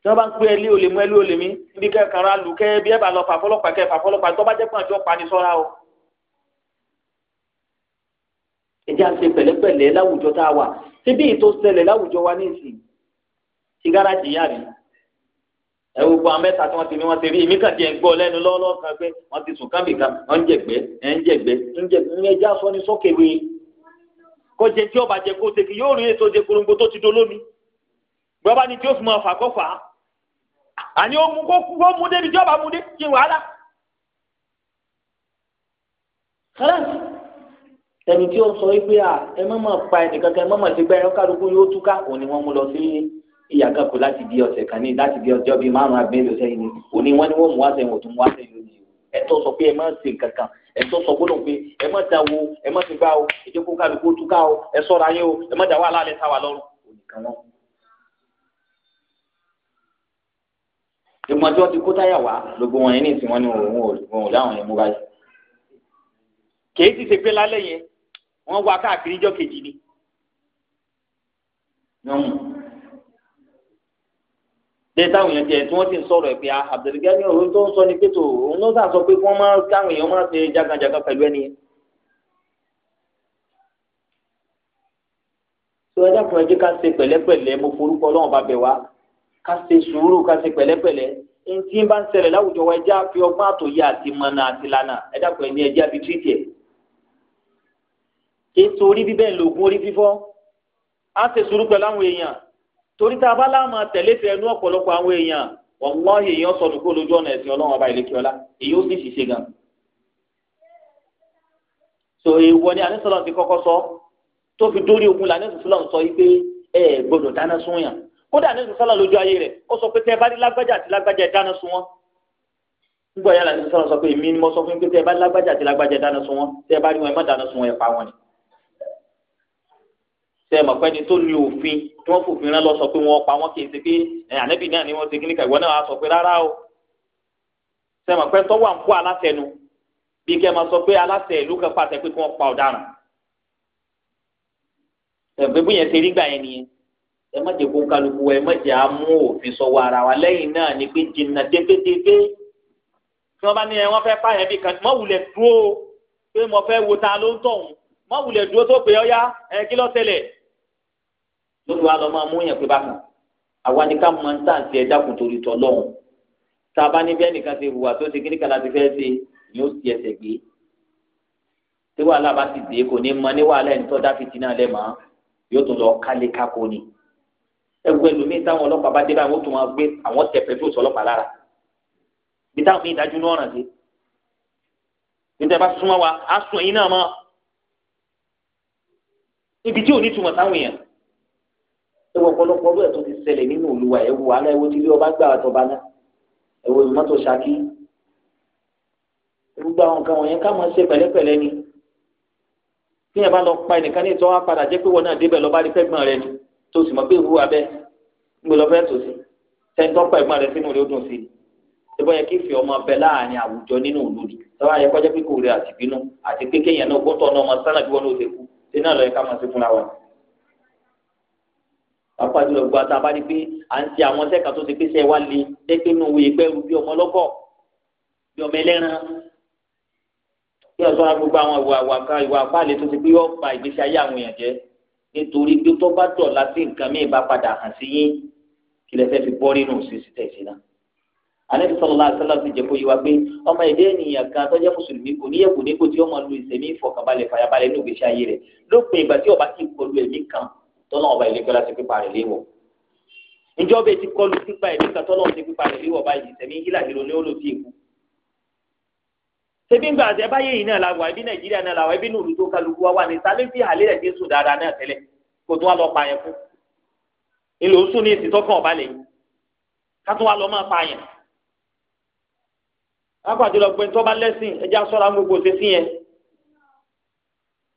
tí wọ́n bá ń pè ẹ́ lé olè mú ẹ́ lé olè mí níbi kẹ́kànrà lù kẹ́ bí ẹ bá lọ fà fọlọ́pàá kẹ́ fà fọlọ́pàá tó bá jẹ́ pọ̀ àjọ pani sọ́ra o. ẹjẹ́ àti pẹ̀lẹ́pẹ̀lẹ́ láwùjọ tá a wà síbí ìtòsẹ̀lẹ̀ láwùjọ wa ní ìsìn sìgárà jìyà rèé ẹ wo gbọ́ amẹ́ta tí wọ́n ti rí wọ́n ti rí èmi kàn ti ẹ̀ ń gbọ́ lẹ́nu lọ́wọ́lọ́wọ́ kan pé wọ́n ti sùn kámi kan wọ́n ń jẹ̀gbẹ́ ẹ̀ ń jẹ̀gbẹ́ ń jẹ̀gbẹ́ ń ẹja sọ ní sọ́kèwé kọjẹ tí ọba jẹ kó teki yóò rí èso jẹ korongo tó ti dolómi gbọ́dọ̀ ni tí ó fi mọ fà kọ́ àní ó mú kó kú ó mú débi tí ọba mú dé kí wàhálà. kárẹ́ǹtì ẹni tí ó sọ wípé ẹ mọ̀ mọ̀ pa ẹnìkan kan ẹ mọ̀ mọ̀ ti gbẹ́ ìyá kan kù láti di ọ̀sẹ̀ kan ní láti di ọjọ́ bíi márùn-ún abẹ́rẹ́ ọ̀sẹ̀ yìí ni òní wọ́n ní wọ́n mú wáṣẹ̀ wọn tó mú wáṣẹ̀ yìí lónìí ẹ̀tọ́ sọ pé ẹ má ṣe nǹkan kan ẹ̀tọ́ sọ gbọ́dọ̀ pé ẹ má da wo ẹ má ti gbá o ẹ jẹ́ kó kálukú tú ká o ẹ sọ́ra yín o ẹ má da wàhálà alẹ́ sáwà lọ́rùn ònìkan wọn. ìmọ̀ tí wọ́n ti kó táyà wá gbogbo wọn ní ìsìn wọn ni òun ò láwọn yẹn mú dé táwọn èèyàn jẹ tí wọn ti ń sọ̀rọ̀ ẹ pé ní ọ̀rọ̀ tó ń sọ ni pé tó òun ló sàsọ pé wọn máa káwọn èèyàn máa ṣe jagunjagun pẹ̀lú ẹni. tó ẹ dákun ẹjẹ ká ṣe pẹ̀lẹ́pẹ̀lẹ́ mo forúkọ Ọlọ́run bá bẹ̀ wá ká ṣe sùúrù ká ṣe pẹ̀lẹ́pẹ̀lẹ́ bá ń ṣẹlẹ̀ láwùjọ wa ẹjẹ àfi ọgbọ́n àtòyé àti mọnà àti lànà ẹ dákun torí tá a bá láàmú tẹ̀lé fẹ́ ẹnu ọ̀pọ̀lọpọ̀ àwọn èèyàn wàláhì èèyàn sọdún kó lójú ọ̀nà ẹ̀sìn ọlọ́run ọba ìlẹ́kẹ́ èyí ó sì ṣiṣẹ́ gan. so èèwọ̀ ni anísọ̀lọ́ ti kọ́kọ́ sọ tó fi dórí ogun la anísọ̀lọ́ sọ yìí pé ẹ gbọdọ̀ dáná sun yàn kódà anísọ̀lọ́ lójú ayé rẹ̀ ó sọ pé tẹ́ bá rí lágbájá àti lágbájá ẹ dáná sun wọn. nígbà yàrá anísọ̀lọ́ sọ pé èmi ni mo sọ fún yín pé tẹ́ bá rí lágbájá àti lágbájá ẹ dáná sun wọn tẹ́ bá rí wọn ẹ má dáná sun wọn ẹ pa wọn ni tẹ mọ̀ pé ẹni tó lu òfin tí wọ́n fòfin rán lọ sọ pé wọ́n pa wọ́n kì í ṣe pé ànábì náà ni wọ́n ṣe kíníkà ìwọ náà wàá sọ pé rárá o tẹ mọ̀ pé tọ́wọ́ à ń kó aláṣẹ bí kẹ́ ẹ máa sọ pé aláṣẹ ìlú kan pàṣẹ pé kí wọ́n pa ọ̀daràn tẹ̀pẹ́ bí yẹn ṣe rí gbà yẹn nìyẹn ẹ má jẹ́ kó kálukú ẹ má jẹ́ àmú òfin sọ̀wọ́ ara wa lẹ́yìn náà ni pé jìnnà dépédépé tí wọ́n bá ní ẹ wọ́n fẹ́ pààyàn bí kan mọ́ wulẹ̀ dúró pé mo fẹ́ wo ta ló ń tọ̀hún mọ́ wulẹ̀ dúró tó pé ọ́yá ẹ kí ló ṣẹlẹ̀ lórí wa lọ máa mú yẹn pé bákan àwa ni ká máa ń tà sí ẹja kùn torí tọ lọ́hùn tá a bá ní bẹ́ẹ̀ ti hùwà tó ti kíní kan láti fẹ́ ṣe ni ó ti ẹsẹ̀ gbé tí wàhálà bá ti dé kò ní mọ ní wàhálà ẹni tó dá fìtínà lẹ̀ mọ́ yóò tún lọ kálé kákó ni ẹgbẹ́ lómi táwọn ọlọ́pàá bá dé báyìí wọ́n tún máa gbé àwọn tẹ̀pẹ́ tó sọ ọlọ́pàá lára bí táwọn mi dájú ní ọ̀ràn sí níta bá súnmọ́ wa á sún ẹ̀yin náà mọ́ ibi tí ò ní túmọ̀ sáwọn èèyàn ewu ọ̀pọ̀lọpọ̀ ọdún ẹ̀tọ́ ti ṣẹlẹ̀ nínú olùwà ẹ̀wù alẹ́ ẹ̀wù tí ilé ọba gbà àtọ̀ba náà ẹ̀wù mọ́tò ṣákí gbogbo àwọn nǹkan wọ̀nyẹn ká máa ṣe pẹ̀lẹ́pẹ̀lẹ́ ni bí yẹn bá lọ pa ẹnìkan ní ìtọ́wá padà jẹ́ pé wọn náà débẹ̀ lọ́ba rí fẹ́gbọ́n rẹ ni tó sì mọ̀ pé ìwúwo abẹ́ ńgbé lọ́fẹ́ tó sí sẹ́ńtọ́ pa ẹ̀gbọ́n rẹ sínú rẹ ó dùn sí i ṣùgbọ́n yẹ kí fi ọmọ bẹ láàrin àwùjọ nínú òlòdì tọ́wọ́ ayẹ kọjá pé kò rẹ àtìbínú àti pé kéèyàn náà gbọ́tọ̀ náà mọ sánà bí wọn náà ṣe kú ṣe náà lọ́yẹ ká máa ṣe fúnra wọn pàápàá jùlọ gbogbo àtàwọn abáni pé à ń ṣe àwọn sẹ́ka tó ti pé sẹ́ wá le dẹ́gbẹ́ nù wòye pẹ́rù bí ọmọ lọ́kọ̀ bí ọmọ ẹlẹ́ran kí ọ̀sán ara gbogbo àwọn ìwà àwàká ìwà àpáàlẹ̀ tó ti pé yọ̀ọ́ ba ìgbésí ayé àwọn èèyàn jẹ́ nítorí pé tó bá dọ̀la sí nǹkan míì bá padà hàn sí yín kí lẹ fẹ́ fi bọ́ nínú sísí tẹ̀sí náà anabi sọlọlá asọlá ti jẹ kó yí wa pé ọmọ èdè ènìyàn kan tọjá mùsùlùmí kò níyẹ kò ní kò tí ọmọ lu ìsẹmí ìfọkànbalẹ̀ fàyàbalẹ̀ ní ògbésí ayé rẹ̀ lópin ìgbà tí ọba ti kọlu ẹ̀mí kan tọ́lọ́ ọba ìlẹ́kọ́ láti pípa rẹ̀ léwọ̀ njọ́ bẹ́ẹ̀ ti kọlu pípa ẹ̀mí kan tọ́lọ́ ti pípa rẹ̀ léwọ̀ báyìí tẹ̀mí hílà hìlò ní olú ti èkó ṣebí ńgbà àti ẹbáyé yìí náà la wà ẹbí nàìjíríà náà la wà ẹbí nùlù tó kálukú wa wà ní sálẹ́ fi àlẹ́ rẹ̀ ti sùn dáadáa náà tẹ́lẹ̀ kó tó wà lọ pa yẹn fún ìlò sùn ní ìsìtọ́kàn ọ̀bá lẹ́yìn ká tó wà lọ máa pa yẹn. wọ́n pàdé lọ pé tó bá lẹ́sìn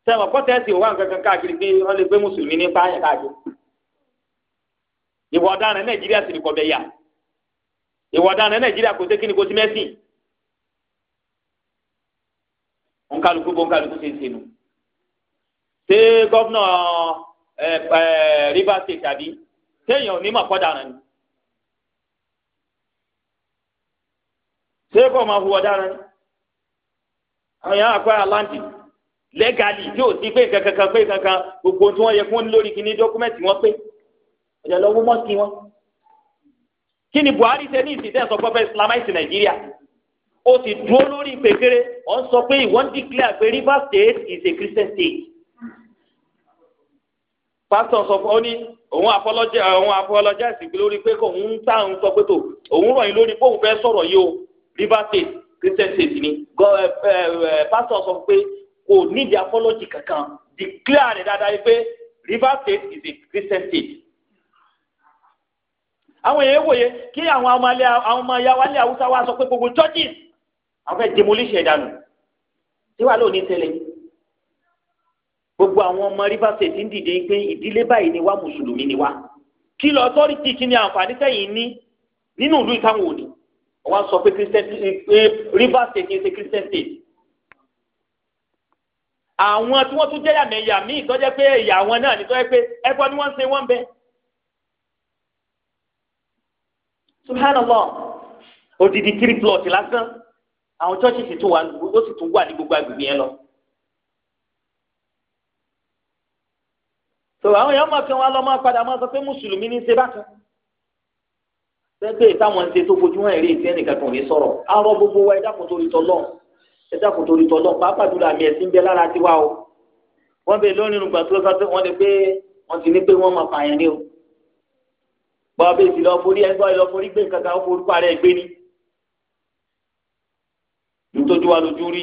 sẹ́wọ̀n kọ́tẹ́ẹ̀sì wà nǹkan káàkiri pé wọ́n lè gbé mùsùlùmí ní fáyà káàkiri. ìwà ọ̀daràn nàìjíríà sì ní kọ́ bẹ́ẹ̀ yà ìwà ọ̀daràn nàìjíríà kò sékìní kò sí mẹ́sìn. òǹkàlùkù bó òǹkàlùkù ṣe ń ṣe nù. ṣé gọ́vnà Rivers State téèyàn ò ní mọ̀ kọ́daràn ni. ṣé kò máa hu ọ̀daràn ni. àwọn yàrá àkọ́ lẹ́gàlì tí ò sí pé kankankan pé kankan gbogbo tí wọ́n yẹ fún lórí kíní dọ́kúmẹ́ǹtì wọn pé ọ̀yà lọ́wọ́ mọ́sí wọn. kí ni Buhari ṣe ní ìsìn tẹ́sán pọ́fẹ́ islamize Nàìjíríà ó ti dúró lórí ìpèkèrè ọ̀ ń sọ pé ìwọ́n declare pé Rivers State is a Christian state pásítọ̀ sọ fún ọ ní òun àfọlọ́jẹ́ òun àfọlọ́jẹ́ ìsìnkú lórí pé kò ń tà ń sọ pé tó òun rọ̀ yín lórí pé òun fẹ́ sọ̀rọ̀ yìí o Rivers State Christian state ni eh, eh, eh, pásítọ̀ sọ pé kò nídìí apology kankan declare rẹ̀ dáadáa yìí pé Rivers State is a Christian state. àwọn èèyàn wòye kí àwọn ọmọ ayáwálé haúsá wa sọ pé gbogbo churches àwọn fẹ́ demolish ẹ̀ dànù tí wàá lóò ní tẹ́lẹ̀ gbogbo àwọn ọmọ River State ń dìde pé ìdílé báyìí ni wá mùsùlùmí ni wá kí lọ authority kí ni àǹfààní sẹ́yìn ní nínú ìlú ìtàwọn òní wọ́n sọ pé Christian eh, River State is a Christian state àwọn tí wọ́n tún jẹ́ yàmẹ̀yà míì tó pé ẹ̀yà àwọn náà ni tó jẹ́ pé ẹ̀kọ́ ni wọ́n ń ṣe wọ́n bẹ́ẹ̀. subhanallah odidi three plot lásán àwọn chọ́ọ̀chì sì tún wà ó sì tún wà ní gbogbo agbègbè yẹn lọ. tó àwọn èèyàn máa fi wọn lọ máa padà máa sọ pé mùsùlùmí ní í ṣe bákan. sẹ́gbẹ̀ẹ́ táwọn ń ṣe tó fojú hàn èrè ìfẹ́ nìkan kan ò ní sọ̀rọ̀ arọ gbogbo wa ẹ dákun torí tọ́lọ́run ẹ dákun torí tọdọ pàápàá jùlọ àmì ẹsìn bẹ lára tiwa o wọn bẹ lónìí nùgbà tó sọ pé wọn lè pé wọn ti ní pé wọn máa pààyàn ní o bọ́ọ̀ bẹ́ẹ̀ sì lọ forí ẹ gbọ́ ẹ lọ forí gbé kankan ó forúkọ ààrẹ gbé ni ntójú wa lójú rí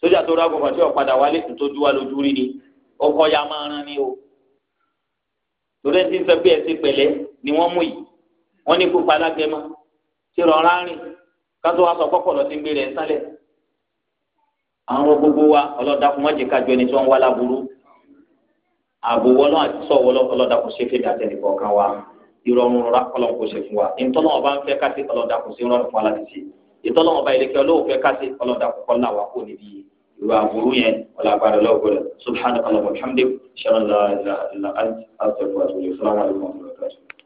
sójà tó rágùn fàtí ọ̀padà wálé ntójú wa lójú rí ni ọkọ ya máa rán ni o torí ẹni tí ń sọ pé ẹsẹ pẹ̀lẹ́ ni wọ́n mú yìí wọ́n ní kópa alágẹmọ tí rọra rìn kátó wa sọ kọkọ lọ sí ń gbé rẹ ń sálẹ̀ àwọn gbogbo wa ọlọ́dàkùn má jẹ́ ká jọ ẹni tí wọ́n ń wá láburú ààbò wọlọ́ àti sọ wọlọ́ ọlọ́dàkùn ṣe fèmí àtẹnìkọ̀ kan wa ìrọ̀rùn rọra kọlọ̀ kò ṣe fún wa ìtọ́lọ́wọ́n bá ń fẹ́ káṣí ọlọ́dàkùn sí rọrùn fún aláṣẹ ìtọ́lọ́wọ́n bá ilẹ̀kẹ́ olóòfẹ́ káṣí ọlọ́dàkùn kọ́ là wà kó níbi ìwà àbúrú yẹn ọlọ́gbàdàn lọ́gbọ̀dọ̀ subhanahu wa ta'ala alhamdulilayi